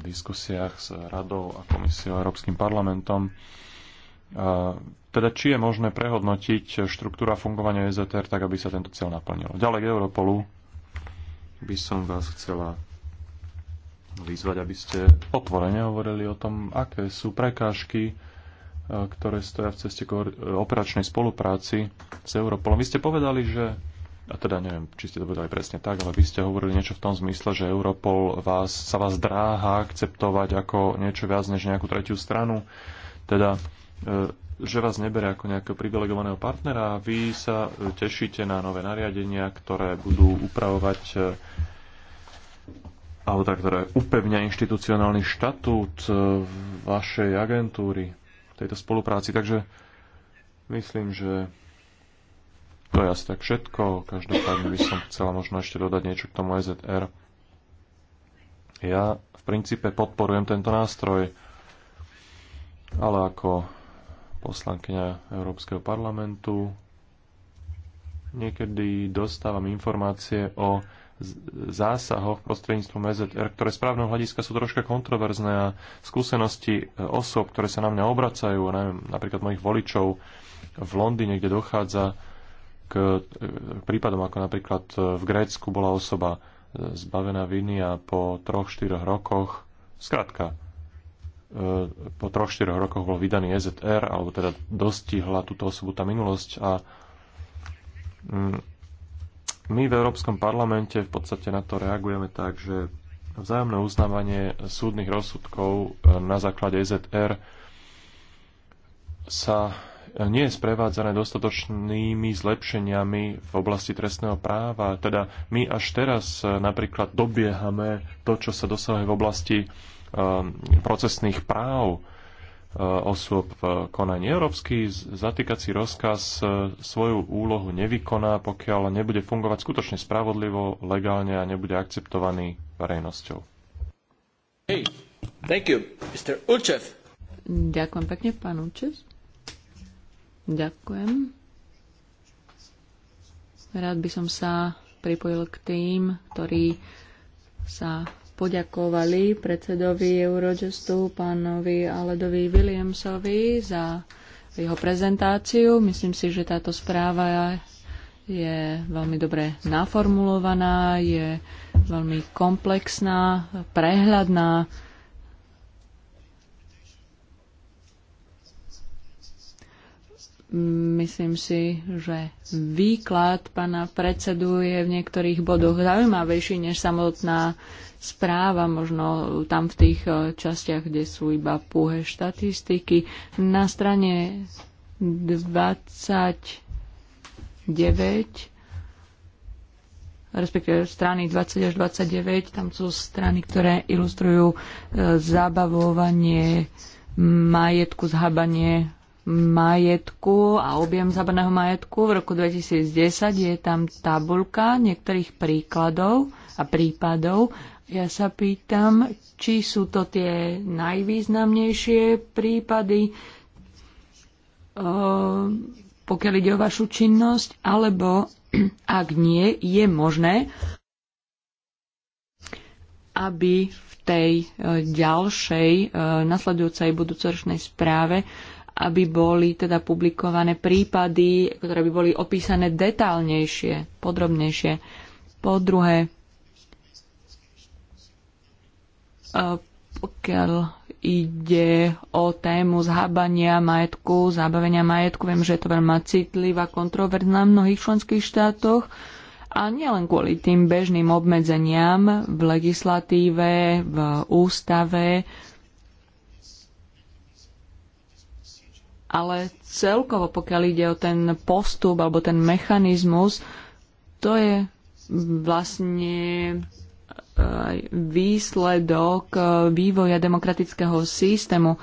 diskusiách s Radou a Komisiou a Európskym parlamentom. Teda či je možné prehodnotiť štruktúra fungovania EZTR tak, aby sa tento cieľ naplnil. Ďalej k Europolu by som vás chcela vyzvať, aby ste otvorene hovorili o tom, aké sú prekážky, e, ktoré stoja v ceste operačnej spolupráci s Europolom. Vy ste povedali, že a teda neviem, či ste to povedali presne tak, ale vy ste hovorili niečo v tom zmysle, že Europol vás, sa vás dráha akceptovať ako niečo viac než nejakú tretiu stranu. Teda E, že vás nebere ako nejakého privilegovaného partnera a vy sa e, tešíte na nové nariadenia, ktoré budú upravovať e, alebo tak, ktoré upevňa inštitucionálny štatút vašej agentúry v tejto spolupráci. Takže myslím, že to je asi tak všetko. Každopádne by som chcela možno ešte dodať niečo k tomu EZR. Ja v princípe podporujem tento nástroj, ale ako poslankyňa Európskeho parlamentu. Niekedy dostávam informácie o zásahoch prostredníctvom EZR, ktoré z právneho hľadiska sú troška kontroverzné a skúsenosti e, osob, ktoré sa na mňa obracajú, neviem, napríklad mojich voličov v Londýne, kde dochádza k e, prípadom, ako napríklad e, v Grécku bola osoba zbavená viny a po troch, štyroch rokoch, zkrátka. E, po troch, štyroch rokoch bol vydaný EZR, alebo teda dostihla túto osobu tá minulosť a mm, my v Európskom parlamente v podstate na to reagujeme tak, že vzájomné uznávanie súdnych rozsudkov e, na základe EZR sa nie je sprevádzané dostatočnými zlepšeniami v oblasti trestného práva. Teda my až teraz e, napríklad dobiehame to, čo sa dosahuje v oblasti Um, procesných práv uh, osôb v konaní. Európsky zatýkací rozkaz uh, svoju úlohu nevykoná, pokiaľ nebude fungovať skutočne spravodlivo, legálne a nebude akceptovaný verejnosťou. Hey, thank you, Mr. Ulčev. Ďakujem pekne, pán Ulčev. Ďakujem. Rád by som sa pripojil k tým, ktorí sa poďakovali predsedovi Eurojustu, pánovi Aledovi Williamsovi za jeho prezentáciu. Myslím si, že táto správa je veľmi dobre naformulovaná, je veľmi komplexná, prehľadná Myslím si, že výklad pána predsedu je v niektorých bodoch zaujímavejší než samotná správa, možno tam v tých eh, častiach, kde sú iba púhe štatistiky. Na strane 29 respektíve strany 20 až 29, tam sú strany, ktoré ilustrujú eh, zabavovanie majetku, zhabanie majetku a objem zabraného majetku. V roku 2010 je tam tabulka niektorých príkladov a prípadov. Ja sa pýtam, či sú to tie najvýznamnejšie prípady, e, pokiaľ ide o vašu činnosť, alebo ak nie, je možné, aby v tej e, ďalšej, e, nasledujúcej budúcoročnej správe aby boli teda publikované prípady, ktoré by boli opísané detálnejšie, podrobnejšie. Po druhé, e, pokiaľ ide o tému zhábania majetku, zábavenia majetku, viem, že je to veľmi citlivá kontroverzná v mnohých členských štátoch a nielen kvôli tým bežným obmedzeniam v legislatíve, v ústave, ale celkovo, pokiaľ ide o ten postup alebo ten mechanizmus, to je vlastne e, výsledok e, vývoja demokratického systému,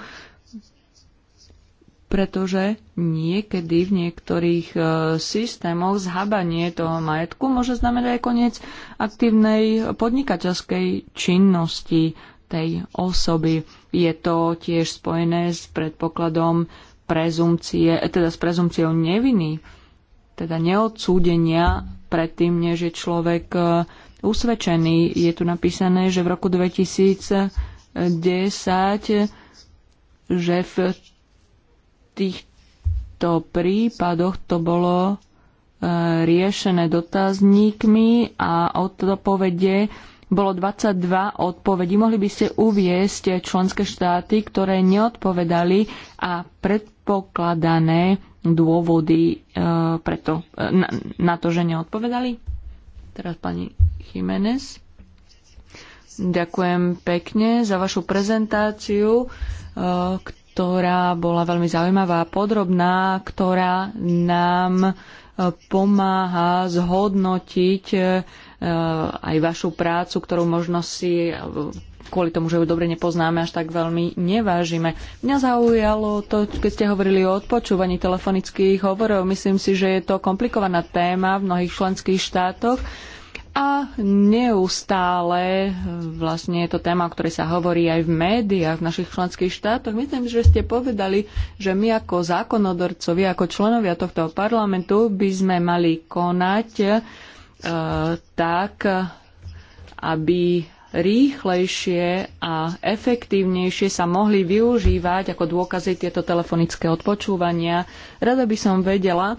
pretože niekedy v niektorých e, systémoch zhabanie toho majetku môže znamenať aj koniec aktívnej podnikateľskej činnosti tej osoby. Je to tiež spojené s predpokladom prezumcie, teda s prezumciou neviny, teda neodsúdenia predtým, než je človek e, usvedčený. Je tu napísané, že v roku 2010, že v týchto prípadoch to bolo e, riešené dotazníkmi a odpovede bolo 22 odpovedí. Mohli by ste uviesť členské štáty, ktoré neodpovedali a predpokladané dôvody e, preto, e, na, na to, že neodpovedali? Teraz pani Jiménez. Ďakujem pekne za vašu prezentáciu, e, ktorá bola veľmi zaujímavá a podrobná, ktorá nám e, pomáha zhodnotiť e, Eh, aj vašu prácu, ktorú možno si eh, kvôli tomu, že ju dobre nepoznáme, až tak veľmi nevážime. Mňa zaujalo to, keď ste hovorili o odpočúvaní telefonických hovorov. Myslím si, že je to komplikovaná téma v mnohých členských štátoch a neustále eh, vlastne je to téma, o ktorej sa hovorí aj v médiách v našich členských štátoch. Myslím, že ste povedali, že my ako zákonodorcovi, ako členovia tohto parlamentu by sme mali konať Eh, tak, aby rýchlejšie a efektívnejšie sa mohli využívať ako dôkazy tieto telefonické odpočúvania. Rada by som vedela,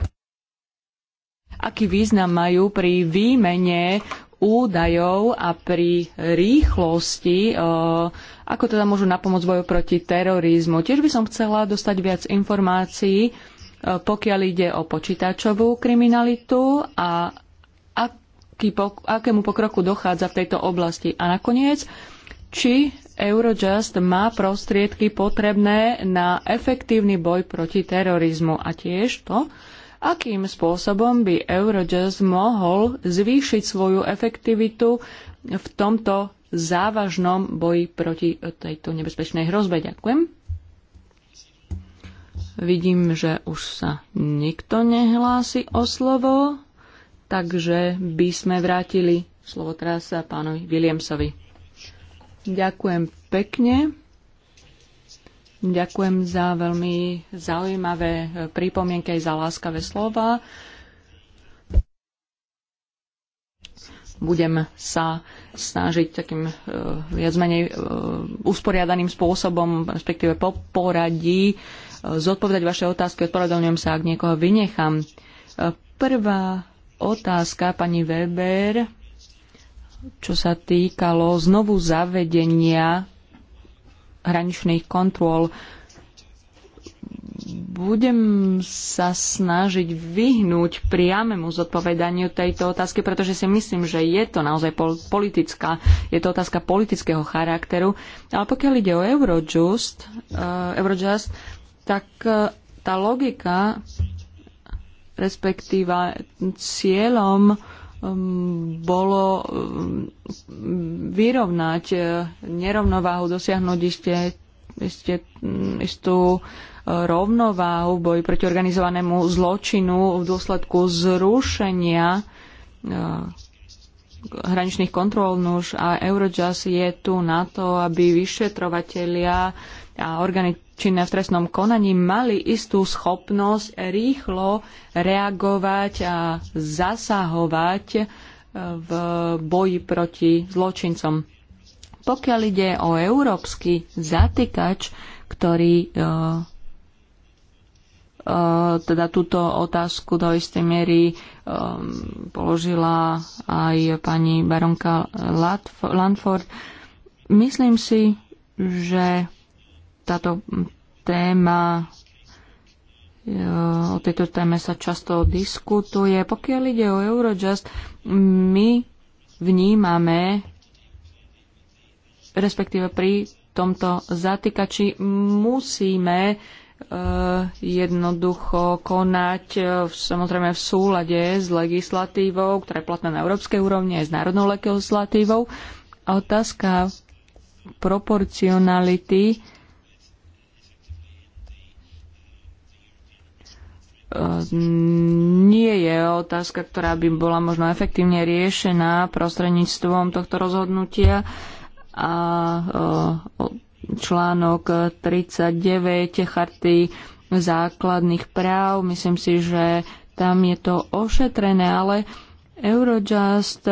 aký význam majú pri výmene údajov a pri rýchlosti, eh, ako teda môžu napomôcť boju proti terorizmu. Tiež by som chcela dostať viac informácií, eh, pokiaľ ide o počítačovú kriminalitu a akému pokroku dochádza v tejto oblasti. A nakoniec, či Eurojust má prostriedky potrebné na efektívny boj proti terorizmu a tiež to, akým spôsobom by Eurojust mohol zvýšiť svoju efektivitu v tomto závažnom boji proti tejto nebezpečnej hrozbe. Ďakujem. Vidím, že už sa nikto nehlási o slovo takže by sme vrátili slovo teraz pánovi Williamsovi. Ďakujem pekne. Ďakujem za veľmi zaujímavé pripomienky aj za láskavé slova. budem sa snažiť takým uh, viac menej uh, usporiadaným spôsobom, respektíve po poradí, uh, zodpovedať vaše otázky. Odpovedalňujem sa, ak niekoho vynechám. Uh, prvá otázka pani Weber, čo sa týkalo znovu zavedenia hraničných kontrol. Budem sa snažiť vyhnúť priamemu zodpovedaniu tejto otázky, pretože si myslím, že je to naozaj politická, je to otázka politického charakteru. Ale pokiaľ ide o Eurojust, uh, Eurojust tak eh, tá logika respektíva cieľom um, bolo um, vyrovnať uh, nerovnováhu, dosiahnuť ešte ešte um, istú uh, rovnováhu v boji proti organizovanému zločinu v dôsledku zrušenia uh, hraničných kontrol nuž a Eurojust je tu na to, aby vyšetrovatelia a orgány činné v trestnom konaní mali istú schopnosť rýchlo reagovať a zasahovať e, v boji proti zločincom. Pokiaľ ide o európsky zatýkač, ktorý e, e, teda túto otázku do istej miery um, položila aj pani baronka Lanford. Myslím si, že táto mm, téma e, O tejto téme sa často diskutuje. Pokiaľ ide o Eurojust, my vnímame, respektíve pri tomto zatýkači musíme e, jednoducho konať e, samozrejme v súlade s legislatívou, ktorá je platná na európskej úrovni aj s národnou legislatívou. A otázka proporcionality nie je otázka, ktorá by bola možno efektívne riešená prostredníctvom tohto rozhodnutia a článok 39 charty základných práv. Myslím si, že tam je to ošetrené, ale Eurojust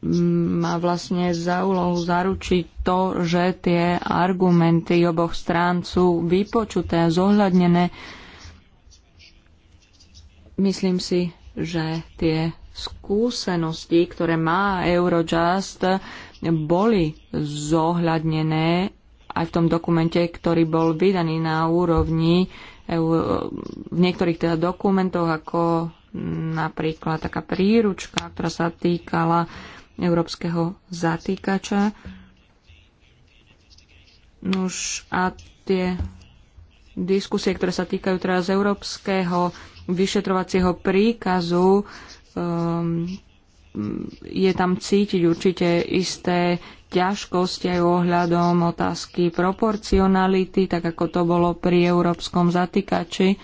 má vlastne za úlohu zaručiť to, že tie argumenty oboch strán sú vypočuté a zohľadnené. Myslím si, že tie skúsenosti, ktoré má Eurojust, boli zohľadnené aj v tom dokumente, ktorý bol vydaný na úrovni v niektorých teda dokumentoch, ako napríklad taká príručka, ktorá sa týkala európskeho zatýkača. Nož a tie diskusie, ktoré sa týkajú teraz európskeho vyšetrovacieho príkazu, um, je tam cítiť určite isté ťažkosti aj ohľadom otázky proporcionality, tak ako to bolo pri európskom zatýkači.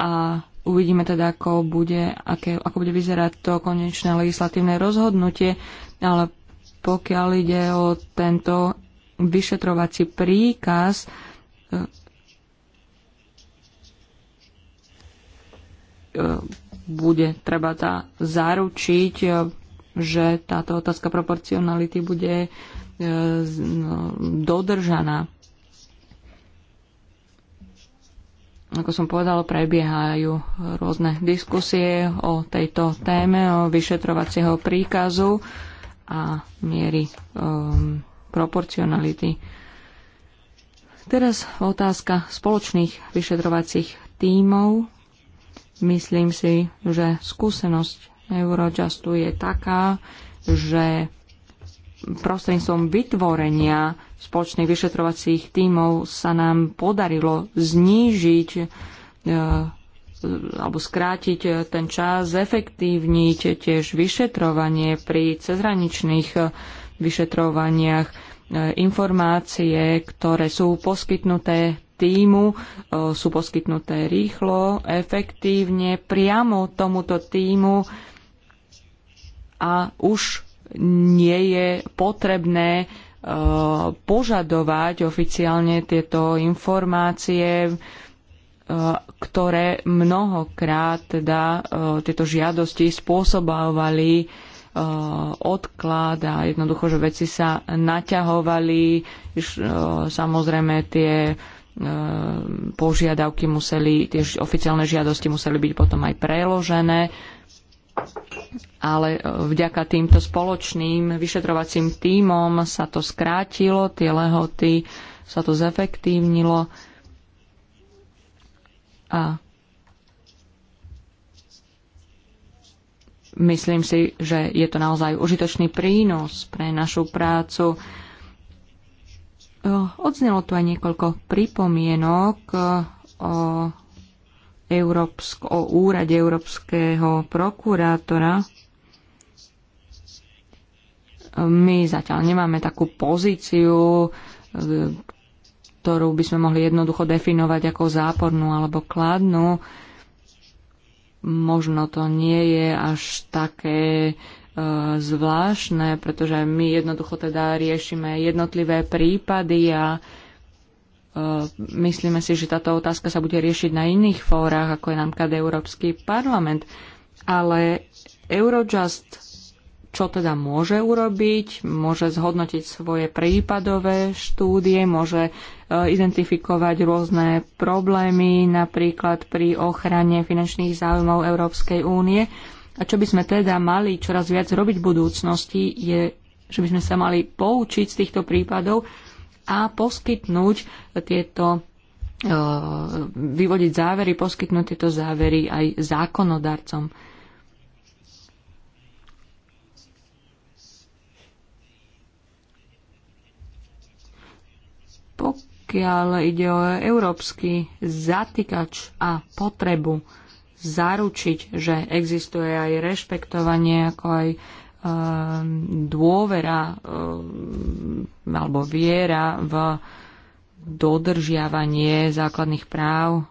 A Uvidíme teda, ako bude, aké, ako bude vyzerať to konečné legislatívne rozhodnutie, ale pokiaľ ide o tento vyšetrovací príkaz, e, e, bude treba tá zaručiť, e, že táto otázka proporcionality bude no, dodržaná. Ako som povedal, prebiehajú rôzne diskusie o tejto téme, o vyšetrovacieho príkazu a miery um, proporcionality. Teraz otázka spoločných vyšetrovacích tímov. Myslím si, že skúsenosť Eurojustu je taká, že prostredníctvom vytvorenia spoločných vyšetrovacích tímov sa nám podarilo znížiť e, alebo skrátiť ten čas, zefektívniť tiež vyšetrovanie pri cezhraničných e, vyšetrovaniach, e, informácie, ktoré sú poskytnuté týmu, sú poskytnuté rýchlo, efektívne, priamo tomuto týmu a už nie je potrebné Eh, požadovať oficiálne tieto informácie, eh, ktoré mnohokrát teda eh, tieto žiadosti spôsobovali odklad a jednoducho, že veci sa naťahovali. Samozrejme tie požiadavky museli, tie oficiálne žiadosti museli byť potom aj preložené ale e, vďaka týmto spoločným vyšetrovacím tímom sa to skrátilo, tie lehoty sa to zefektívnilo a myslím si, že je to naozaj užitočný prínos pre našu prácu. E, odznelo tu aj niekoľko pripomienok e, o, Európsk- o úrade Európskeho prokurátora my zatiaľ nemáme takú pozíciu, ktorú by sme mohli jednoducho definovať ako zápornú alebo kladnú. Možno to nie je až také e, zvláštne, pretože my jednoducho teda riešime jednotlivé prípady a e, myslíme si, že táto otázka sa bude riešiť na iných fórach, ako je napríklad Európsky parlament. Ale Eurojust čo teda môže urobiť, môže zhodnotiť svoje prípadové štúdie, môže e, identifikovať rôzne problémy, napríklad pri ochrane finančných záujmov Európskej únie. A čo by sme teda mali čoraz viac robiť v budúcnosti, je, že by sme sa mali poučiť z týchto prípadov a poskytnúť tieto e, vyvodiť závery, poskytnúť tieto závery aj zákonodarcom. Pokiaľ ide o európsky zatýkač a potrebu zaručiť, že existuje aj rešpektovanie, ako aj ehm, dôvera ehm, alebo viera v dodržiavanie základných práv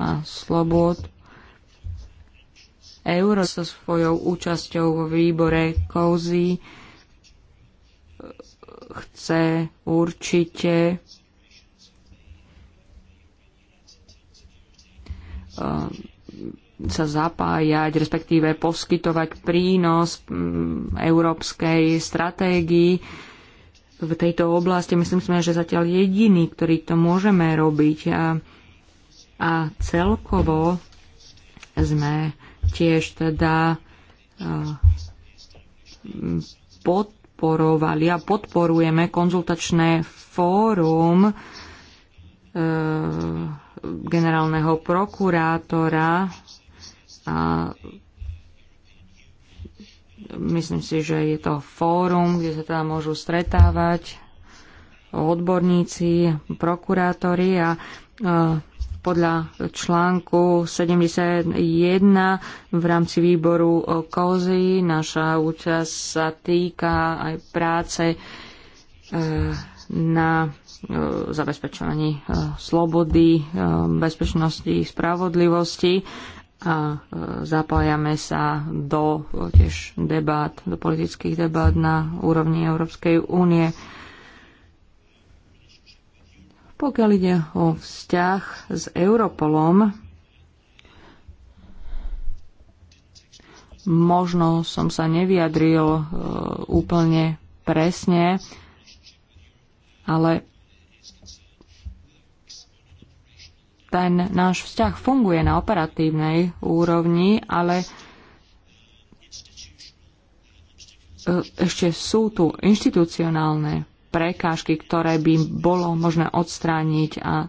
a slobod. Euro so svojou účasťou vo výbore COZY chce určite eh, sa zapájať, respektíve poskytovať prínos mm, európskej stratégii v tejto oblasti. Myslím si, že zatiaľ jediný, ktorý to môžeme robiť. A, a celkovo sme tiež teda eh, pod podporovali a podporujeme konzultačné fórum e, generálneho prokurátora a myslím si, že je to fórum, kde sa teda môžu stretávať odborníci, prokurátori a e, podľa článku 71 v rámci výboru kozy. Naša účasť sa týka aj práce e, na e, zabezpečovaní e, slobody, bezpečnosti, spravodlivosti a zapájame sa do tiež debát, do politických debát na úrovni Európskej únie. Pokiaľ ide o vzťah s Europolom, možno som sa nevyjadril e, úplne presne, ale ten náš vzťah funguje na operatívnej úrovni, ale e, ešte sú tu inštitucionálne prekážky, ktoré by bolo možné odstrániť a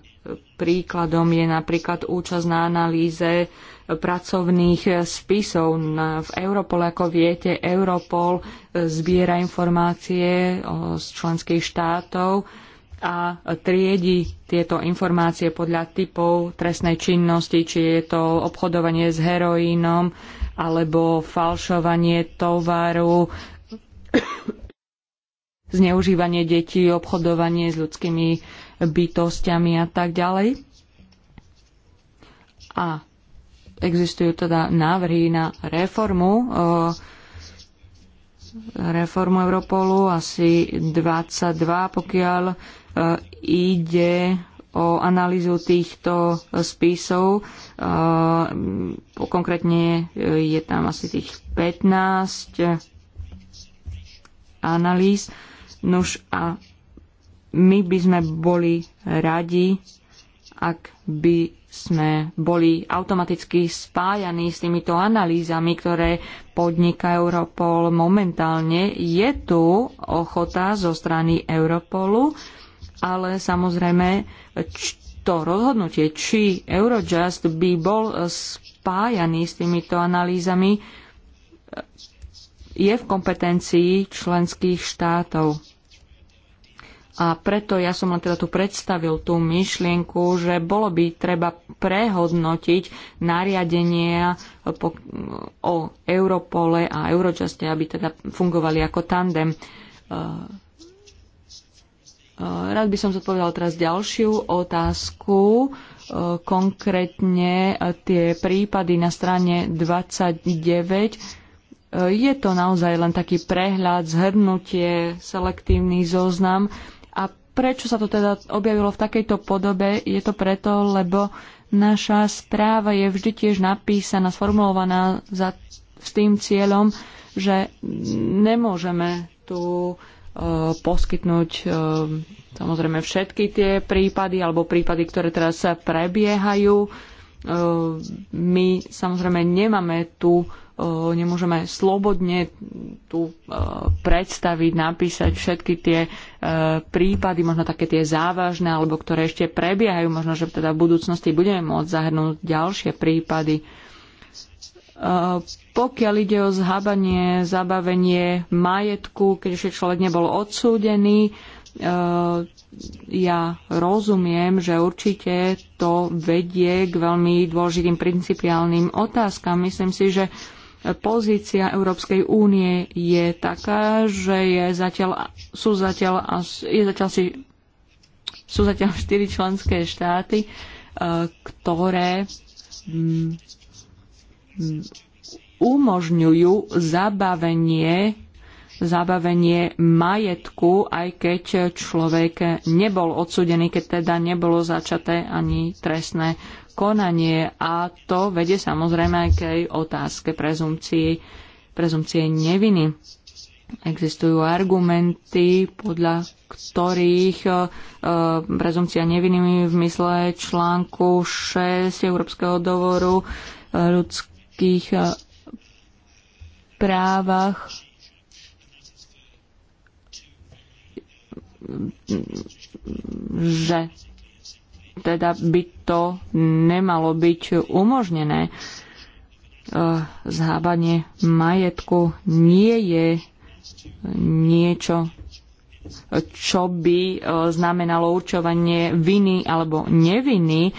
príkladom je napríklad účasť na analýze pracovných spisov. V Europol, ako viete, Europol zbiera informácie z členských štátov a triedi tieto informácie podľa typov trestnej činnosti, či je to obchodovanie s heroínom alebo falšovanie tovaru zneužívanie detí, obchodovanie s ľudskými bytostiami a tak ďalej. A existujú teda návrhy na reformu eh, reformu Europolu, asi 22, pokiaľ eh, ide o analýzu týchto spisov. Eh, konkrétne je tam asi tých 15 analýz Nuž a my by sme boli radi, ak by sme boli automaticky spájaní s týmito analýzami, ktoré podniká Europol momentálne. Je tu ochota zo strany Europolu, ale samozrejme to rozhodnutie, či Eurojust by bol spájaný s týmito analýzami, je v kompetencii členských štátov a preto ja som len teda tu predstavil tú myšlienku, že bolo by treba prehodnotiť nariadenia o Europole a Eurojuste, aby teda fungovali ako tandem. E, e, rád by som zodpovedal teraz ďalšiu otázku, e, konkrétne tie prípady na strane 29. Je to naozaj len taký prehľad, zhrnutie, selektívny zoznam Prečo sa to teda objavilo v takejto podobe? Je to preto, lebo naša správa je vždy tiež napísaná, sformulovaná za, s tým cieľom, že nemôžeme tu e, poskytnúť e, samozrejme všetky tie prípady alebo prípady, ktoré teraz sa prebiehajú E, my samozrejme nemáme tu, e, nemôžeme slobodne tu e, predstaviť, napísať všetky tie prípady, možno také tie závažné, alebo ktoré ešte prebiehajú, možno, že teda v budúcnosti budeme môcť zahrnúť ďalšie prípady. Pokiaľ ide o zhábanie, zabavenie majetku, keď ešte človek nebol odsúdený, Eh, ja rozumiem, že určite to vedie k veľmi dôležitým principiálnym otázkam. Myslím si, že pozícia Európskej únie je taká, že je zatiaľ, sú, zatiaľ, je zatiaľ si, sú zatiaľ štyri členské štáty, eh, ktoré mm, mm, umožňujú zabavenie zabavenie majetku, aj keď človek nebol odsudený, keď teda nebolo začaté ani trestné konanie. A to vedie samozrejme aj k otázke prezumcie, prezumcie neviny. Existujú argumenty, podľa ktorých e, prezumcia neviny v mysle článku 6 Európskeho dohovoru e, ľudských e, právach že teda by to nemalo byť umožnené. E, zhábanie majetku nie je niečo, čo by e, znamenalo určovanie viny alebo neviny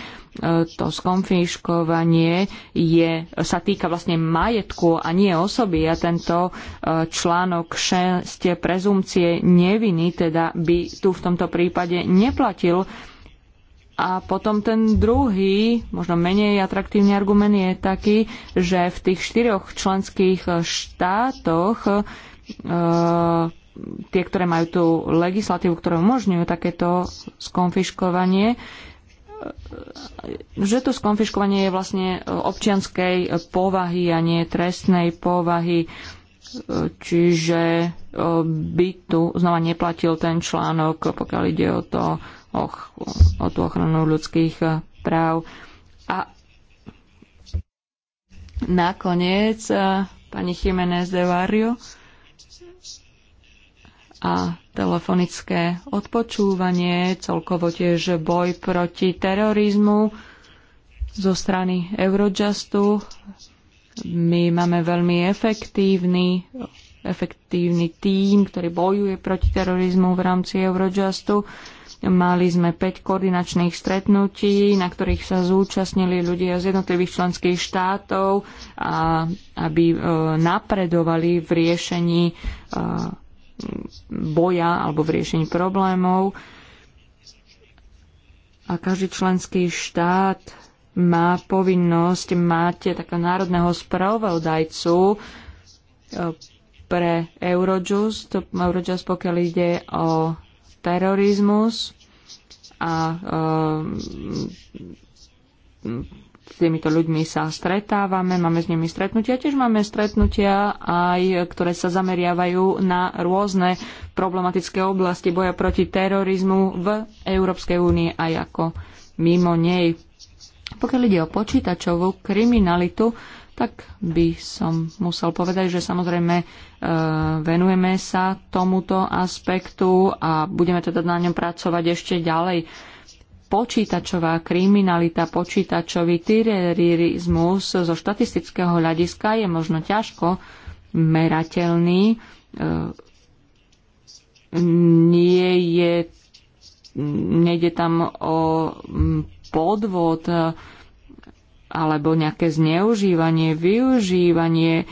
to skonfiškovanie je, sa týka vlastne majetku a nie osoby a tento e, článok 6 prezumcie neviny teda by tu v tomto prípade neplatil. A potom ten druhý, možno menej atraktívny argument je taký, že v tých štyroch členských štátoch e tie, ktoré majú tú legislatívu, ktoré umožňujú takéto skonfiškovanie, že to skonfiškovanie je vlastne e, občianskej povahy a nie trestnej povahy, e, čiže e, by tu znova neplatil ten článok, pokiaľ ide o, to, o, o tú ochranu ľudských práv. A nakoniec pani Jiménez de Vario a telefonické odpočúvanie, celkovo tiež boj proti terorizmu zo strany Eurojustu. My máme veľmi efektívny, efektívny tím, ktorý bojuje proti terorizmu v rámci Eurojustu. Mali sme 5 koordinačných stretnutí, na ktorých sa zúčastnili ľudia z jednotlivých členských štátov, a aby e, napredovali v riešení e, boja alebo v riešení problémov. A každý členský štát má povinnosť mať takého národného spravodajcu e, pre Eurojust, Eurojust pokiaľ ide o terorizmus a e, s týmito ľuďmi sa stretávame, máme s nimi stretnutia, tiež máme stretnutia aj, ktoré sa zameriavajú na rôzne problematické oblasti boja proti terorizmu v Európskej únii aj ako mimo nej. Pokiaľ ide o počítačovú kriminalitu, tak by som musel povedať, že samozrejme e, venujeme sa tomuto aspektu a budeme teda na ňom pracovať ešte ďalej počítačová kriminalita, počítačový tyrerizmus zo štatistického hľadiska je možno ťažko merateľný. E, nie je, nejde tam o podvod e, alebo nejaké zneužívanie, využívanie e,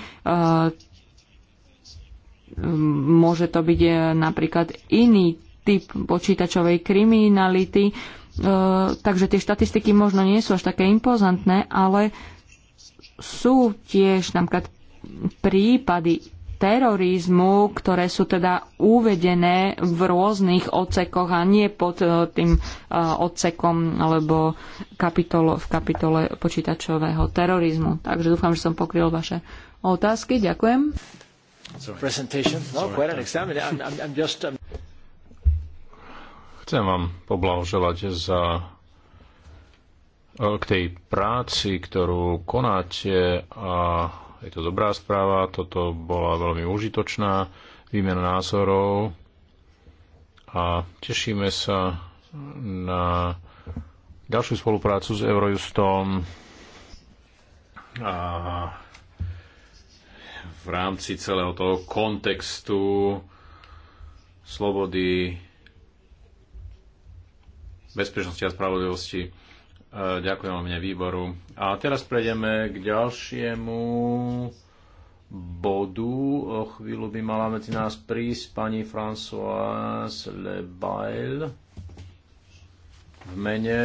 môže to byť napríklad iný typ počítačovej kriminality, E, takže tie štatistiky možno nie sú až také impozantné, ale sú tiež napríklad prípady terorizmu, ktoré sú teda uvedené v rôznych odsekoch a nie pod e, tým e, odsekom alebo kapitolo, v kapitole počítačového terorizmu. Takže dúfam, že som pokryl vaše otázky. Ďakujem. Chcem vám poblahoželať za e, k tej práci, ktorú konáte a je to dobrá správa, toto bola veľmi užitočná výmena názorov a tešíme sa na ďalšiu spoluprácu s Eurojustom a v rámci celého toho kontextu slobody bezpečnosti a spravodlivosti. E, ďakujem vám výboru. A teraz prejdeme k ďalšiemu bodu. O chvíľu by mala medzi nás prísť pani Françoise Lebail v mene